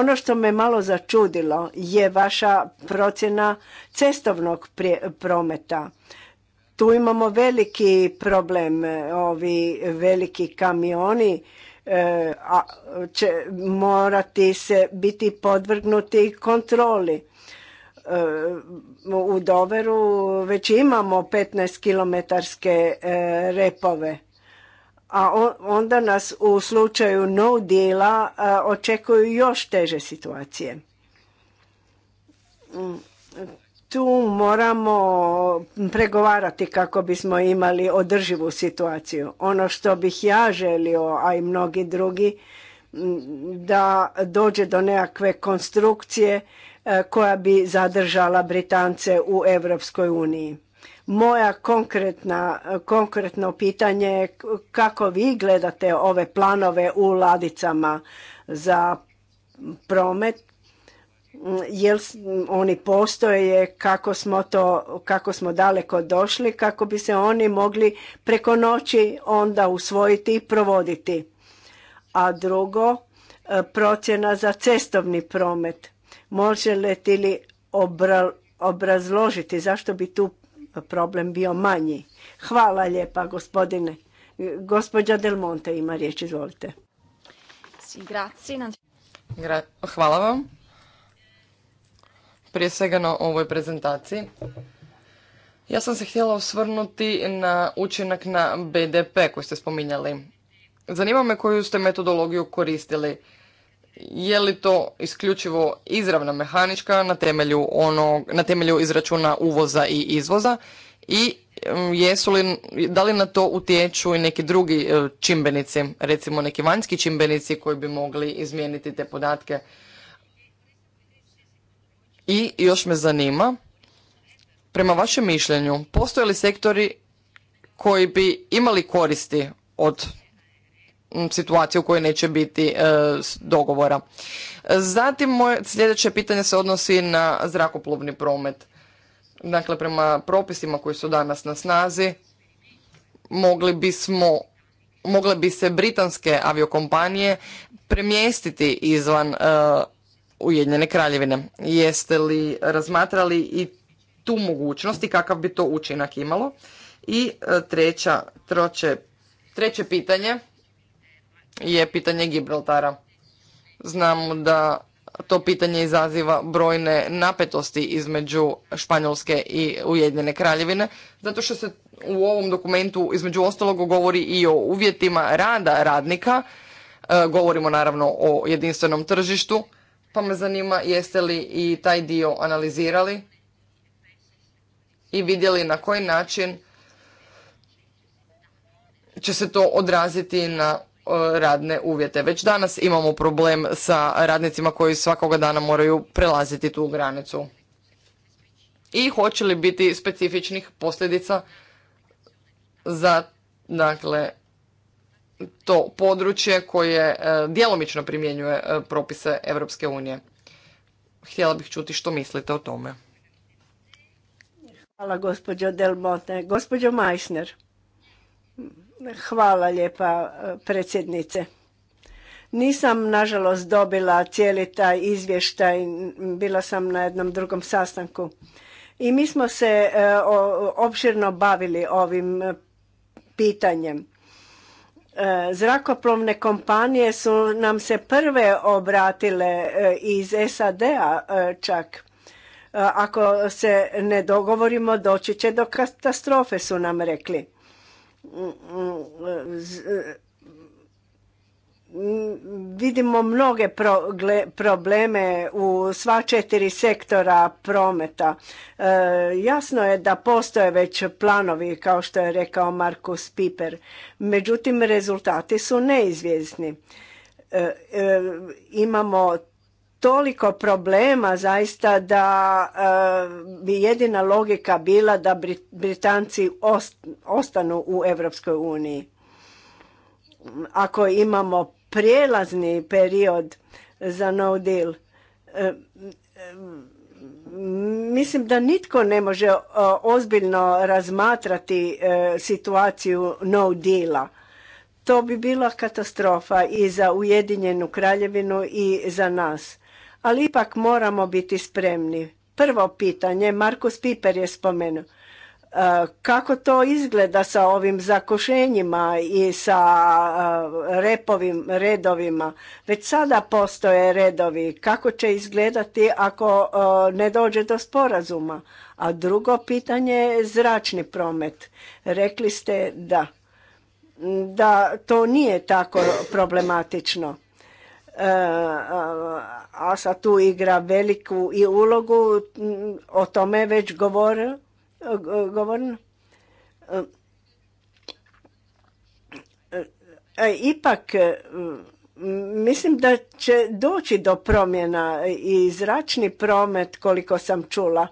A: ono što me malo začudilo je vaša procjena cestovnog prometa. Tu imamo veliki problem, e, ovi veliki kamioni e, a, će morati se biti podvrgnuti kontroli. E, u Doveru već imamo 15 kilometarske repove a onda nas u slučaju no deala očekuju još teže situacije. Mm, tu moramo pregovarati kako bismo imali održivu situaciju. Ono što bih ja želio, a i mnogi drugi, mm, da dođe do nekakve konstrukcije e, koja bi zadržala Britance u Europskoj uniji moja konkretna, konkretno pitanje je kako vi gledate ove planove u ladicama za promet, jel oni postoje, kako smo, to, kako smo daleko došli, kako bi se oni mogli preko noći onda usvojiti i provoditi. A drugo, e, procjena za cestovni promet. Može li obrazložiti zašto bi tu problem bio manji. Hvala lijepa gospodine. Gospođa Del Monte ima riječ, izvolite. Hvala vam. Prije svega na ovoj prezentaciji.
B: Ja sam se htjela osvrnuti na učinak na BDP koji ste spominjali. Zanima me koju ste metodologiju koristili je li to isključivo izravna mehanička na temelju, onog, na temelju izračuna uvoza i izvoza i jesu li, da li na to utječu i neki drugi e, čimbenici, recimo neki vanjski čimbenici koji bi mogli izmijeniti te podatke. I još me zanima, prema vašem mišljenju, postoje li sektori koji bi imali koristi od Mm, situaciju u kojoj neće biti e, dogovora. Zatim moje sljedeće pitanje se odnosi na zrakoplovni promet. Dakle, prema propisima koji su danas na snazi, mogli bismo mogle bi se britanske aviokompanije premjestiti izvan e, Ujedinjene kraljevine. Jeste li razmatrali i tu mogućnost i kakav bi to učinak imalo? I e, treća, treće pitanje je pitanje Gibraltara. Znamo da to pitanje izaziva brojne napetosti između Španjolske i Ujedinjene kraljevine, zato što se u ovom dokumentu između ostalog govori i o uvjetima rada radnika, e, govorimo naravno o jedinstvenom tržištu, pa me zanima jeste li i taj dio analizirali i vidjeli na koji način će se to odraziti na E, radne uvjete. Već danas imamo problem sa radnicima koji svakoga dana moraju prelaziti tu granicu. I hoće li biti specifičnih posljedica za dakle, to područje koje e, djelomično primjenjuje e, propise Europske unije. Htjela bih čuti što mislite o tome.
A: Hvala gospođo Delmonte. Gospođo Majsner. Hvala lijepa e, predsjednice. Nisam, nažalost, dobila cijeli taj izvještaj, bila sam na jednom drugom sastanku. I mi smo se e, opširno bavili ovim e, pitanjem. Zrakoplovne kompanije su nam se prve obratile iz SAD-a čak. Ako se ne dogovorimo, doći će do katastrofe, su nam rekli vidimo mnoge probleme u sva četiri sektora prometa. E, jasno je da postoje već planovi, kao što je rekao Markus Piper. Međutim, rezultati su neizvjesni. E, e, imamo toliko problema zaista da e, bi jedina logika bila da Britanci ostanu u Europskoj uniji. Ako imamo prijelazni period za no deal, e, mislim da nitko ne može e, ozbiljno razmatrati situaciju no deala. To bi bila katastrofa i za Ujedinjenu kraljevinu i za nas ali ipak moramo biti spremni. Prvo pitanje, Markus Piper je spomenuo, e, kako to izgleda sa ovim zakošenjima i sa e, repovim redovima. Već sada postoje redovi. Kako će izgledati ako e, ne dođe do sporazuma? A drugo pitanje je zračni promet. Rekli ste da, da to nije tako problematično sad e, e, tu igra veliku i ulogu, o tome već govorim. E, Govor. Ipak, mislim da će doći do promjena i zračni promet, koliko sam čula.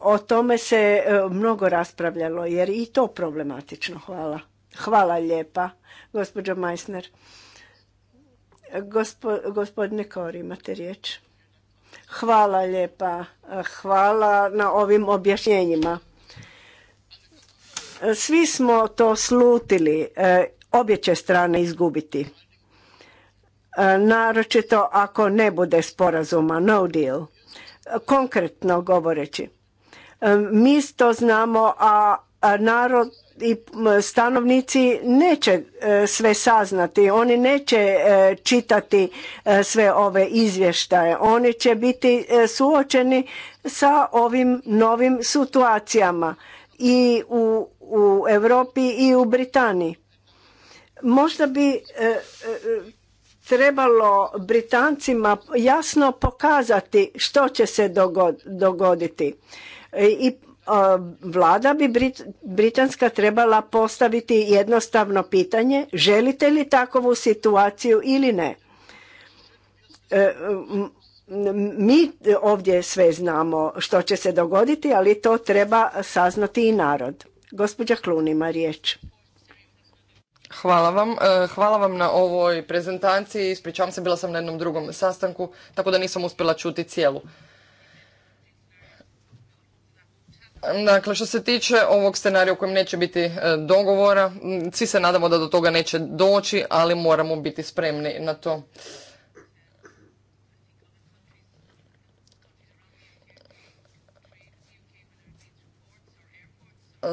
A: O tome se mnogo raspravljalo, jer i to problematično. Hvala. Hvala lijepa, gospođo Majsner gospodine Kori, imate riječ. Hvala lijepa. Hvala na ovim objašnjenjima. Svi smo to slutili. E, obje će strane izgubiti. E, naročito ako ne bude sporazuma, no deal. Konkretno govoreći. E, mi to znamo, a narod i stanovnici neće e, sve saznati, oni neće e, čitati e, sve ove izvještaje, oni će biti suočeni sa ovim novim situacijama i u, u Europi i u Britaniji. Možda bi trebalo Britancima jasno pokazati što će se dogoditi i Um, vlada bi britanska trebala postaviti jednostavno pitanje želite li takovu situaciju ili ne e, mi ovdje sve znamo što će se dogoditi ali to treba saznati i narod gospođa klunima riječ
B: Hvala vam. E, hvala vam na ovoj prezentaciji. Ispričavam se, bila sam na jednom drugom sastanku, tako da nisam uspjela čuti cijelu. Dakle, što se tiče ovog scenarija u kojem neće biti e, dogovora, svi se nadamo da do toga neće doći, ali moramo biti spremni na to.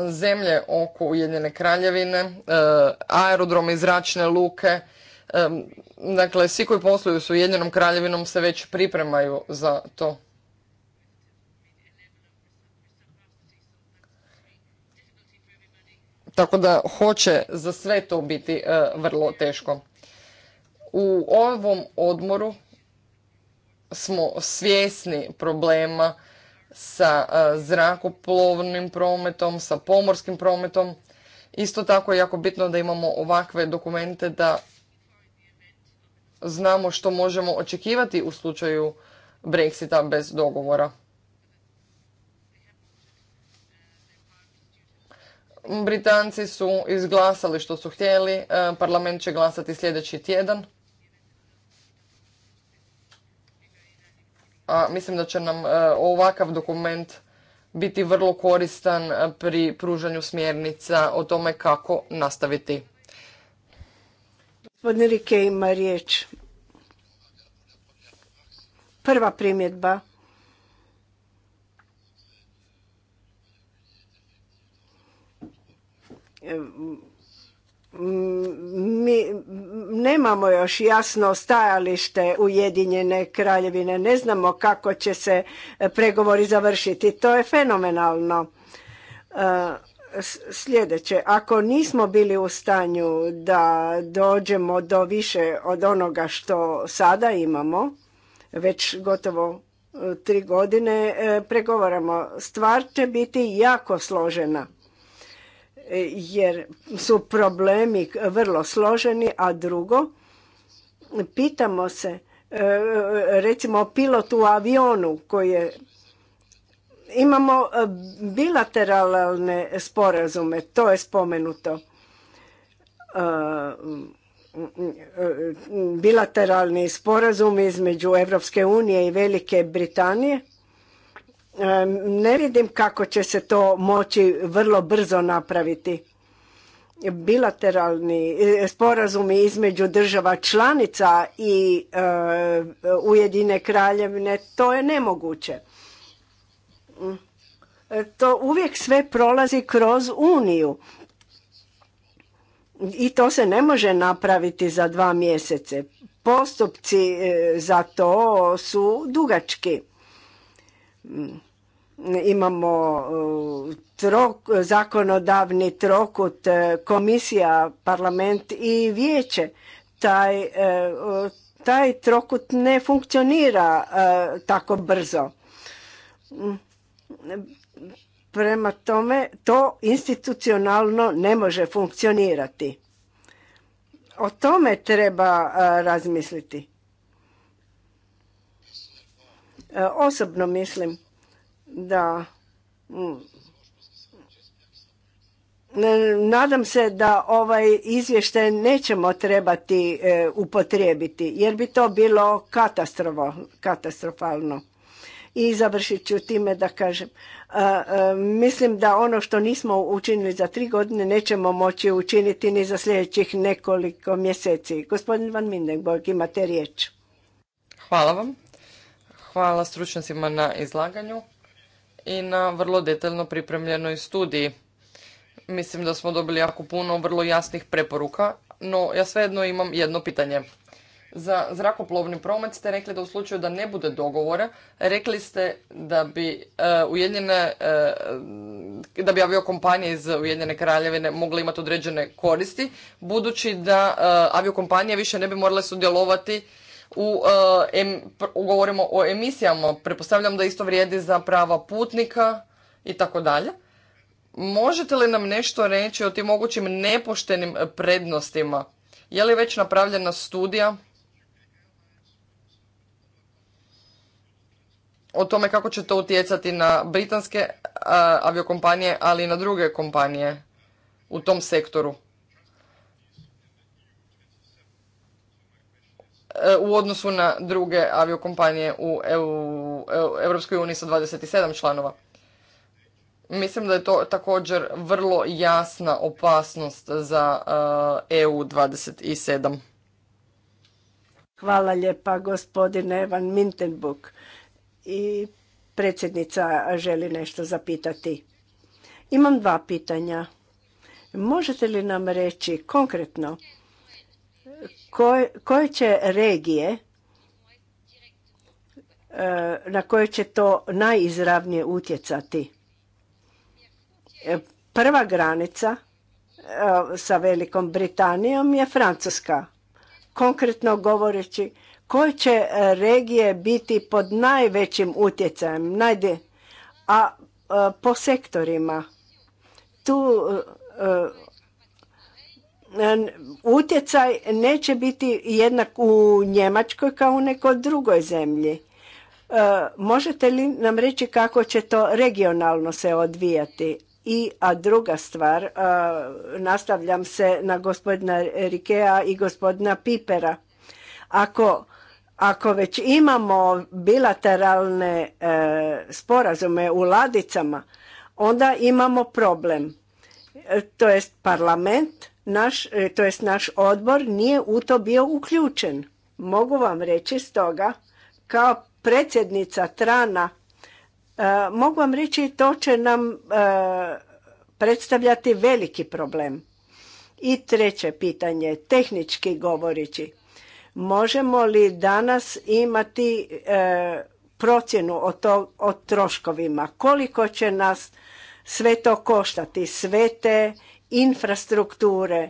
B: Zemlje oko Ujedinjene kraljevine, e, aerodrome i zračne luke, e, dakle, svi koji posluju s Ujedinjenom kraljevinom se već pripremaju za to. Tako da hoće za sve to biti e, vrlo teško. U ovom odmoru smo svjesni problema sa e, zrakoplovnim prometom, sa pomorskim prometom. Isto tako je jako bitno da imamo ovakve dokumente da znamo što možemo očekivati u slučaju Brexita bez dogovora. Britanci su izglasali što su htjeli, e, parlament će glasati sljedeći tjedan. A mislim da će nam e, ovakav dokument biti vrlo koristan pri pružanju smjernica o tome kako nastaviti.
A: Gospodin Rike ima riječ. Prva primjedba. mi nemamo još jasno stajalište Ujedinjene kraljevine, ne znamo kako će se e, pregovori završiti. To je fenomenalno. E, sljedeće, ako nismo bili u stanju da dođemo do više od onoga što sada imamo, već gotovo e, tri godine pregovaramo, stvar će biti jako složena jer su problemi vrlo složeni, a drugo, pitamo se, e, recimo pilot u avionu koji je imamo e, bilateralne sporazume, to je spomenuto. E, bilateralni sporazum između Europske unije i Velike Britanije ne vidim kako će se to moći vrlo brzo napraviti. Bilateralni e, sporazumi između država članica i e, Ujedine kraljevine, to je nemoguće. E, to uvijek sve prolazi kroz Uniju. I to se ne može napraviti za dva mjesece. Postupci za to su dugački imamo e, trok, zakonodavni trokut, e, komisija, parlament i vijeće. Taj, e, taj trokut ne funkcionira tako brzo. Prema tome, to institucionalno ne može funkcionirati. O tome treba razmisliti. Osobno mislim da mm. nadam se da ovaj izvještaj nećemo trebati e, upotrijebiti jer bi to bilo katastrofalno. I završit ću time da kažem, mislim da ono što nismo učinili za tri godine nećemo moći učiniti ni za sljedećih nekoliko mjeseci. Gospodin Van Mindenborg, imate riječ. Hvala vam.
B: Hvala stručnostima na izlaganju i na vrlo detaljno pripremljenoj studiji. Mislim da smo dobili jako puno vrlo jasnih preporuka, no ja svejedno imam jedno pitanje. Za zrakoplovni promet ste rekli da u slučaju da ne bude dogovora, rekli ste da bi e, e, da bi aviokompanije iz Ujedinjene kraljevine mogle imati određene koristi, budući da uh, aviokompanije više ne bi morale sudjelovati E, u, govorimo o emisijama, pretpostavljam da isto vrijedi za prava putnika i tako dalje. Možete li nam nešto reći o tim mogućim nepoštenim e, prednostima? Je li već napravljena studija o tome kako će to utjecati na britanske e, aviokompanije, ali i na druge kompanije u tom sektoru? E, u odnosu na druge aviokompanije u EU, Europskoj uniji sa 27 članova. Mislim da je to također vrlo jasna opasnost za EU e 27.
A: Hvala lijepa gospodine Evan Mintenbuk. I predsjednica želi nešto zapitati. Imam dva pitanja. Možete li nam reći konkretno koje, će regije e, na koje će to najizravnije utjecati. E, prva granica e, sa Velikom Britanijom je Francuska. Konkretno govoreći koje će regije biti pod najvećim utjecajem, najde, a po sektorima. Tu utjecaj neće biti jednak u Njemačkoj kao u nekoj drugoj zemlji. E, možete li nam reći kako će to regionalno se odvijati? I, a druga stvar, e, nastavljam se na gospodina Rikea i gospodina Pipera. Ako ako već imamo bilateralne e, sporazume u ladicama, onda imamo problem. to jest parlament naš, e, to jest naš odbor nije u to bio uključen. Mogu vam reći stoga, kao predsjednica Trana, e, mogu vam reći to će nam e, predstavljati veliki problem. I treće pitanje, tehnički govoreći, možemo li danas imati procjenu o, to, o troškovima? Koliko će nas sve to koštati? Sve te infrastrukture, e,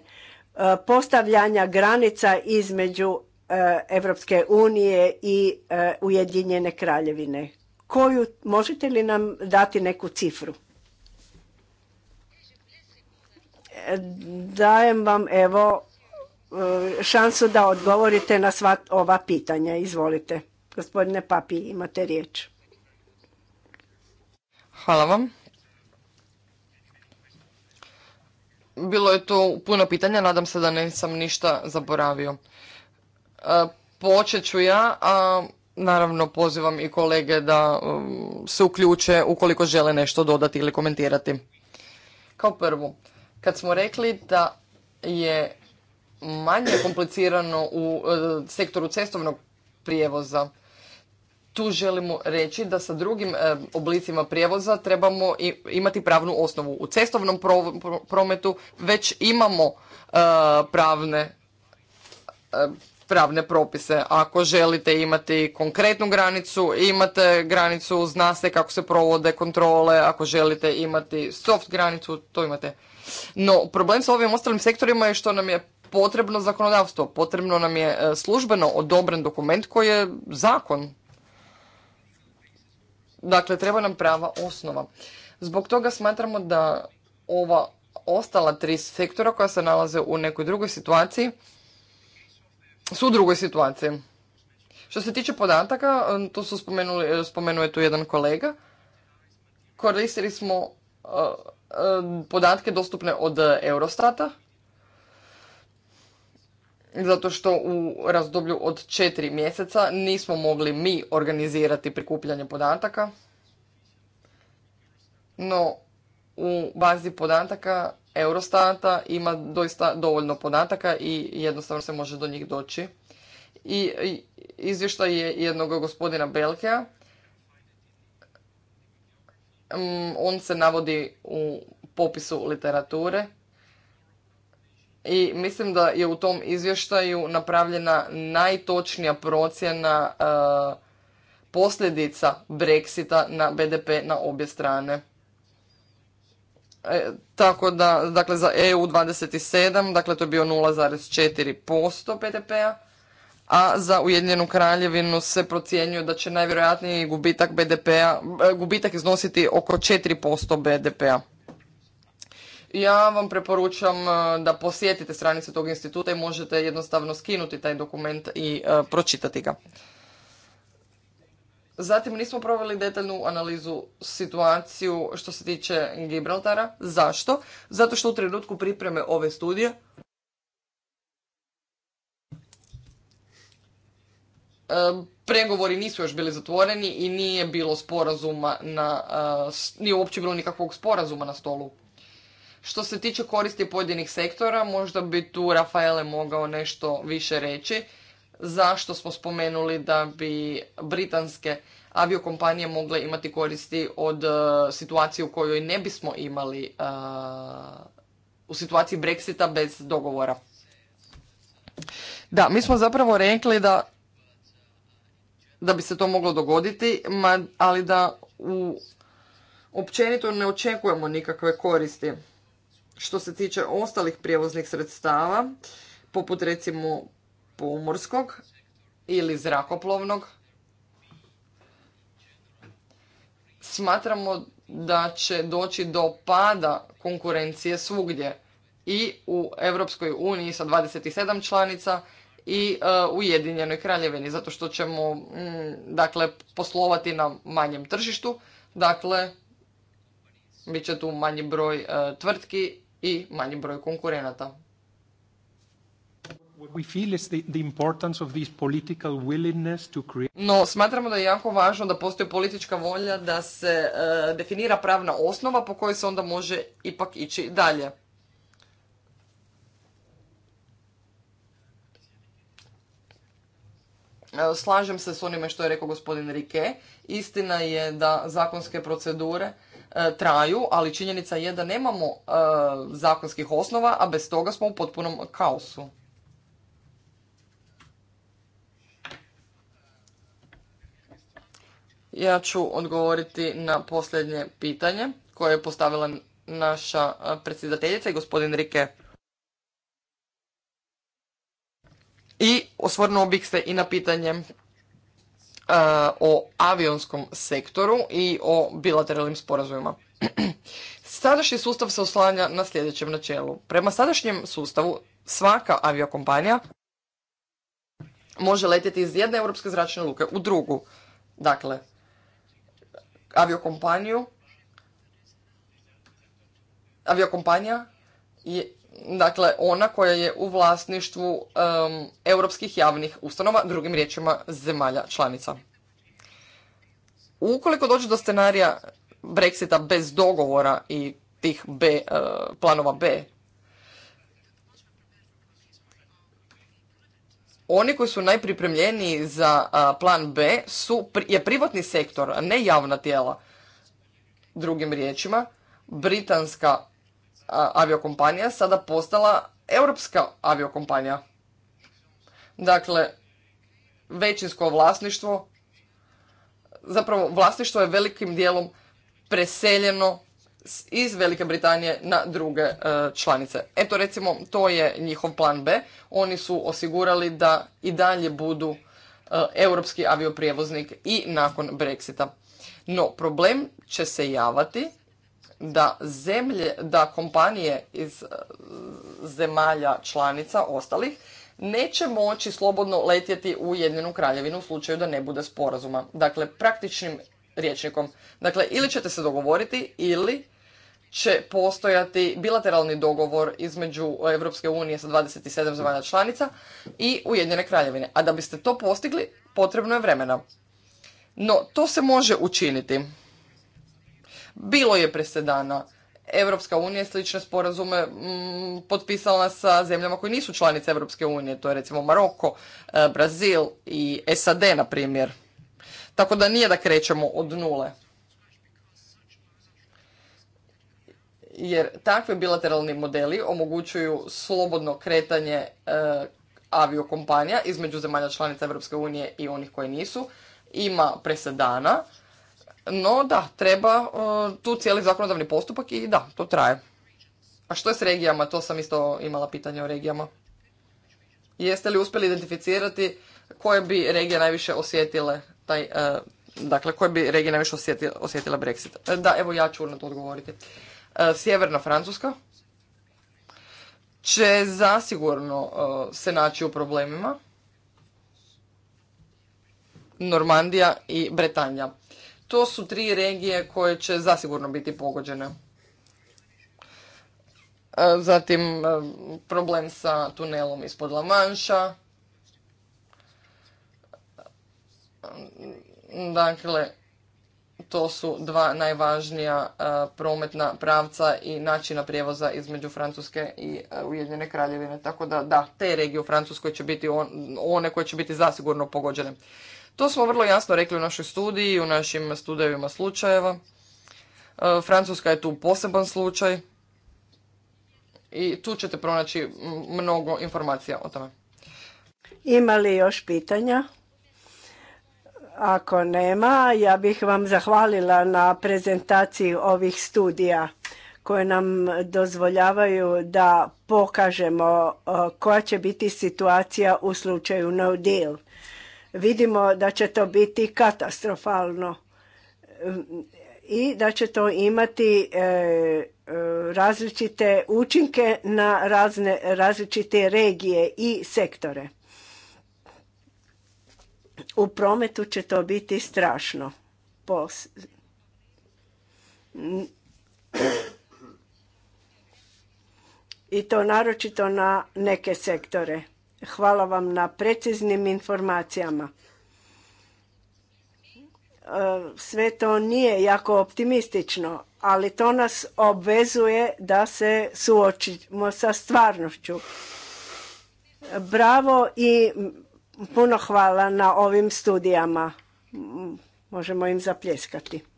A: postavljanja granica između e, Evropske unije i e, Ujedinjene kraljevine. Koju, možete li nam dati neku cifru? Dajem vam evo šansu da odgovorite na sva ova pitanja. Izvolite. Gospodine Papi, imate riječ.
B: Hvala vam. Bilo je tu puno pitanja, nadam se da nisam ništa zaboravio. E, počet ću ja, a naravno pozivam i kolege da um, se uključe ukoliko žele nešto dodati ili komentirati. Kao prvo, kad smo rekli da je manje komplicirano u e, sektoru cestovnog prijevoza, tu želimo reći da sa drugim e, oblicima prijevoza trebamo imati pravnu osnovu. U cestovnom prometu već imamo e, pravne, e, pravne propise. Ako želite imati konkretnu granicu, imate granicu, zna se kako se provode kontrole, ako želite imati soft granicu, to imate. No, problem sa ovim ostalim sektorima je što nam je potrebno zakonodavstvo, potrebno nam je službeno odobren dokument koji je zakon. Dakle, treba nam prava osnova. Zbog toga smatramo da ova ostala tri sektora koja se nalaze u nekoj drugoj situaciji su u drugoj situaciji. Što se tiče podataka, to su spomenuli, e, spomenuo je tu jedan kolega, koristili smo e, e, podatke dostupne od Eurostata zato što u razdoblju od četiri mjeseca nismo mogli mi organizirati prikupljanje podataka, no u bazi podataka Eurostata ima doista dovoljno podataka i jednostavno se može do njih doći. I izvještaj je jednog gospodina Belkea. Mm, on se navodi u popisu literature i mislim da je u tom izvještaju napravljena najtočnija procjena e, posljedica Brexita na BDP na obje strane. E, tako da, dakle, za EU 27, dakle, to je bio 0,4% BDP-a, a za Ujedinjenu kraljevinu se procjenjuje da će najvjerojatniji gubitak BDP-a, e, gubitak iznositi oko 4% BDP-a. Ja vam preporučam e, da posjetite stranice tog instituta i možete jednostavno skinuti taj dokument i e, pročitati ga. Zatim nismo proveli detaljnu analizu situaciju što se tiče Gibraltara. Zašto? Zato što u trenutku pripreme ove studije e, pregovori nisu još bili zatvoreni i nije bilo sporazuma na, nije uopće bilo nikakvog sporazuma na stolu što se tiče koristi pojedinih sektora, možda bi tu Rafaele mogao nešto više reći. Zašto smo spomenuli da bi britanske aviokompanije mogle imati koristi od e, situacije u kojoj ne bismo imali e, u situaciji Brexita bez dogovora. Da, mi smo zapravo rekli da da bi se to moglo dogoditi, ali da u općenito ne očekujemo nikakve koristi što se tiče ostalih prijevoznih sredstava, poput recimo pomorskog ili zrakoplovnog, smatramo da će doći do pada konkurencije svugdje i u Europskoj uniji sa 27 članica i e, u Ujedinjenoj kraljevini, zato što ćemo mm, dakle, poslovati na manjem tržištu, dakle, bit će tu manji broj e, tvrtki i manji broj konkurenata. No, smatramo da je jako važno da postoji politička volja da se e, definira pravna osnova po kojoj se onda može ipak ići dalje. Slažem se s onime što je rekao gospodin Rike. Istina je da zakonske procedure E, traju, ali činjenica je da nemamo e, zakonskih osnova, a bez toga smo u potpunom kaosu. Ja ću odgovoriti na posljednje pitanje koje je postavila naša e, predsjedateljica i gospodin Rike. I osvrnuo bih se i na pitanje Eh, o avionskom sektoru i o bilateralnim sporazumima. Sadašnji sustav se oslanja na sljedećem načelu. Prema sadašnjem sustavu svaka aviokompanija može letjeti iz jedne europske zračne luke u drugu. Dakle, aviokompaniju aviokompanija je dakle ona koja je u vlasništvu europskih javnih ustanova, drugim riječima zemalja članica. Ukoliko dođe do scenarija Brexita bez dogovora i tih B, e, planova B, oni koji su najpripremljeniji za plan B su, je privatni sektor, a ne javna tijela. Drugim riječima, britanska aviokompanija sada postala europska aviokompanija. Dakle, većinsko vlasništvo, zapravo vlasništvo je velikim dijelom preseljeno iz Velike Britanije na druge e, članice. Eto recimo to je njihov plan B. Oni su osigurali da i dalje budu e, europski avioprijevoznik i nakon Brexita. No problem će se javati da zemlje, da kompanije iz e, zemalja članica ostalih neće moći slobodno letjeti u Ujedinjenu kraljevinu u slučaju da ne bude sporazuma. Dakle, praktičnim rječnikom. Dakle, ili ćete se dogovoriti ili će postojati bilateralni dogovor između Europske unije sa 27 zemalja članica i Ujedinjene kraljevine. A da biste to postigli, potrebno je vremena. No, to se može učiniti. Bilo je presedana. Europska unija je slične sporazume mm, potpisala sa zemljama koje nisu članice Europske unije, to je recimo Maroko, e, Brazil i SAD na primjer. Tako da nije da krećemo od nule. Jer takvi bilateralni modeli omogućuju slobodno kretanje e, aviokompanija između zemalja članica Europske unije i onih koje nisu. Ima presedana, no da, treba tu cijeli zakonodavni postupak i da, to traje. A što je s regijama? To sam isto imala pitanje o regijama. Jeste li uspjeli identificirati koje bi regije najviše osjetile taj, e, dakle, koje bi regije najviše osjetile, Brexit? E, da, evo ja ću na to odgovoriti. E, Sjeverna Francuska će zasigurno se naći u problemima. Normandija i Bretanja. To su tri regije koje će zasigurno biti pogođene. E, zatim e, problem sa tunelom ispod La Manša. Dakle, to su dva najvažnija e, prometna pravca i načina prijevoza između Francuske i Ujedinjene kraljevine. Tako da, da, te regije u Francuskoj će biti one koje će biti zasigurno pogođene. To smo vrlo jasno rekli u našoj studiji, u našim studijevima slučajeva. E, Francuska je tu poseban slučaj i tu ćete pronaći mnogo
A: informacija o tome. Ima li još pitanja? Ako nema, ja bih vam zahvalila na prezentaciji ovih studija koje nam dozvoljavaju da pokažemo e, koja će biti situacija u slučaju no deal. Vidimo da će to biti katastrofalno i da će to imati e, e, različite učinke na razne, različite regije i sektore. U prometu će to biti strašno. I to naročito na neke sektore. Hvala vam na preciznim informacijama. E, sve to nije jako optimistično, ali to nas obvezuje da se suočimo sa stvarnošću. Bravo i puno hvala na ovim studijama. Možemo im zapljeskati.